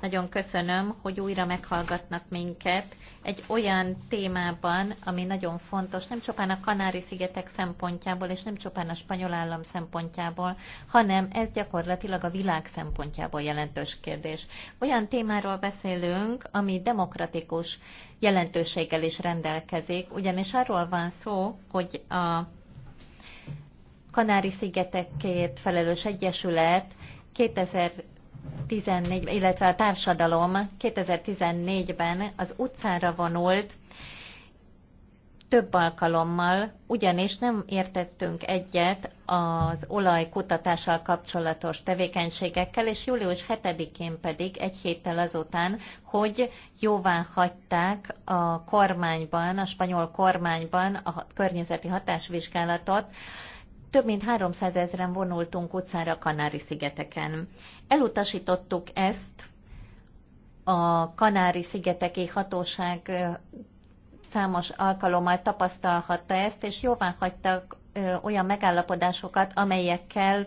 Nagyon köszönöm, hogy újra meghallgatnak minket egy olyan témában, ami nagyon fontos, nem csupán a Kanári-szigetek szempontjából, és nem csupán a spanyol állam szempontjából, hanem ez gyakorlatilag a világ szempontjából jelentős kérdés. Olyan témáról beszélünk, ami demokratikus jelentőséggel is rendelkezik, ugyanis arról van szó, hogy a Kanári-szigetekért felelős egyesület 2000 14, illetve a társadalom 2014-ben az utcára vonult több alkalommal, ugyanis nem értettünk egyet az olajkutatással kapcsolatos tevékenységekkel, és július 7-én pedig egy héttel azután, hogy jóvá hagyták a kormányban, a spanyol kormányban a környezeti hatásvizsgálatot, több mint 300 ezeren vonultunk utcára a Kanári-szigeteken. Elutasítottuk ezt a Kanári-szigeteki hatóság számos alkalommal tapasztalhatta ezt, és jóvá hagytak olyan megállapodásokat, amelyekkel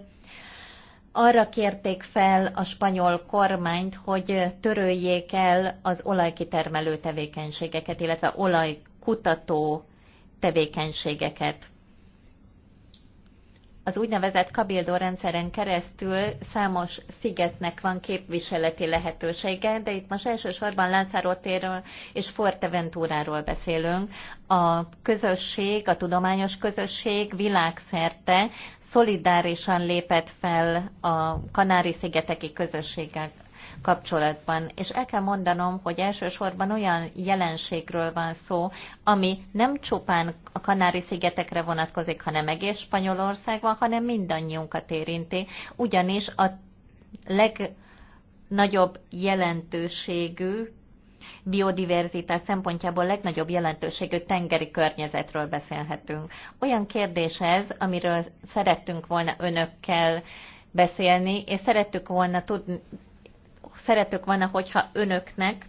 arra kérték fel a spanyol kormányt, hogy töröljék el az olajkitermelő tevékenységeket, illetve olajkutató tevékenységeket az úgynevezett kabildó rendszeren keresztül számos szigetnek van képviseleti lehetősége, de itt most elsősorban lanzarote térről és Forteventúráról beszélünk. A közösség, a tudományos közösség világszerte szolidárisan lépett fel a Kanári-szigeteki közösségek kapcsolatban. És el kell mondanom, hogy elsősorban olyan jelenségről van szó, ami nem csupán a Kanári-szigetekre vonatkozik, hanem egész Spanyolországban, hanem mindannyiunkat érinti, ugyanis a legnagyobb jelentőségű biodiverzitás szempontjából legnagyobb jelentőségű tengeri környezetről beszélhetünk. Olyan kérdés ez, amiről szerettünk volna önökkel beszélni, és szerettük volna tud, szeretők vannak, hogyha önöknek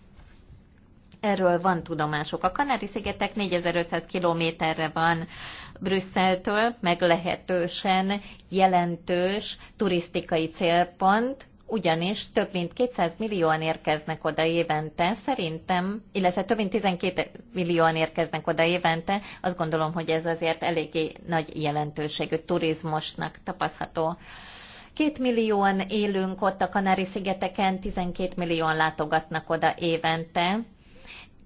erről van tudomások. A Kanári-szigetek 4500 kilométerre van Brüsszeltől, meg lehetősen jelentős turisztikai célpont, ugyanis több mint 200 millióan érkeznek oda évente, szerintem, illetve több mint 12 millióan érkeznek oda évente, azt gondolom, hogy ez azért eléggé nagy jelentőségű turizmusnak tapasztható. Két millióan élünk ott a Kanári-szigeteken, 12 millióan látogatnak oda évente.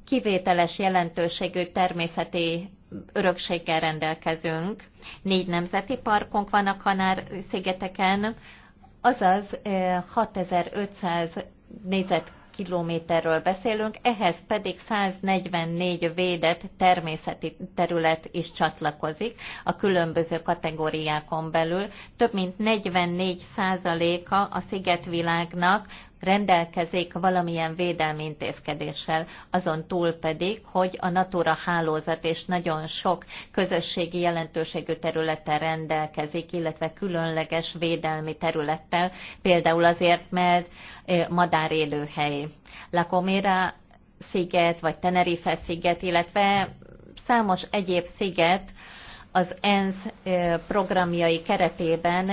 Kivételes jelentőségű természeti örökséggel rendelkezünk. Négy nemzeti parkunk van a kanári szigeteken azaz 6500 kilométerről beszélünk, ehhez pedig 144 védett természeti terület is csatlakozik a különböző kategóriákon belül. Több mint 44 százaléka a szigetvilágnak rendelkezik valamilyen védelmi intézkedéssel, azon túl pedig, hogy a Natura hálózat és nagyon sok közösségi jelentőségű területen rendelkezik, illetve különleges védelmi területtel, például azért, mert madár élőhely. La Comera sziget, vagy Tenerife sziget, illetve számos egyéb sziget az ENSZ programjai keretében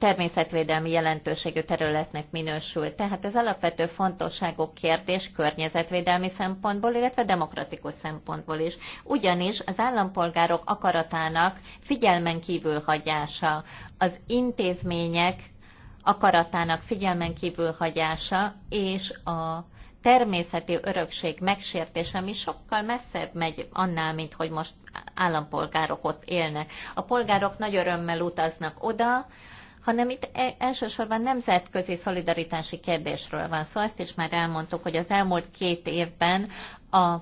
természetvédelmi jelentőségű területnek minősül. Tehát ez alapvető fontosságú kérdés környezetvédelmi szempontból, illetve demokratikus szempontból is. Ugyanis az állampolgárok akaratának figyelmen kívül hagyása, az intézmények akaratának figyelmen kívül hagyása és a természeti örökség megsértése, ami sokkal messzebb megy annál, mint hogy most állampolgárok ott élnek. A polgárok nagy örömmel utaznak oda, hanem itt e, elsősorban nemzetközi szolidaritási kérdésről van szó. Szóval azt is már elmondtuk, hogy az elmúlt két évben a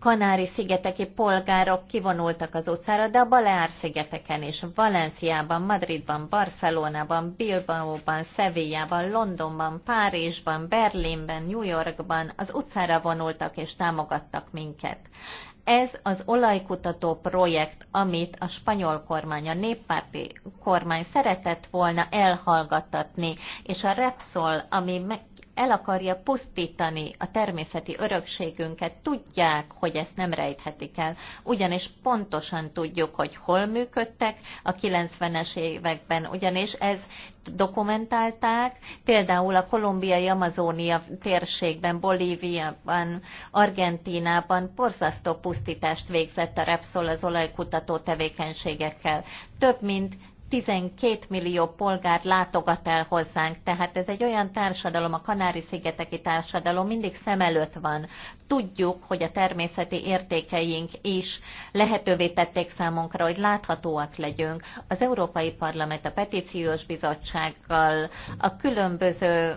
Kanári-szigeteki polgárok kivonultak az utcára, de a Baleár-szigeteken is, Valenciában, Madridban, Barcelonában, Bilbaóban, Sevillában, Londonban, Párizsban, Berlinben, New Yorkban az utcára vonultak és támogattak minket. Ez az olajkutató projekt, amit a spanyol kormány, a néppárti kormány szeretett volna elhallgatatni, és a Repsol, ami el akarja pusztítani a természeti örökségünket, tudják, hogy ezt nem rejthetik el, ugyanis pontosan tudjuk, hogy hol működtek a 90-es években, ugyanis ez dokumentálták, például a kolumbiai Amazónia térségben, Bolíviában, Argentínában borzasztó pusztítást végzett a Repsol az olajkutató tevékenységekkel. Több mint 12 millió polgár látogat el hozzánk, tehát ez egy olyan társadalom, a Kanári-szigeteki társadalom mindig szem előtt van. Tudjuk, hogy a természeti értékeink is lehetővé tették számunkra, hogy láthatóak legyünk. Az Európai Parlament a Petíciós Bizottsággal, a különböző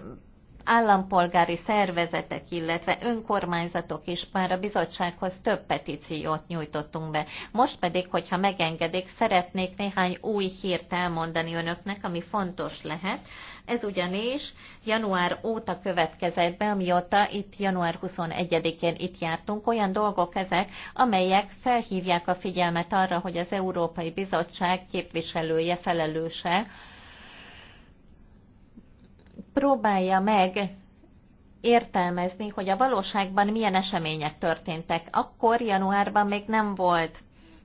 állampolgári szervezetek, illetve önkormányzatok is már a bizottsághoz több petíciót nyújtottunk be. Most pedig, hogyha megengedik, szeretnék néhány új hírt elmondani önöknek, ami fontos lehet. Ez ugyanis január óta következett be, amióta itt január 21-én itt jártunk, olyan dolgok ezek, amelyek felhívják a figyelmet arra, hogy az Európai Bizottság képviselője, felelőse, próbálja meg értelmezni, hogy a valóságban milyen események történtek. Akkor januárban még nem volt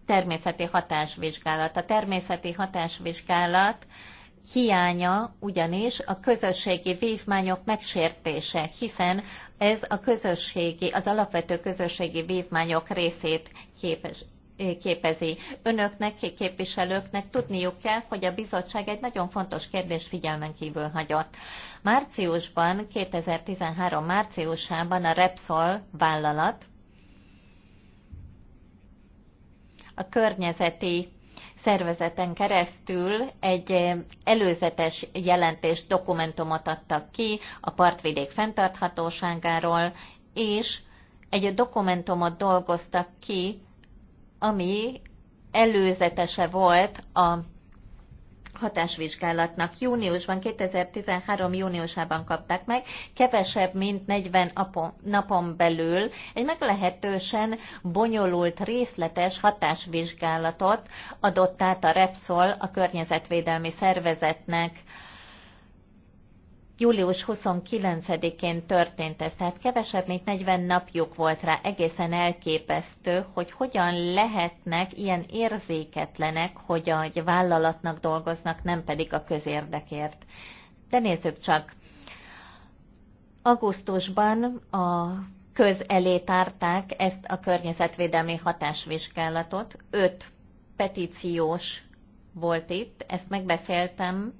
természeti hatásvizsgálat. A természeti hatásvizsgálat hiánya ugyanis a közösségi vívmányok megsértése, hiszen ez a közösségi, az alapvető közösségi vívmányok részét képes, képezi. Önöknek, képviselőknek tudniuk kell, hogy a bizottság egy nagyon fontos kérdést figyelmen kívül hagyott. Márciusban, 2013 márciusában a Repsol vállalat a környezeti szervezeten keresztül egy eh, előzetes jelentés dokumentumot adtak ki a partvidék fenntarthatóságáról, és egy dokumentumot dolgoztak ki, ami előzetese volt a hatásvizsgálatnak. Júniusban, 2013 júniusában kapták meg, kevesebb, mint 40 napon belül egy meglehetősen bonyolult, részletes hatásvizsgálatot adott át a Repsol a környezetvédelmi szervezetnek Július 29-én történt ez, tehát kevesebb, mint 40 napjuk volt rá. Egészen elképesztő, hogy hogyan lehetnek ilyen érzéketlenek, hogy a vállalatnak dolgoznak, nem pedig a közérdekért. De nézzük csak. Augusztusban a köz elé tárták ezt a környezetvédelmi hatásvizsgálatot. Öt petíciós volt itt, ezt megbeszéltem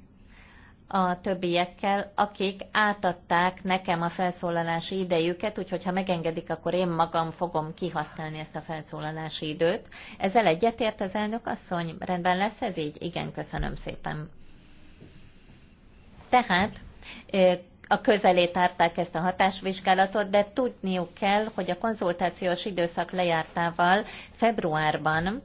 a többiekkel, akik átadták nekem a felszólalási idejüket, úgyhogy ha megengedik, akkor én magam fogom kihasználni ezt a felszólalási időt. Ezzel egyetért az elnök asszony? Rendben lesz ez így? Igen, köszönöm szépen. Tehát a közelé tárták ezt a hatásvizsgálatot, de tudniuk kell, hogy a konzultációs időszak lejártával februárban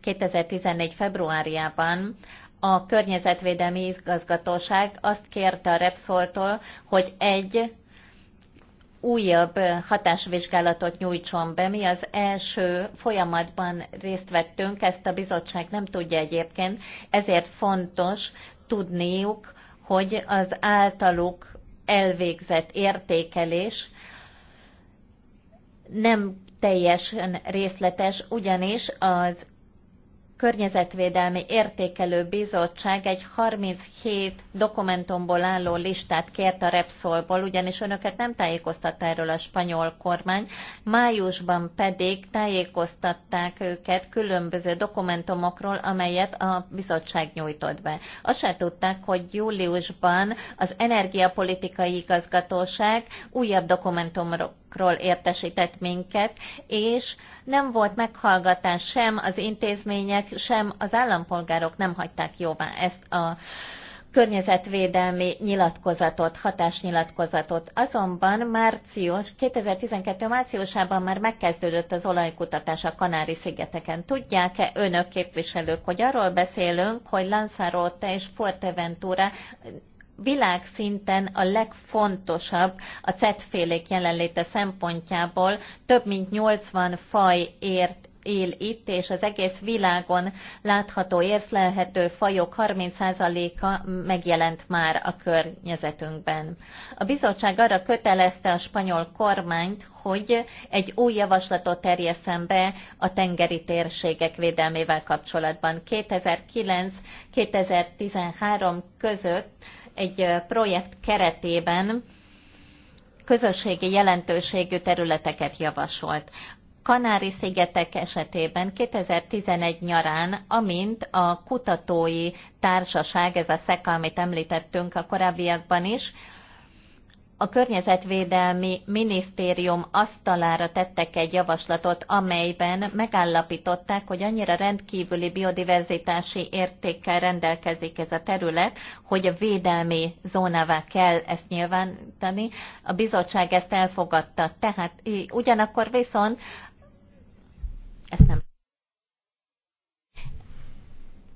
2014. februárjában a Környezetvédelmi Igazgatóság azt kérte a Repsoltól, hogy egy újabb hatásvizsgálatot nyújtson be. Mi az első folyamatban részt vettünk, ezt a bizottság nem tudja egyébként, ezért fontos tudniuk, hogy az általuk elvégzett értékelés nem teljesen részletes, ugyanis az Környezetvédelmi Értékelő Bizottság egy 37 dokumentumból álló listát kért a Repsolból, ugyanis önöket nem tájékoztatta erről a spanyol kormány, májusban pedig tájékoztatták őket különböző dokumentumokról, amelyet a bizottság nyújtott be. Azt se tudták, hogy júliusban az Energiapolitikai Igazgatóság újabb dokumentumról ról értesített minket, és nem volt meghallgatás sem az intézmények, sem az állampolgárok nem hagyták jóvá ezt a környezetvédelmi nyilatkozatot, hatásnyilatkozatot. Azonban március, 2012 márciusában már megkezdődött az olajkutatás a Kanári-szigeteken. Tudják-e önök képviselők, hogy arról beszélünk, hogy Lanzarote és Fuerteventura világszinten a legfontosabb a cetfélék jelenléte szempontjából. Több mint 80 faj ért él itt, és az egész világon látható, érzlelhető fajok 30%-a megjelent már a környezetünkben. A bizottság arra kötelezte a spanyol kormányt, hogy egy új javaslatot terjeszem be a tengeri térségek védelmével kapcsolatban. 2009-2013 között egy projekt keretében közösségi jelentőségű területeket javasolt. Kanári-szigetek esetében 2011 nyarán, amint a kutatói társaság, ez a SZEKA, amit említettünk a korábbiakban is, a Környezetvédelmi Minisztérium asztalára tettek egy javaslatot, amelyben megállapították, hogy annyira rendkívüli biodiverzitási értékkel rendelkezik ez a terület, hogy a védelmi zónává kell ezt nyilvánítani. A bizottság ezt elfogadta. Tehát ugyanakkor viszont ezt nem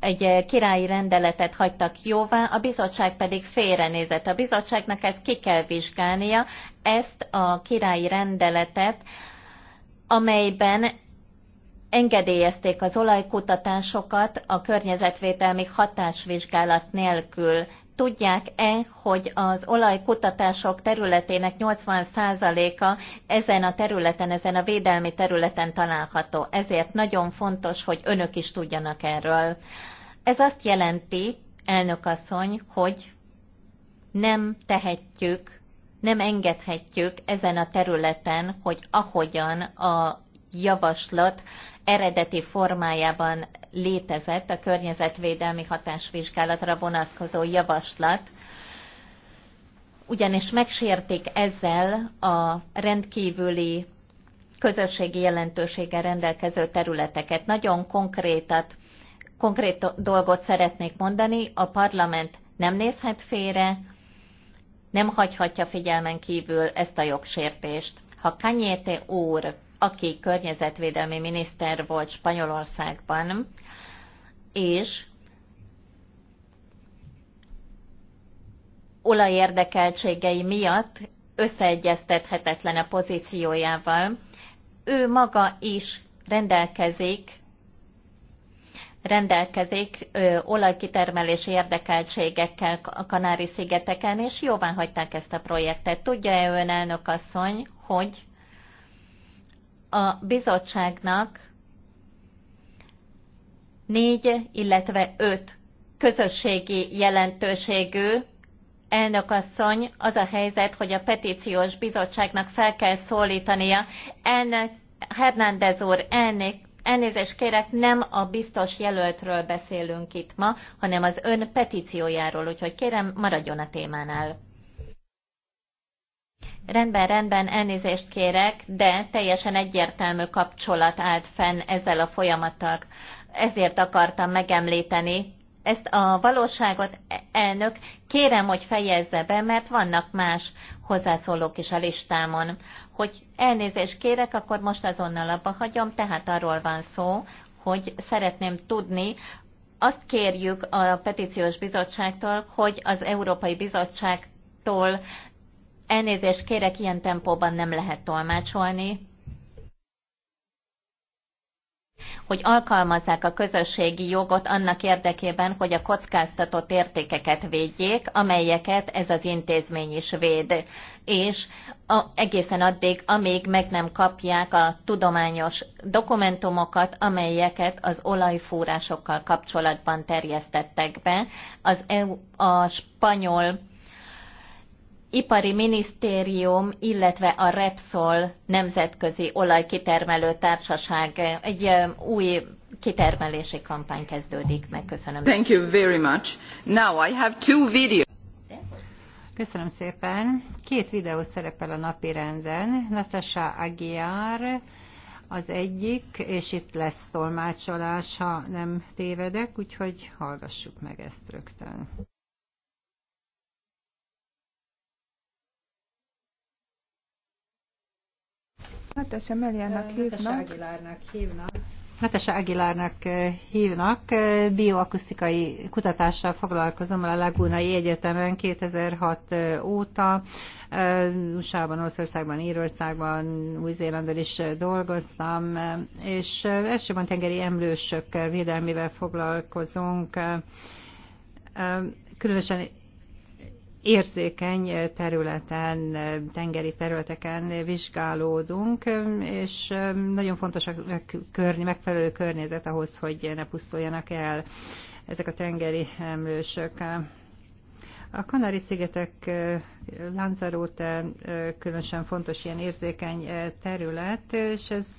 egy eh, királyi rendeletet hagytak jóvá, a bizottság pedig félrenézett. A bizottságnak ezt ki kell vizsgálnia, ezt a királyi rendeletet, amelyben engedélyezték az olajkutatásokat a környezetvédelmi hatásvizsgálat nélkül. Tudják-e, hogy az olajkutatások területének 80%-a ezen a területen, ezen a védelmi területen található? Ezért nagyon fontos, hogy önök is tudjanak erről. Ez azt jelenti, elnökasszony, hogy nem tehetjük, nem engedhetjük ezen a területen, hogy ahogyan a javaslat eredeti formájában létezett a környezetvédelmi hatásvizsgálatra vonatkozó javaslat, ugyanis megsértik ezzel a rendkívüli közösségi jelentőséggel rendelkező területeket. Nagyon konkrétat konkrét dolgot szeretnék mondani, a parlament nem nézhet félre, nem hagyhatja figyelmen kívül ezt a jogsértést. Ha Kanyete úr, aki környezetvédelmi miniszter volt Spanyolországban, és olajérdekeltségei miatt összeegyeztethetetlen a pozíciójával, ő maga is rendelkezik rendelkezik ö, olajkitermelési érdekeltségekkel a Kanári-szigeteken, és jóvá hagyták ezt a projektet. Tudja-e ön, elnök asszony, hogy a bizottságnak négy, illetve öt közösségi jelentőségű asszony az a helyzet, hogy a petíciós bizottságnak fel kell szólítania elnök Hernández úr, elnök Elnézést kérek, nem a biztos jelöltről beszélünk itt ma, hanem az ön petíciójáról, úgyhogy kérem, maradjon a témánál. Rendben, rendben, elnézést kérek, de teljesen egyértelmű kapcsolat állt fenn ezzel a folyamattal. Ezért akartam megemlíteni, ezt a valóságot, elnök, kérem, hogy fejezze be, mert vannak más hozzászólók is a listámon hogy elnézést kérek, akkor most azonnal abba hagyom, tehát arról van szó, hogy szeretném tudni, azt kérjük a petíciós bizottságtól, hogy az Európai Bizottságtól elnézést kérek, ilyen tempóban nem lehet tolmácsolni hogy alkalmazzák a közösségi jogot annak érdekében, hogy a kockáztatott értékeket védjék, amelyeket ez az intézmény is véd. És a, egészen addig, amíg meg nem kapják a tudományos dokumentumokat, amelyeket az olajfúrásokkal kapcsolatban terjesztettek be, az EU, a spanyol ipari minisztérium, illetve a Repsol nemzetközi olajkitermelő társaság egy új kitermelési kampány kezdődik meg. Köszönöm. Thank you very much. Now I have two videos. Köszönöm szépen. Két videó szerepel a napi renden. Natasha Aguiar az egyik, és itt lesz tolmácsolás, ha nem tévedek, úgyhogy hallgassuk meg ezt rögtön. Natasha Meliának hívnak. Natasha Aguilárnak hívnak. Netes hívnak. Bioakusztikai kutatással foglalkozom a Lagunai Egyetemen 2006 óta. USA-ban, Olaszországban, Írországban, Új-Zélandon is dolgoztam, és elsőban tengeri emlősök védelmével foglalkozunk. Különösen érzékeny területen, tengeri területeken vizsgálódunk, és nagyon fontos a körny, megfelelő környezet ahhoz, hogy ne pusztuljanak el ezek a tengeri emlősök. A Kanári-szigetek Lanzarote különösen fontos ilyen érzékeny terület, és ez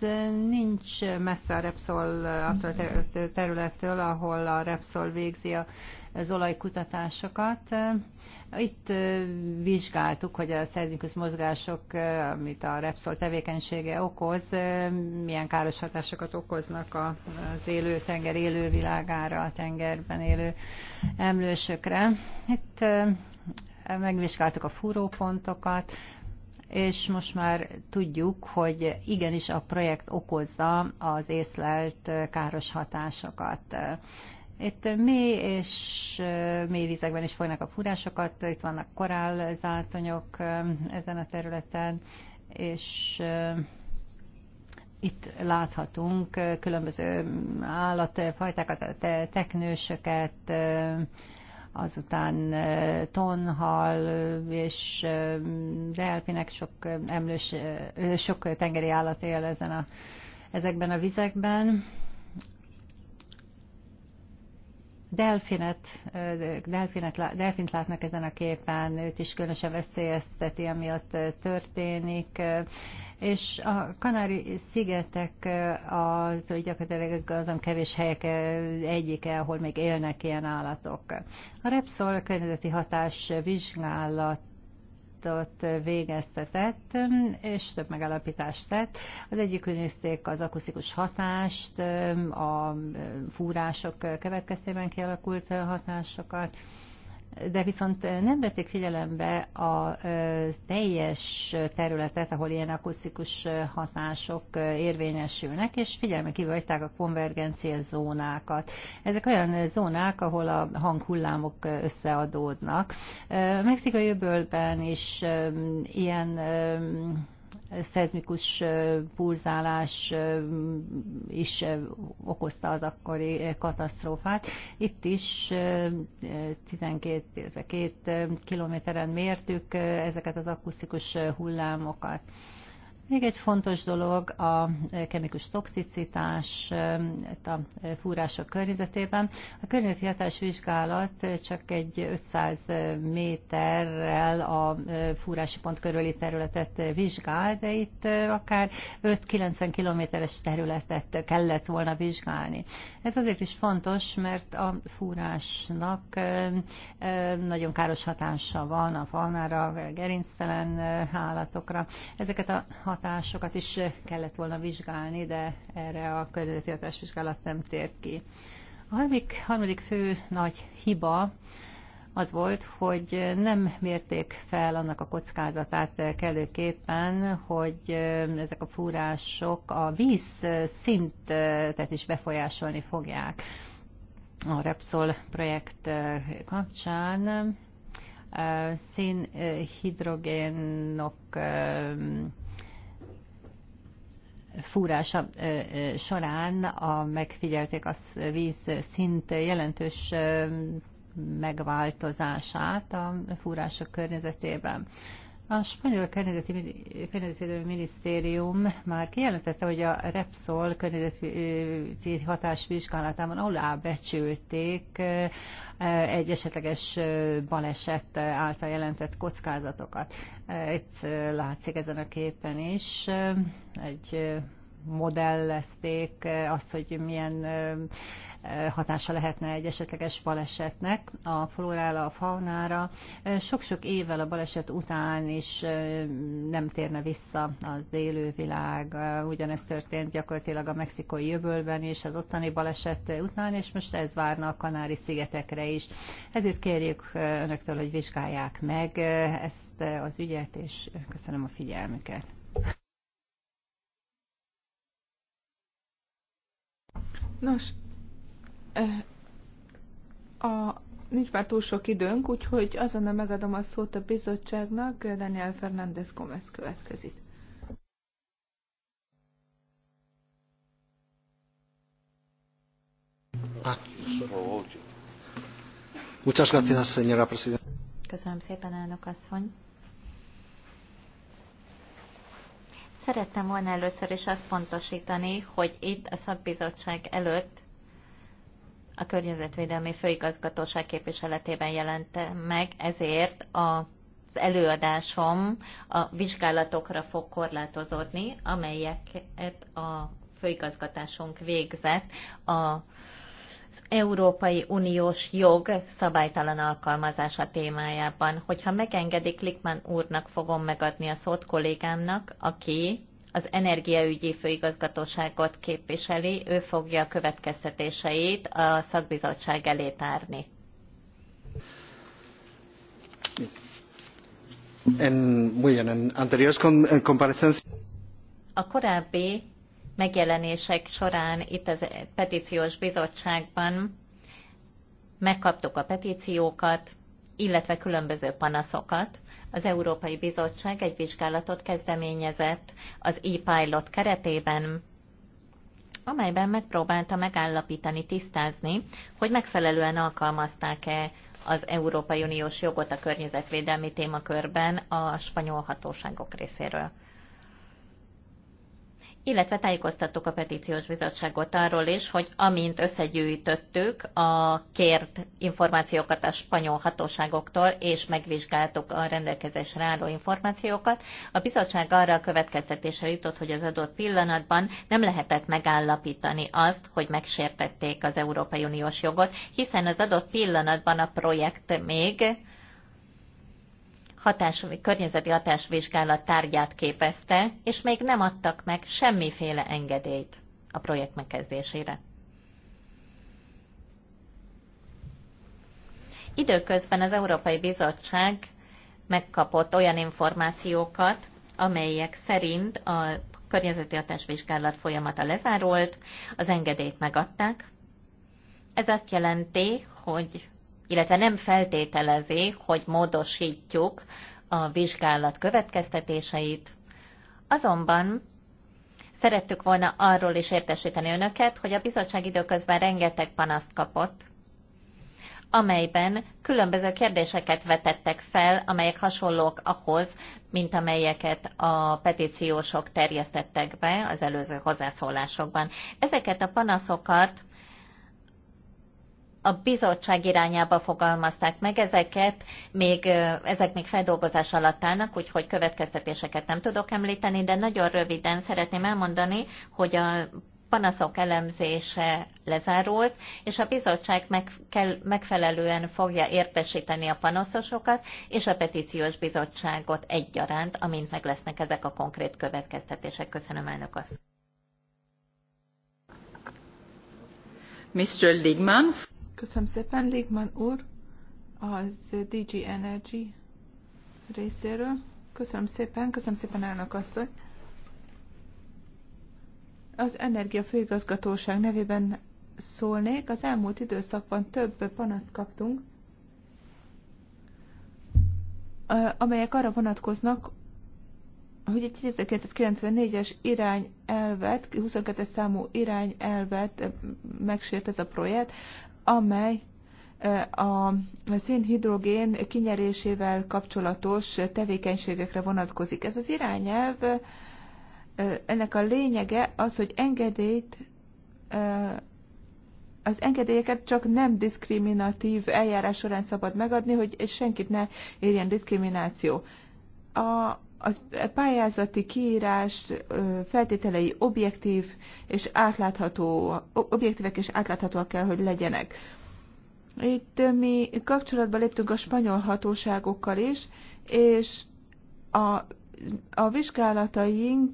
nincs messze a Repsol attól a területtől, ahol a Repsol végzi az olajkutatásokat. Itt vizsgáltuk, hogy a szerdinkus mozgások, amit a Repsol tevékenysége okoz, milyen káros hatásokat okoznak az élő tenger élővilágára, a tengerben élő emlősökre. Itt megvizsgáltuk a fúrópontokat, és most már tudjuk, hogy igenis a projekt okozza az észlelt káros hatásokat. Itt mély és mély vizekben is folynak a fúrásokat, itt vannak korálzátonyok ezen a területen, és itt láthatunk különböző állatfajtákat, teknősöket, azután tonhal és delfinek sok emlős, sok tengeri állat él ezen a, ezekben a vizekben. delfinet, delfinet, delfint látnak ezen a képen, őt is különösen veszélyezteti, amiatt történik, és a Kanári-szigetek a, gyakorlatilag azon kevés helyek egyike, ahol még élnek ilyen állatok. A Repsol környezeti hatás vizsgálat vizsgálatot végeztetett, és több megalapítást tett. Az egyik nézték az akusztikus hatást, a fúrások következtében kialakult hatásokat, de viszont nem vették figyelembe a teljes területet, ahol ilyen akusztikus hatások érvényesülnek, és figyelme kivagyták a konvergencia zónákat. Ezek olyan zónák, ahol a hanghullámok összeadódnak. Mexikai öbölben is ilyen szezmikus pulzálás is okozta az akkori katasztrófát. Itt is 12, 2 kilométeren mértük ezeket az akusztikus hullámokat. Még egy fontos dolog a kemikus toxicitás a fúrások környezetében. A környezeti vizsgálat csak egy 500 méterrel a fúrási pont körüli területet vizsgál, de itt akár 5-90 kilométeres területet kellett volna vizsgálni. Ez azért is fontos, mert a fúrásnak nagyon káros hatása van a faunára, gerinctelen állatokra. Ezeket a hat hatásokat is kellett volna vizsgálni, de erre a környezeti hatásvizsgálat nem tért ki. A harmadik, harmadik fő nagy hiba az volt, hogy nem mérték fel annak a kockázatát kellőképpen, hogy ezek a fúrások a víz szintet is befolyásolni fogják. A Repsol projekt kapcsán eh, szénhidrogénok eh, eh, fúrása során a, megfigyelték a víz szint jelentős megváltozását a fúrások környezetében. A spanyol környezetvédelmi minisztérium már kijelentette, hogy a Repsol környezeti hatásvizsgálatában alábecsülték egy esetleges baleset által jelentett kockázatokat. Itt látszik ezen a képen is egy modellezték azt, hogy milyen hatása lehetne egy esetleges balesetnek a flórára, a faunára. Sok-sok évvel a baleset után is nem térne vissza az élővilág. Ugyanezt történt gyakorlatilag a mexikai jövőben és az ottani baleset után, és most ez várna a Kanári-szigetekre is. Ezért kérjük önöktől, hogy vizsgálják meg ezt az ügyet, és köszönöm a figyelmüket. Nos, a, nincs már túl sok időnk, úgyhogy azonnal megadom a szót a bizottságnak, Daniel Fernández Gomez következik. Ah, Köszönöm szépen, elnök asszony. Szerettem volna először is azt pontosítani, hogy itt a szakbizottság előtt a Környezetvédelmi Főigazgatóság képviseletében jelente meg, ezért a az előadásom a vizsgálatokra fog korlátozódni, amelyeket a főigazgatásunk végzett a Európai Uniós jog szabálytalan alkalmazása témájában. Hogyha megengedik, Likman úrnak fogom megadni a szót kollégámnak, aki az energiaügyi főigazgatóságot képviseli, ő fogja a következtetéseit a szakbizottság elé tárni. En, muy bien, en A korábbi megjelenések során itt a petíciós bizottságban megkaptuk a petíciókat, illetve különböző panaszokat. Az Európai Bizottság egy vizsgálatot kezdeményezett az e-pilot keretében, amelyben megpróbálta megállapítani, tisztázni, hogy megfelelően alkalmazták-e az Európai Uniós jogot a környezetvédelmi témakörben a spanyol hatóságok részéről illetve tájékoztattuk a petíciós bizottságot arról is, hogy amint összegyűjtöttük a kért információkat a spanyol hatóságoktól, és megvizsgáltuk a rendelkezésre álló információkat, a bizottság arra a következtetésre jutott, hogy az adott pillanatban nem lehetett megállapítani azt, hogy megsértették az Európai Uniós jogot, hiszen az adott pillanatban a projekt még hatás, környezeti hatásvizsgálat tárgyát képezte, és még nem adtak meg semmiféle engedélyt a projekt megkezdésére. Időközben az Európai Bizottság megkapott olyan információkat, amelyek szerint a környezeti hatásvizsgálat folyamata lezárult, az engedélyt megadták. Ez azt jelenti, hogy illetve nem feltételezi, hogy módosítjuk a vizsgálat következtetéseit, azonban szerettük volna arról is értesíteni önöket, hogy a bizottság időközben rengeteg panaszt kapott, amelyben különböző kérdéseket vetettek fel, amelyek hasonlók ahhoz, mint amelyeket a petíciósok terjesztettek be az előző hozzászólásokban. Ezeket a panaszokat a bizottság irányába fogalmazták meg ezeket, még, ezek még feldolgozás alatt állnak, úgyhogy következtetéseket nem tudok említeni, de nagyon röviden szeretném elmondani, hogy a panaszok elemzése lezárult, és a bizottság meg kell, megfelelően fogja értesíteni a panaszosokat és a petíciós bizottságot egyaránt, amint meg lesznek ezek a konkrét következtetések. Köszönöm, elnök azt. Mr. Ligman. Köszönöm szépen, Ligman úr, az DG Energy részéről. Köszönöm szépen, köszönöm szépen, elnök asszony. Az Energia Főigazgatóság nevében szólnék. Az elmúlt időszakban több panaszt kaptunk, amelyek arra vonatkoznak, hogy egy 1994-es irányelvet, 22-es számú irányelvet megsért ez a projekt, amely a szénhidrogén kinyerésével kapcsolatos tevékenységekre vonatkozik. Ez az irányelv, ennek a lényege az, hogy engedélyt az engedélyeket csak nem diszkriminatív eljárás során szabad megadni, hogy senkit ne érjen diszkrimináció. A az pályázati kiírás feltételei objektív és átlátható, objektívek és átláthatóak kell, hogy legyenek. Itt mi kapcsolatba léptünk a spanyol hatóságokkal is, és a, a vizsgálataink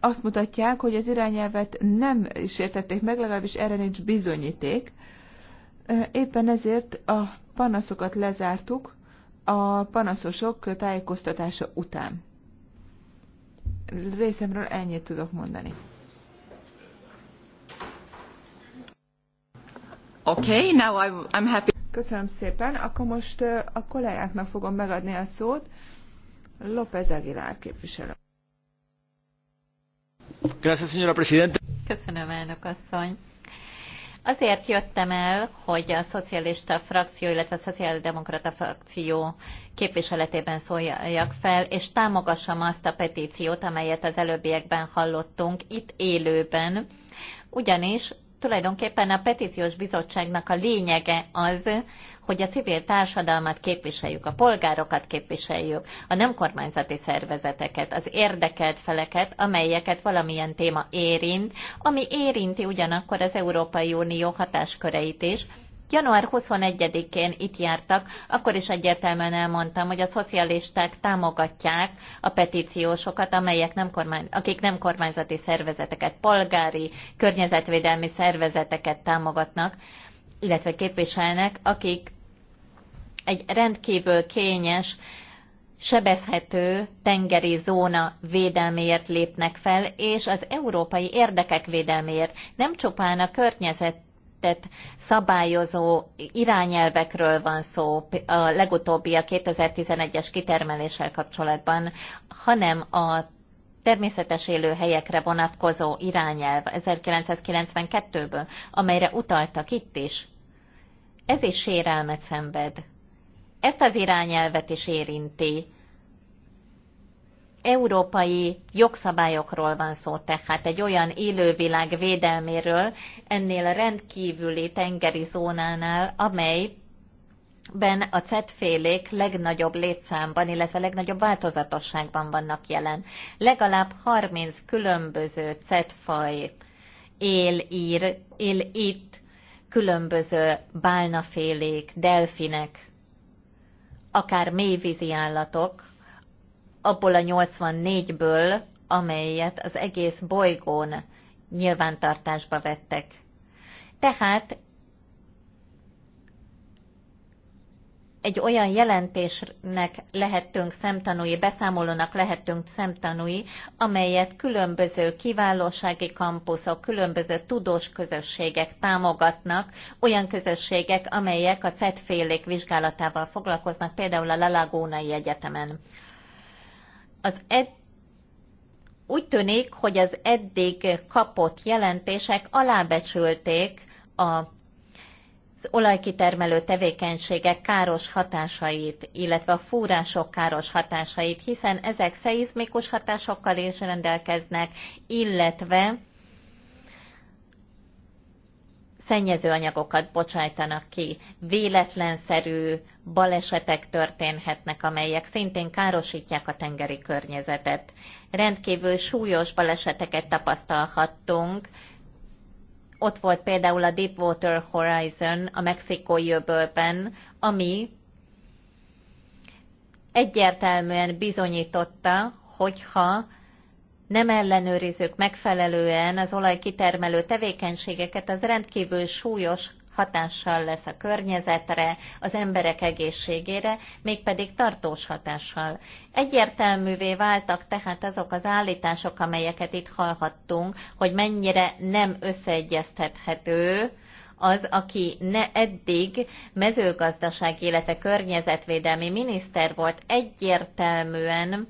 azt mutatják, hogy az irányelvet nem sértették meg, legalábbis erre nincs bizonyíték. Éppen ezért a panaszokat lezártuk, a panaszosok tájékoztatása után. Részemről ennyit tudok mondani. Okay, now I'm, I'm happy. Köszönöm szépen. Akkor most a kollégáknak fogom megadni a szót. López Aguilar képviselő. Gracias, señora presidente. Köszönöm, elnök asszony. Azért jöttem el, hogy a szocialista frakció, illetve a szociáldemokrata frakció képviseletében szóljak fel, és támogassam azt a petíciót, amelyet az előbbiekben hallottunk itt élőben, ugyanis tulajdonképpen a petíciós bizottságnak a lényege az, hogy a civil társadalmat képviseljük, a polgárokat képviseljük, a nem kormányzati szervezeteket, az érdekelt feleket, amelyeket valamilyen téma érint, ami érinti ugyanakkor az Európai Unió hatásköreit is, január 21-én itt jártak, akkor is egyértelműen elmondtam, hogy a szocialisták támogatják a petíciósokat, amelyek nem kormány, akik nem kormányzati szervezeteket, polgári, környezetvédelmi szervezeteket támogatnak illetve képviselnek, akik egy rendkívül kényes, sebezhető tengeri zóna védelméért lépnek fel, és az európai érdekek védelméért nem csupán a környezet tehát szabályozó irányelvekről van szó, a legutóbbi a 2011-es kitermeléssel kapcsolatban, hanem a természetes élő helyekre vonatkozó irányelv 1992-ből, amelyre utaltak itt is ez is sérelmet szenved. Ezt az irányelvet is érinti. Európai jogszabályokról van szó, tehát egy olyan élővilág védelméről ennél a rendkívüli tengeri zónánál, amelyben a cetfélék legnagyobb létszámban, illetve legnagyobb változatosságban vannak jelen. Legalább 30 különböző cetfaj él, ír, él itt különböző bálnafélék, delfinek, akár mélyvízi állatok, abból a 84-ből, amelyet az egész bolygón nyilvántartásba vettek. Tehát egy olyan jelentésnek lehettünk szemtanúi, beszámolónak lehettünk szemtanúi, amelyet különböző kiválósági kampuszok, különböző tudós közösségek támogatnak, olyan közösségek, amelyek a CET félék vizsgálatával foglalkoznak, például a Lalagónai Egyetemen. Az ed úgy tűnik, hogy az eddig kapott jelentések alábecsülték a az olajkitermelő tevékenységek káros hatásait, illetve a fúrások káros hatásait, hiszen ezek szeizmikus hatásokkal is rendelkeznek, illetve szennyező anyagokat bocsájtanak ki, véletlenszerű balesetek történhetnek, amelyek szintén károsítják a tengeri környezetet. Rendkívül súlyos baleseteket tapasztalhattunk, ott volt például a Deepwater Horizon a mexikói öbölben, ami egyértelműen bizonyította, hogyha nem ellenőrizzük megfelelően az olajkitermelő tevékenységeket, az rendkívül súlyos hatással lesz a környezetre, az emberek egészségére, mégpedig tartós hatással. Egyértelművé váltak tehát azok az állítások, amelyeket itt hallhattunk, hogy mennyire nem összeegyeztethető az, aki ne eddig mezőgazdaság, illetve környezetvédelmi miniszter volt, egyértelműen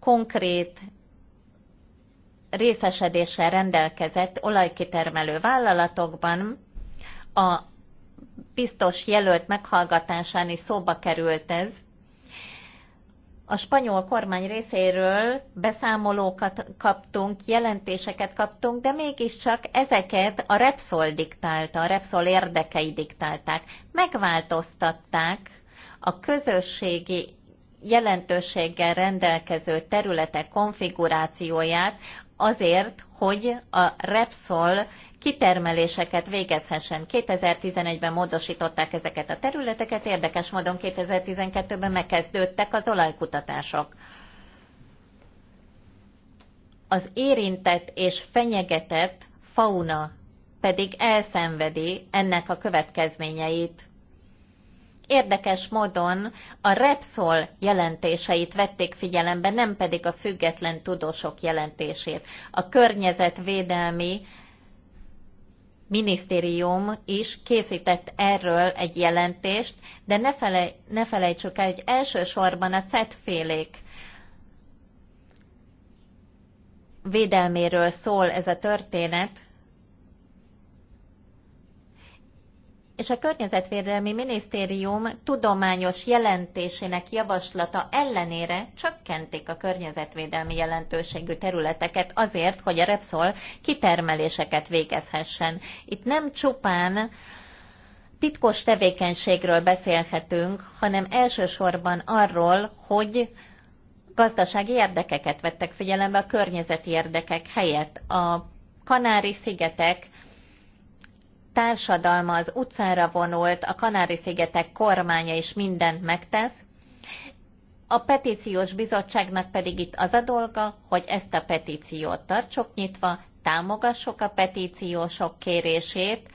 konkrét részesedéssel rendelkezett olajkitermelő vállalatokban, a biztos jelölt meghallgatásán is szóba került ez. A spanyol kormány részéről beszámolókat kaptunk, jelentéseket kaptunk, de mégiscsak ezeket a Repsol diktálta, a Repsol érdekei diktálták. Megváltoztatták a közösségi jelentőséggel rendelkező területek konfigurációját azért, hogy a Repsol kitermeléseket végezhessen. 2011-ben módosították ezeket a területeket, érdekes módon 2012-ben megkezdődtek az olajkutatások. Az érintett és fenyegetett fauna pedig elszenvedi ennek a következményeit. Érdekes módon a Repsol jelentéseit vették figyelembe, nem pedig a független tudósok jelentését. A környezetvédelmi minisztérium is készített erről egy jelentést, de ne, felej, ne felejtsük el, hogy elsősorban a cetfélék védelméről szól ez a történet, és a Környezetvédelmi Minisztérium tudományos jelentésének javaslata ellenére csökkentik a környezetvédelmi jelentőségű területeket azért, hogy a Repsol kitermeléseket végezhessen. Itt nem csupán titkos tevékenységről beszélhetünk, hanem elsősorban arról, hogy gazdasági érdekeket vettek figyelembe a környezeti érdekek helyett. A Kanári-szigetek társadalma az utcára vonult, a Kanári-szigetek kormánya is mindent megtesz, a petíciós bizottságnak pedig itt az a dolga, hogy ezt a petíciót tartsuk nyitva, támogassuk a petíciósok kérését,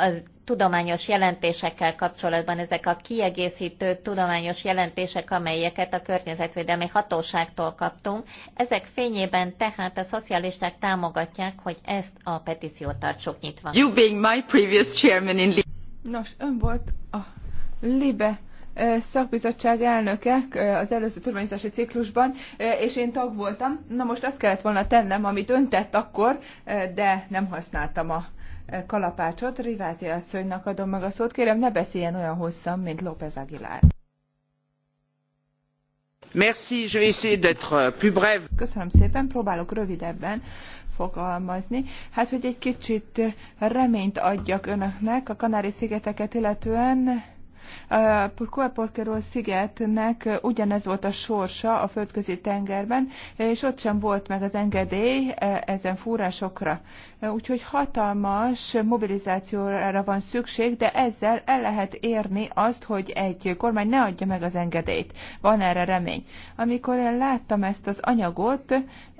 a tudományos jelentésekkel kapcsolatban, ezek a kiegészítő tudományos jelentések, amelyeket a környezetvédelmi hatóságtól kaptunk. Ezek fényében tehát a szocialisták támogatják, hogy ezt a petíciót tartsuk nyitva. You being my previous chairman in Nos, ön volt a Libe szakbizottság elnökek az előző tudományzási ciklusban, és én tag voltam. Na most azt kellett volna tennem, amit ön tett akkor, de nem használtam a kalapácsot. Rivázi asszonynak adom meg a szót. Kérem, ne beszéljen olyan hosszan, mint López Aguilar. Merci, je vais essayer d'être euh, plus brève. Köszönöm szépen, próbálok rövidebben fogalmazni. Hát, hogy egy kicsit reményt adjak önöknek a Kanári-szigeteket illetően, Purkuaporkeró szigetnek ugyanez volt a sorsa a földközi tengerben, és ott sem volt meg az engedély e, ezen fúrásokra. Úgyhogy hatalmas mobilizációra van szükség, de ezzel el lehet érni azt, hogy egy kormány ne adja meg az engedélyt. Van erre remény. Amikor én láttam ezt az anyagot,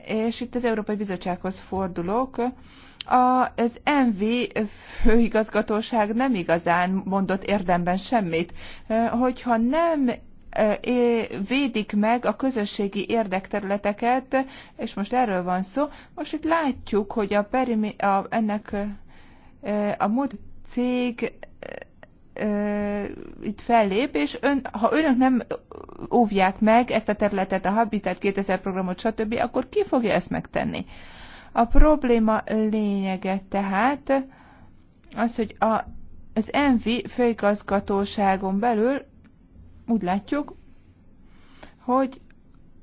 és itt az Európai Bizottsághoz fordulok, a az MV főigazgatóság nem igazán mondott érdemben semmit. Hogyha nem védik meg a közösségi érdekterületeket, és most erről van szó, most itt látjuk, hogy a, perimi, a ennek a múlt cég itt fellép, és ön, ha önök nem óvják meg ezt a területet, a Habitat 2000 programot, stb., akkor ki fogja ezt megtenni? A probléma lényege tehát az, hogy a, az ENVI főigazgatóságon belül úgy látjuk, hogy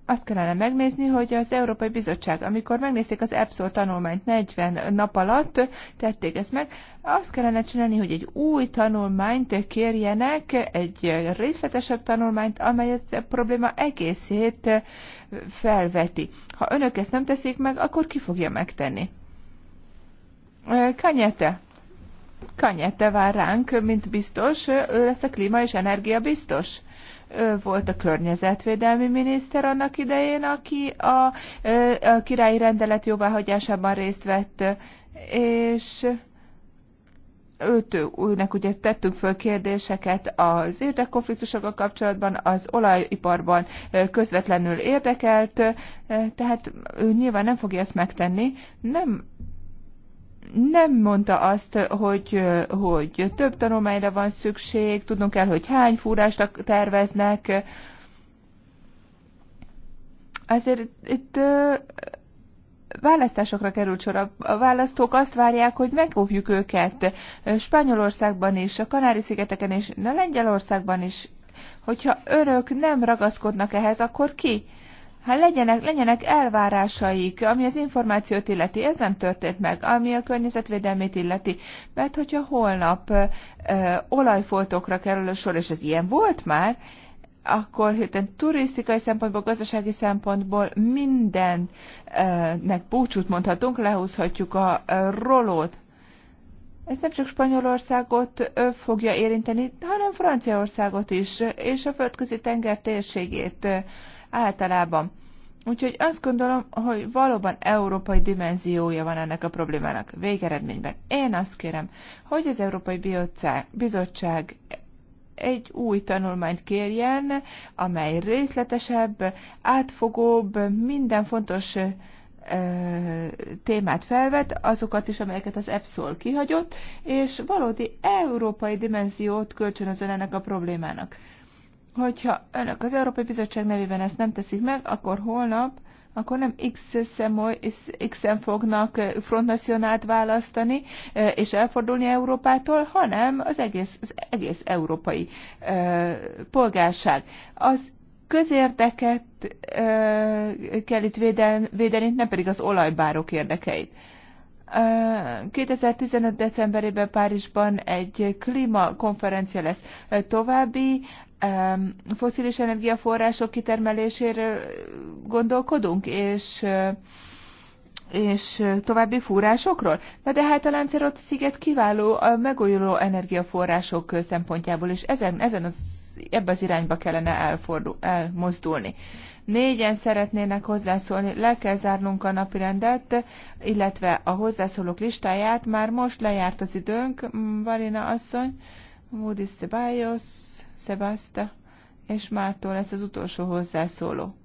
azt kellene megnézni, hogy az Európai Bizottság, amikor megnézték az EPSZO tanulmányt 40 nap alatt, tették ezt meg, azt kellene csinálni, hogy egy új tanulmányt kérjenek, egy részletesebb tanulmányt, amely ezt a probléma egészét felveti. Ha önök ezt nem teszik meg, akkor ki fogja megtenni? Kanyete. Kanyete vár ránk, mint biztos, ő lesz a klíma és energia biztos ő volt a környezetvédelmi miniszter annak idején, aki a, a királyi rendelet jóváhagyásában részt vett, és őt, őnek ugye tettünk föl kérdéseket az érdekkonfliktusokkal kapcsolatban, az olajiparban közvetlenül érdekelt, tehát ő nyilván nem fogja ezt megtenni. Nem nem mondta azt, hogy, hogy több tanulmányra van szükség, tudnunk kell, hogy hány fúrást terveznek. Azért itt választásokra került sor. A választók azt várják, hogy megóvjuk őket Spanyolországban is, a Kanári-szigeteken is, a Lengyelországban is. Hogyha örök nem ragaszkodnak ehhez, akkor ki? Hát legyenek, legyenek elvárásaik, ami az információt illeti, ez nem történt meg, ami a környezetvédelmét illeti, mert hogyha holnap ö, olajfoltokra kerül a sor, és ez ilyen volt már, akkor hirtelen turisztikai szempontból, gazdasági szempontból mindennek búcsút mondhatunk, lehúzhatjuk a rolót. Ez nem csak Spanyolországot fogja érinteni, hanem Franciaországot is, és a földközi tenger térségét általában. Úgyhogy azt gondolom, hogy valóban európai dimenziója van ennek a problémának végeredményben. Én azt kérem, hogy az Európai Bizottság egy új tanulmányt kérjen, amely részletesebb, átfogóbb, minden fontos témát felvet, azokat is, amelyeket az EFSZOL kihagyott, és valódi európai dimenziót kölcsönözön ennek a problémának hogyha önök az Európai Bizottság nevében ezt nem teszik meg, akkor holnap akkor nem X-en fognak frontnacionált választani és elfordulni Európától, hanem az egész, az egész európai polgárság. Az közérdeket kell itt védeni, nem pedig az olajbárok érdekeit. 2015. decemberében Párizsban egy klímakonferencia lesz. További foszilis energiaforrások kitermeléséről gondolkodunk, és és további fúrásokról? Na de hát a Lanzarote sziget kiváló a megújuló energiaforrások szempontjából, és ezen, ezen az, ebbe az irányba kellene elfordul, elmozdulni. Négyen szeretnének hozzászólni, le kell zárnunk a napirendet, illetve a hozzászólók listáját, már most lejárt az időnk, Valina asszony. Módis Szebályos, Szebászta, és Mártól lesz az utolsó hozzászóló.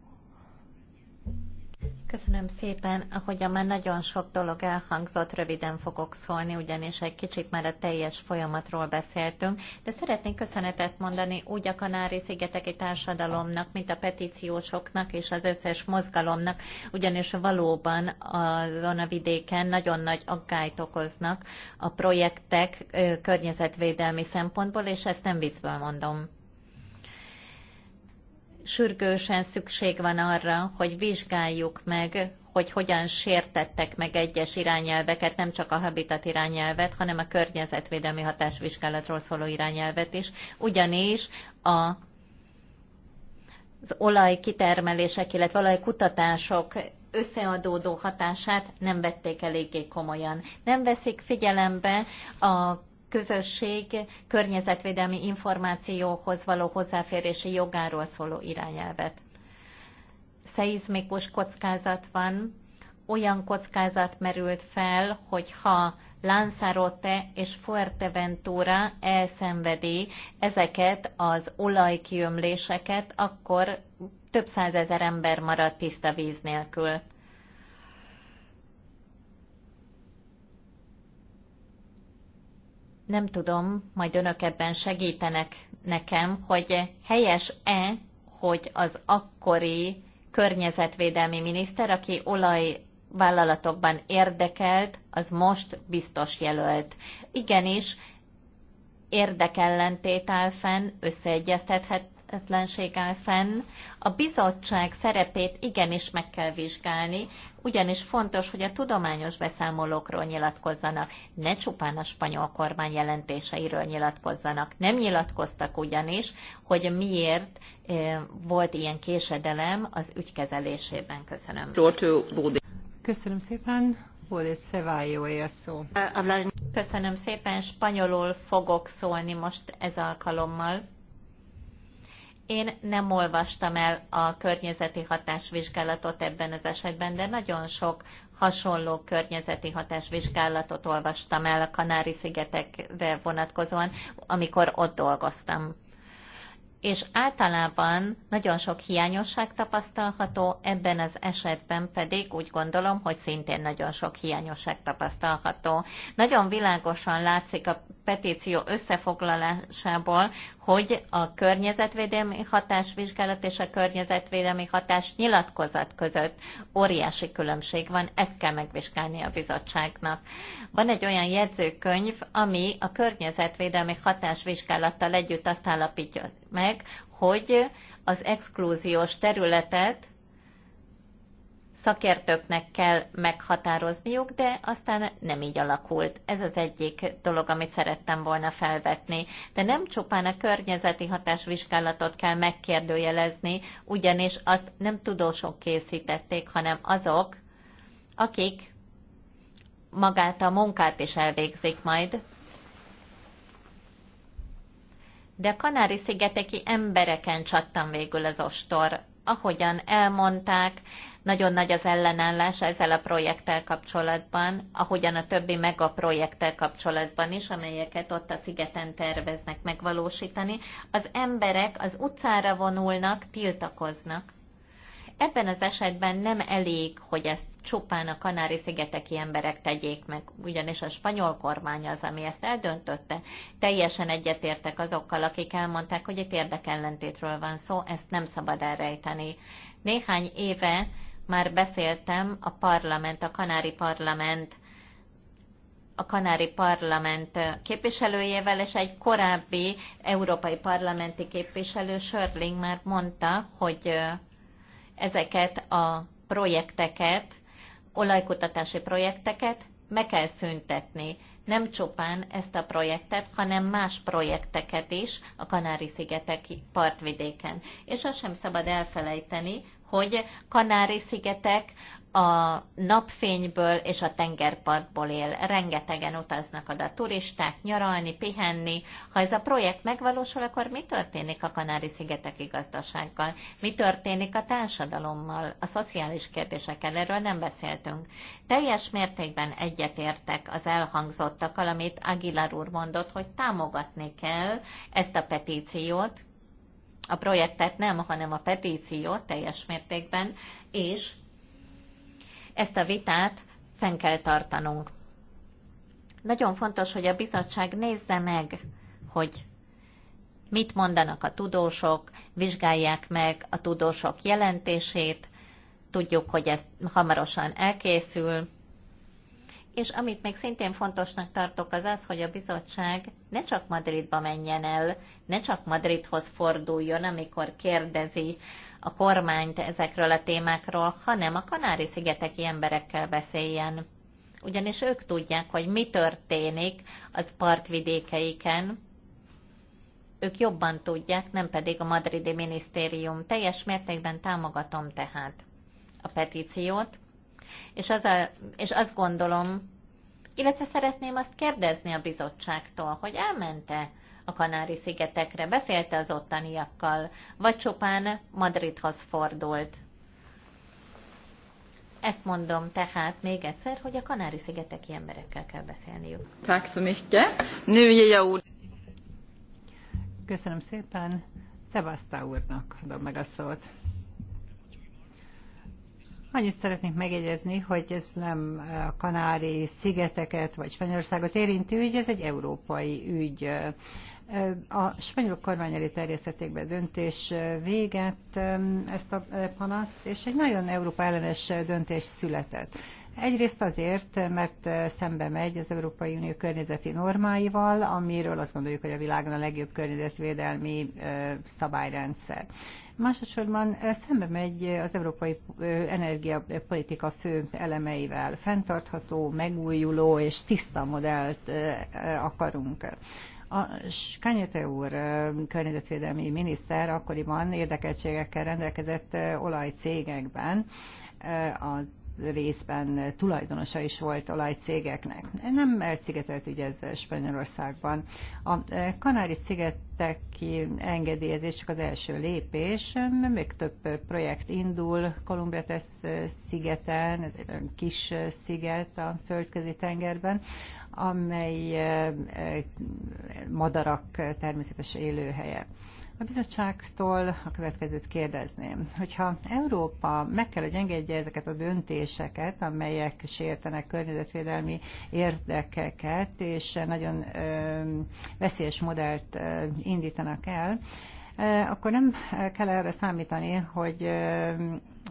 Köszönöm szépen, ahogyan már nagyon sok dolog elhangzott, röviden fogok szólni, ugyanis egy kicsit már a teljes folyamatról beszéltünk, de szeretnék köszönetet mondani úgy a Kanári-szigeteki társadalomnak, mint a petíciósoknak és az összes mozgalomnak, ugyanis valóban azon a vidéken nagyon nagy aggályt okoznak a projektek környezetvédelmi szempontból, és ezt nem viccből mondom sürgősen szükség van arra, hogy vizsgáljuk meg, hogy hogyan sértettek meg egyes irányelveket, nem csak a habitat irányelvet, hanem a környezetvédelmi hatásvizsgálatról szóló irányelvet is, ugyanis a az olajkitermelések, illetve olajkutatások összeadódó hatását nem vették eléggé komolyan. Nem veszik figyelembe a közösség környezetvédelmi információhoz való hozzáférési jogáról szóló irányelvet. Szeizmikus kockázat van, olyan kockázat merült fel, hogyha Lanzarote és Fuerteventura elszenvedi ezeket az olajkiömléseket, akkor több százezer ember marad tiszta víz nélkül. nem tudom, majd önök ebben segítenek nekem, hogy helyes-e, hogy az akkori környezetvédelmi miniszter, aki olajvállalatokban érdekelt, az most biztos jelölt. Igenis, érdekellentét áll fenn, összeegyeztethetetlenség áll fenn. A bizottság szerepét igenis meg kell vizsgálni, ugyanis fontos, hogy a tudományos beszámolókról nyilatkozzanak, ne csupán a spanyol kormány jelentéseiről nyilatkozzanak. Nem nyilatkoztak ugyanis, hogy miért eh, volt ilyen késedelem az ügykezelésében. Köszönöm. Köszönöm szépen. a Köszönöm szépen. Spanyolul fogok szólni most ez alkalommal. Én nem olvastam el a környezeti hatásvizsgálatot ebben az esetben, de nagyon sok hasonló környezeti hatásvizsgálatot olvastam el a Kanári-szigetekre vonatkozóan, amikor ott dolgoztam. És általában nagyon sok hiányosság tapasztalható, ebben az esetben pedig úgy gondolom, hogy szintén nagyon sok hiányosság tapasztalható. Nagyon világosan látszik a petíció összefoglalásából, hogy a környezetvédelmi hatásvizsgálat és a környezetvédelmi hatás nyilatkozat között óriási különbség van, ezt kell megvizsgálni a bizottságnak. Van egy olyan jegyzőkönyv, ami a környezetvédelmi hatásvizsgálattal együtt azt állapítja meg, hogy az exklúziós területet szakértőknek kell meghatározniuk, de aztán nem így alakult. Ez az egyik dolog, amit szerettem volna felvetni. De nem csupán a környezeti hatásvizsgálatot kell megkérdőjelezni, ugyanis azt nem tudósok készítették, hanem azok, akik magát a munkát is elvégzik majd, de a Kanári-szigeteki embereken csattam végül az ostor. Ahogyan elmondták, nagyon nagy az ellenállás ezzel a projekttel kapcsolatban, ahogyan a többi a projekttel kapcsolatban is, amelyeket ott a szigeten terveznek megvalósítani. Az emberek az utcára vonulnak, tiltakoznak. Ebben az esetben nem elég, hogy ezt csupán a Kanári-szigeteki emberek tegyék meg, ugyanis a spanyol kormány az, ami ezt eldöntötte. Teljesen egyetértek azokkal, akik elmondták, hogy itt érdekellentétről van szó, ezt nem szabad elrejteni. Néhány éve már beszéltem a parlament, a kanári parlament a kanári parlament képviselőjével, és egy korábbi európai parlamenti képviselő, Sörling már mondta, hogy ezeket a projekteket, olajkutatási projekteket meg kell szüntetni. Nem csupán ezt a projektet, hanem más projekteket is a Kanári-szigetek partvidéken. És azt sem szabad elfelejteni, hogy Kanári-szigetek a napfényből és a tengerpartból él. Rengetegen utaznak oda turisták, nyaralni, pihenni. Ha ez a projekt megvalósul, akkor mi történik a Kanári-szigeteki gazdasággal? Mi történik a társadalommal, a szociális kérdésekkel? Erről nem beszéltünk. Teljes mértékben egyetértek az elhangzottakkal, amit Aguilar úr mondott, hogy támogatni kell ezt a petíciót, a projektet nem, hanem a petíciót teljes mértékben, és ezt a vitát fenn kell tartanunk. Nagyon fontos, hogy a bizottság nézze meg, hogy mit mondanak a tudósok, vizsgálják meg a tudósok jelentését, tudjuk, hogy ez hamarosan elkészül, és amit még szintén fontosnak tartok, az az, hogy a bizottság ne csak Madridba menjen el, ne csak Madridhoz forduljon, amikor kérdezi a kormányt ezekről a témákról, hanem a Kanári-szigeteki emberekkel beszéljen. Ugyanis ők tudják, hogy mi történik az partvidékeiken, ők jobban tudják, nem pedig a madridi minisztérium. Teljes mértékben támogatom tehát a petíciót, és, az a, és azt gondolom, illetve szeretném azt kérdezni a bizottságtól, hogy elmente a Kanári-szigetekre, beszélte az ottaniakkal, vagy csupán Madridhoz fordult. Ezt mondom tehát még egyszer, hogy a Kanári-szigeteki emberekkel kell beszélniük. Köszönöm szépen. Szebasztá úrnak adom meg a szót. Annyit szeretnék megjegyezni, hogy ez nem a Kanári szigeteket vagy Spanyolországot érintő ügy, ez egy európai ügy. A spanyol kormány elé terjesztették be döntés véget ezt a panaszt, és egy nagyon Európa ellenes döntés született. Egyrészt azért, mert szembe megy az Európai Unió környezeti normáival, amiről azt gondoljuk, hogy a világon a legjobb környezetvédelmi szabályrendszer. Másodszorban szembe megy az európai energiapolitika fő elemeivel. Fenntartható, megújuló és tiszta modellt akarunk. A Kanyete úr környezetvédelmi miniszter akkoriban érdekeltségekkel rendelkezett olajcégekben, az részben tulajdonosa is volt olajcégeknek. Nem elszigetelt ugye ez Spanyolországban. A Kanári-szigeteki engedélyezés csak az első lépés, még több projekt indul tesz szigeten, ez egy olyan kis sziget a földközi tengerben, amely eh, madarak természetes élőhelye. A bizottságtól a következőt kérdezném. Hogyha Európa meg kell, hogy engedje ezeket a döntéseket, amelyek sértenek környezetvédelmi érdekeket, és nagyon veszélyes modellt indítanak el, akkor nem kell erre számítani, hogy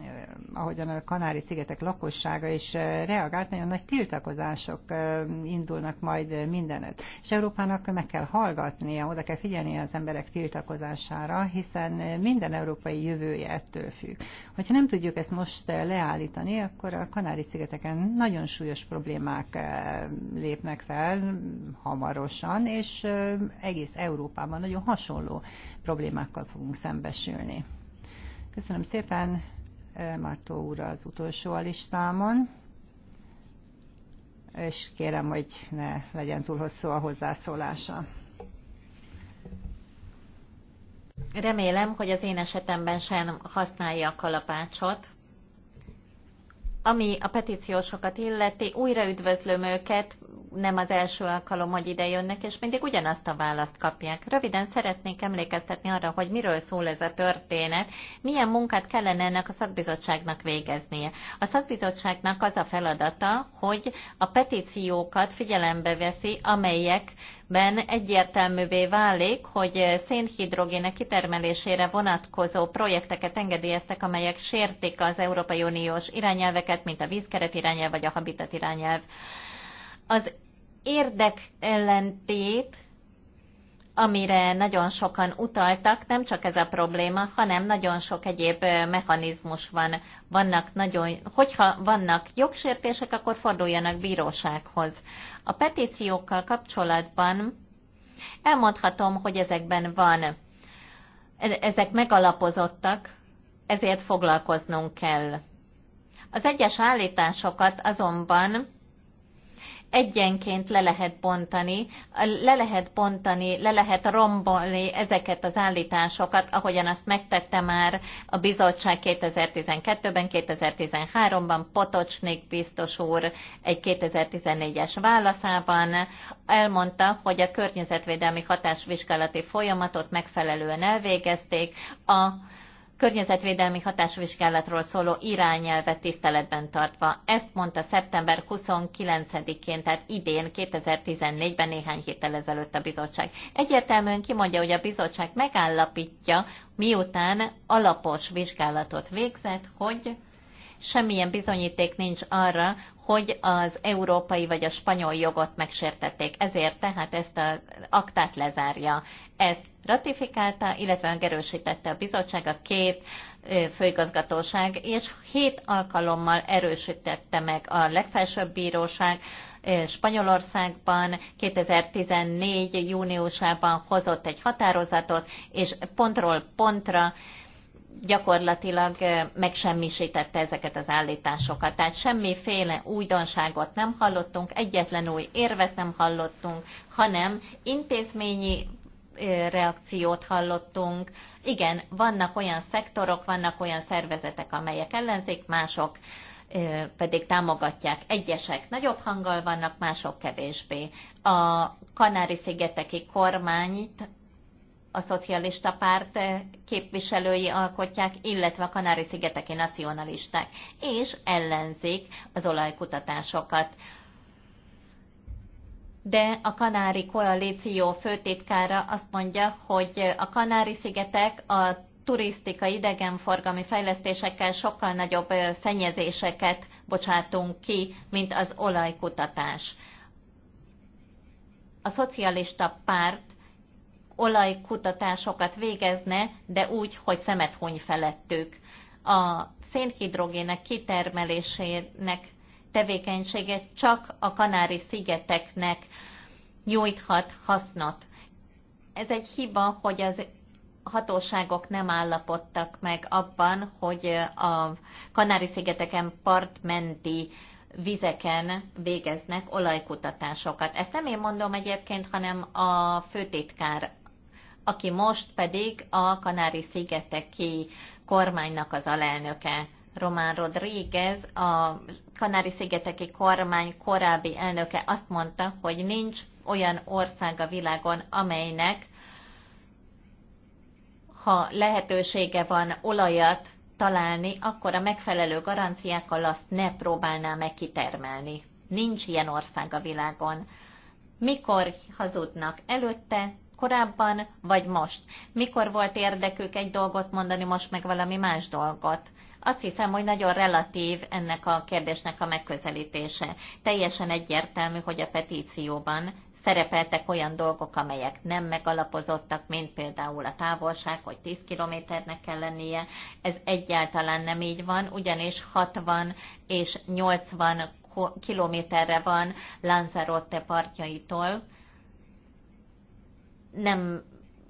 Eh, ahogyan a Kanári-szigetek lakossága is eh, reagált, nagyon nagy tiltakozások eh, indulnak majd mindenet. És Európának meg kell hallgatnia, oda kell figyelnie az emberek tiltakozására, hiszen minden európai jövője ettől függ. Hogyha nem tudjuk ezt most leállítani, akkor a Kanári-szigeteken nagyon súlyos problémák lépnek fel hamarosan, és egész Európában nagyon hasonló problémákkal fogunk szembesülni. Köszönöm szépen! Mártó úr az utolsó a listámon, és kérem, hogy ne legyen túl hosszú a hozzászólása. Remélem, hogy az én esetemben sem használja a kalapácsot. Ami a petíciósokat illeti, újra üdvözlöm őket, nem az első alkalom, hogy ide jönnek, és mindig ugyanazt a választ kapják. Röviden szeretnék emlékeztetni arra, hogy miről szól ez a történet, milyen munkát kellene ennek a szakbizottságnak végeznie. A szakbizottságnak az a feladata, hogy a petíciókat figyelembe veszi, amelyek ben egyértelművé válik, hogy szénhidrogének kitermelésére vonatkozó projekteket engedélyeztek, amelyek sértik az Európai Uniós irányelveket, mint a vízkeret irányelv vagy a habitat irányelv. Az érdekellentét, amire nagyon sokan utaltak, nem csak ez a probléma, hanem nagyon sok egyéb mechanizmus van. Vannak nagyon, hogyha vannak jogsértések, akkor forduljanak bírósághoz. A petíciókkal kapcsolatban elmondhatom, hogy ezekben van, e-, ezek megalapozottak, ezért foglalkoznunk kell. Az egyes állításokat azonban egyenként le lehet bontani, le lehet bontani, le lehet rombolni ezeket az állításokat, ahogyan azt megtette már a bizottság 2012-ben, 2013-ban, Potocsnik biztos úr egy 2014-es válaszában elmondta, hogy a környezetvédelmi hatásvizsgálati folyamatot megfelelően elvégezték, a környezetvédelmi hatásvizsgálatról szóló irányelvet tiszteletben tartva. Ezt mondta szeptember 29-én, tehát idén, 2014-ben, néhány héttel ezelőtt a bizottság. Egyértelműen kimondja, hogy a bizottság megállapítja, miután alapos vizsgálatot végzett, hogy semmilyen bizonyíték nincs arra, hogy az európai vagy a spanyol jogot megsértették. Ezért tehát ezt az aktát lezárja. Ezt ratifikálta, illetve megerősítette a bizottság a két főigazgatóság, és hét alkalommal erősítette meg a legfelsőbb bíróság, Spanyolországban 2014. júniusában hozott egy határozatot, és pontról pontra gyakorlatilag eh, megsemmisítette ezeket az állításokat. Tehát semmiféle újdonságot nem hallottunk, egyetlen új érvet nem hallottunk, hanem intézményi eh, reakciót hallottunk. Igen, vannak olyan szektorok, vannak olyan szervezetek, amelyek ellenzik, mások eh, pedig támogatják. Egyesek nagyobb hanggal vannak, mások kevésbé. A Kanári-szigeteki kormányt a szocialista párt eh, képviselői alkotják, illetve a Kanári-szigeteki nacionalisták, és ellenzik az olajkutatásokat. De a Kanári Koalíció főtitkára azt mondja, hogy a Kanári-szigetek a turisztika idegenforgalmi fejlesztésekkel sokkal nagyobb eh, szennyezéseket bocsátunk ki, mint az olajkutatás. A szocialista párt olajkutatásokat végezne, de úgy, hogy szemet huny felettük. A szénhidrogének kitermelésének tevékenysége csak a Kanári-szigeteknek nyújthat hasznot. Ez egy hiba, hogy az hatóságok nem állapodtak meg abban, hogy a Kanári-szigeteken partmenti vizeken végeznek olajkutatásokat. Ezt nem én mondom egyébként, hanem a főtitkár aki most pedig a Kanári-szigeteki kormánynak az alelnöke. Román Rodríguez, a Kanári-szigeteki kormány korábbi elnöke azt mondta, hogy nincs olyan ország a világon, amelynek ha lehetősége van olajat találni, akkor a megfelelő garanciákkal azt ne próbálná meg kitermelni. Nincs ilyen ország a világon. Mikor hazudnak előtte, korábban, vagy most? Mikor volt érdekük egy dolgot mondani, most meg valami más dolgot? Azt hiszem, hogy nagyon relatív ennek a kérdésnek a megközelítése. Teljesen egyértelmű, hogy a petícióban szerepeltek olyan dolgok, amelyek nem megalapozottak, mint például a távolság, hogy 10 kilométernek kell lennie. Ez egyáltalán nem így van, ugyanis 60 és 80 kilométerre van Lanzarote partjaitól, nem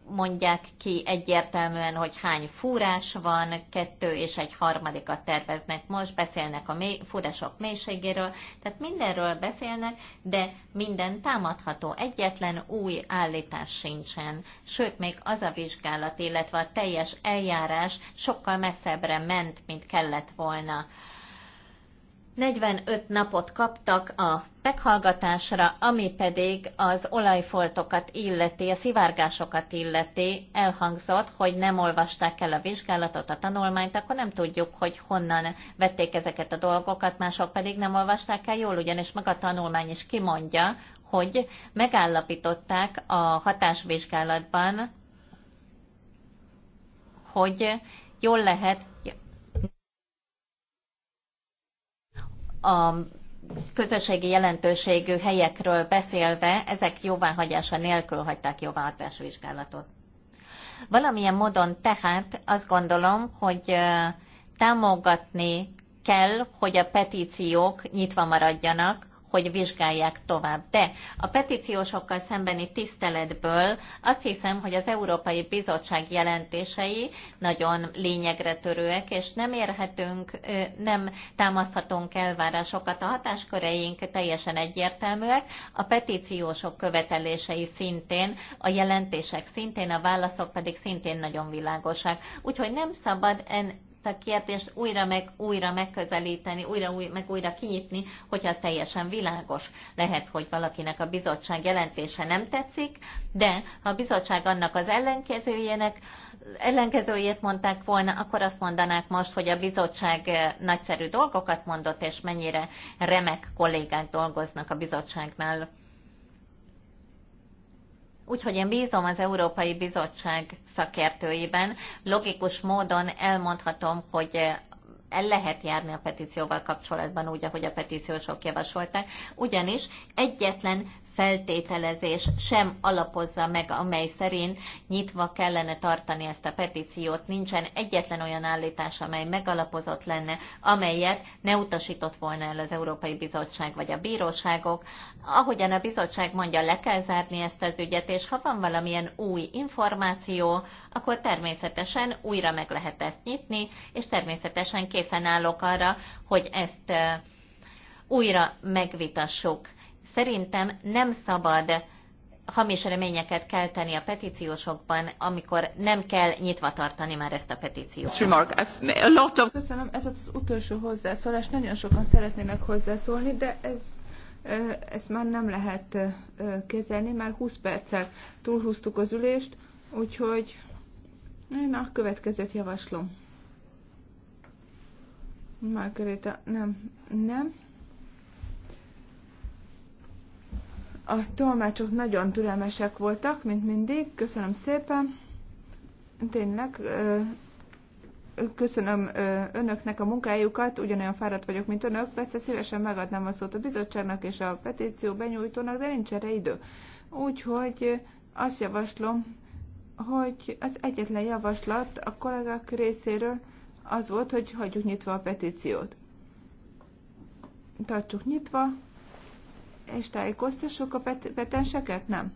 mondják ki egyértelműen, hogy hány fúrás van, kettő és egy harmadikat terveznek most, beszélnek a mély, fúrások mélységéről, tehát mindenről beszélnek, de minden támadható, egyetlen új állítás sincsen. Sőt, még az a vizsgálat, illetve a teljes eljárás sokkal messzebbre ment, mint kellett volna. 45 napot kaptak a meghallgatásra, ami pedig az olajfoltokat illeti, a szivárgásokat illeti. Elhangzott, hogy nem olvasták el a vizsgálatot, a tanulmányt, akkor nem tudjuk, hogy honnan vették ezeket a dolgokat, mások pedig nem olvasták el jól, ugyanis meg a tanulmány is kimondja, hogy megállapították a hatásvizsgálatban, hogy jól lehet a közösségi jelentőségű helyekről beszélve, ezek jóváhagyása nélkül hagyták jóváhagyás vizsgálatot. Valamilyen módon tehát azt gondolom, hogy támogatni kell, hogy a petíciók nyitva maradjanak, hogy vizsgálják tovább. De a petíciósokkal szembeni tiszteletből azt hiszem, hogy az Európai Bizottság jelentései nagyon lényegre törőek, és nem érhetünk, nem támaszthatunk elvárásokat. A hatásköreink teljesen egyértelműek, a petíciósok követelései szintén, a jelentések szintén, a válaszok pedig szintén nagyon világosak. Úgyhogy nem szabad en a kérdést újra meg újra megközelíteni, újra új, meg újra kinyitni, hogyha az teljesen világos. Lehet, hogy valakinek a bizottság jelentése nem tetszik, de ha a bizottság annak az ellenkezőjének, ellenkezőjét mondták volna, akkor azt mondanák most, hogy a bizottság eh, nagyszerű dolgokat mondott, és mennyire remek kollégák dolgoznak a bizottságnál. Úgyhogy én bízom az Európai Bizottság szakértőiben. Logikus módon elmondhatom, hogy eh, el lehet járni a petícióval kapcsolatban úgy, ahogy a petíciósok javasolták, ugyanis egyetlen feltételezés sem alapozza meg, amely szerint nyitva kellene tartani ezt a petíciót. Nincsen egyetlen olyan állítás, amely megalapozott lenne, amelyet ne utasított volna el az Európai Bizottság vagy a bíróságok. Ahogyan a bizottság mondja, le kell zárni ezt az ügyet, és ha van valamilyen új információ, akkor természetesen újra meg lehet ezt nyitni, és természetesen készen állok arra, hogy ezt újra megvitassuk. Szerintem nem szabad hamis reményeket kelteni a petíciósokban, amikor nem kell nyitva tartani már ezt a petíciót. Köszönöm, ez az utolsó hozzászólás. Nagyon sokan szeretnének hozzászólni, de ez ezt már nem lehet kezelni, már 20 perccel túlhúztuk az ülést, úgyhogy én a következőt javaslom. Margarita, nem, nem. A tolmácsok nagyon türelmesek voltak, mint mindig. Köszönöm szépen. Tényleg, köszönöm önöknek a munkájukat, ugyanolyan fáradt vagyok, mint önök. Persze szívesen megadnám a szót a bizottságnak és a petíció benyújtónak, de nincs erre idő. Úgyhogy azt javaslom, hogy az egyetlen javaslat a kollégák részéről az volt, hogy hagyjuk nyitva a petíciót. Tartsuk nyitva, és tájékoztassuk a petenseket? Nem.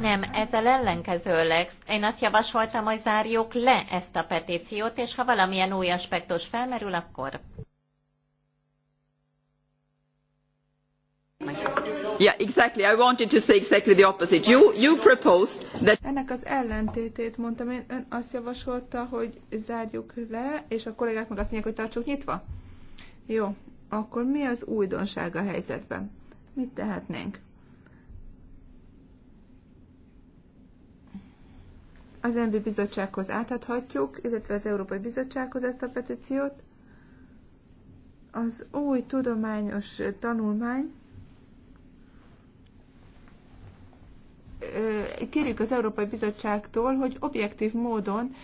Nem, ezzel ellenkezőleg. Én azt javasoltam, hogy zárjuk le ezt a petíciót, és ha valamilyen új aspektus felmerül, akkor... Yeah, exactly. I wanted to say exactly the opposite. You, you proposed that... Ennek az ellentétét mondtam én. Ön azt javasolta, hogy zárjuk le, és a kollégák meg azt mondják, hogy tartsuk nyitva? Jó, akkor mi az újdonság a helyzetben? Mit tehetnénk? Az MB Bizottsághoz átadhatjuk, illetve az Európai Bizottsághoz ezt a petíciót. Az új tudományos tanulmány kérjük az Európai Bizottságtól, hogy objektív módon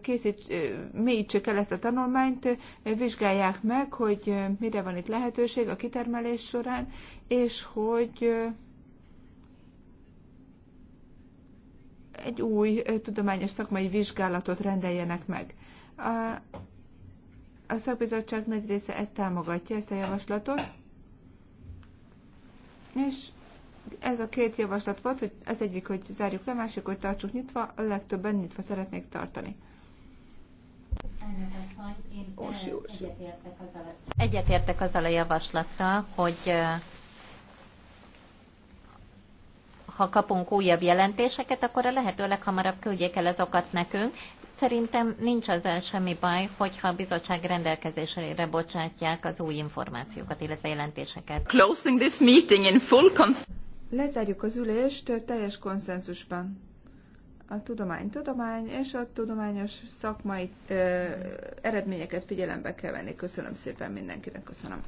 készíts, mélyítsük el ezt a tanulmányt, vizsgálják meg, hogy mire van itt lehetőség a kitermelés során, és hogy egy új tudományos szakmai vizsgálatot rendeljenek meg. A, a szakbizottság nagy része ezt támogatja, ezt a javaslatot, és ez a két javaslat volt, hogy ez egyik, hogy zárjuk le, másik, hogy tartsuk nyitva, a legtöbben nyitva szeretnék tartani. Egyetértek azzal a javaslattal, hogy ha kapunk újabb jelentéseket, akkor a lehető leghamarabb küldjék el azokat nekünk. Szerintem nincs ezzel semmi baj, hogyha a bizottság rendelkezésére bocsátják az új információkat, illetve jelentéseket. Closing this meeting in full Lezárjuk az ülést teljes konszenzusban. A tudomány tudomány, és a tudományos szakmai ö, eredményeket figyelembe kell venni. Köszönöm szépen mindenkinek, köszönöm.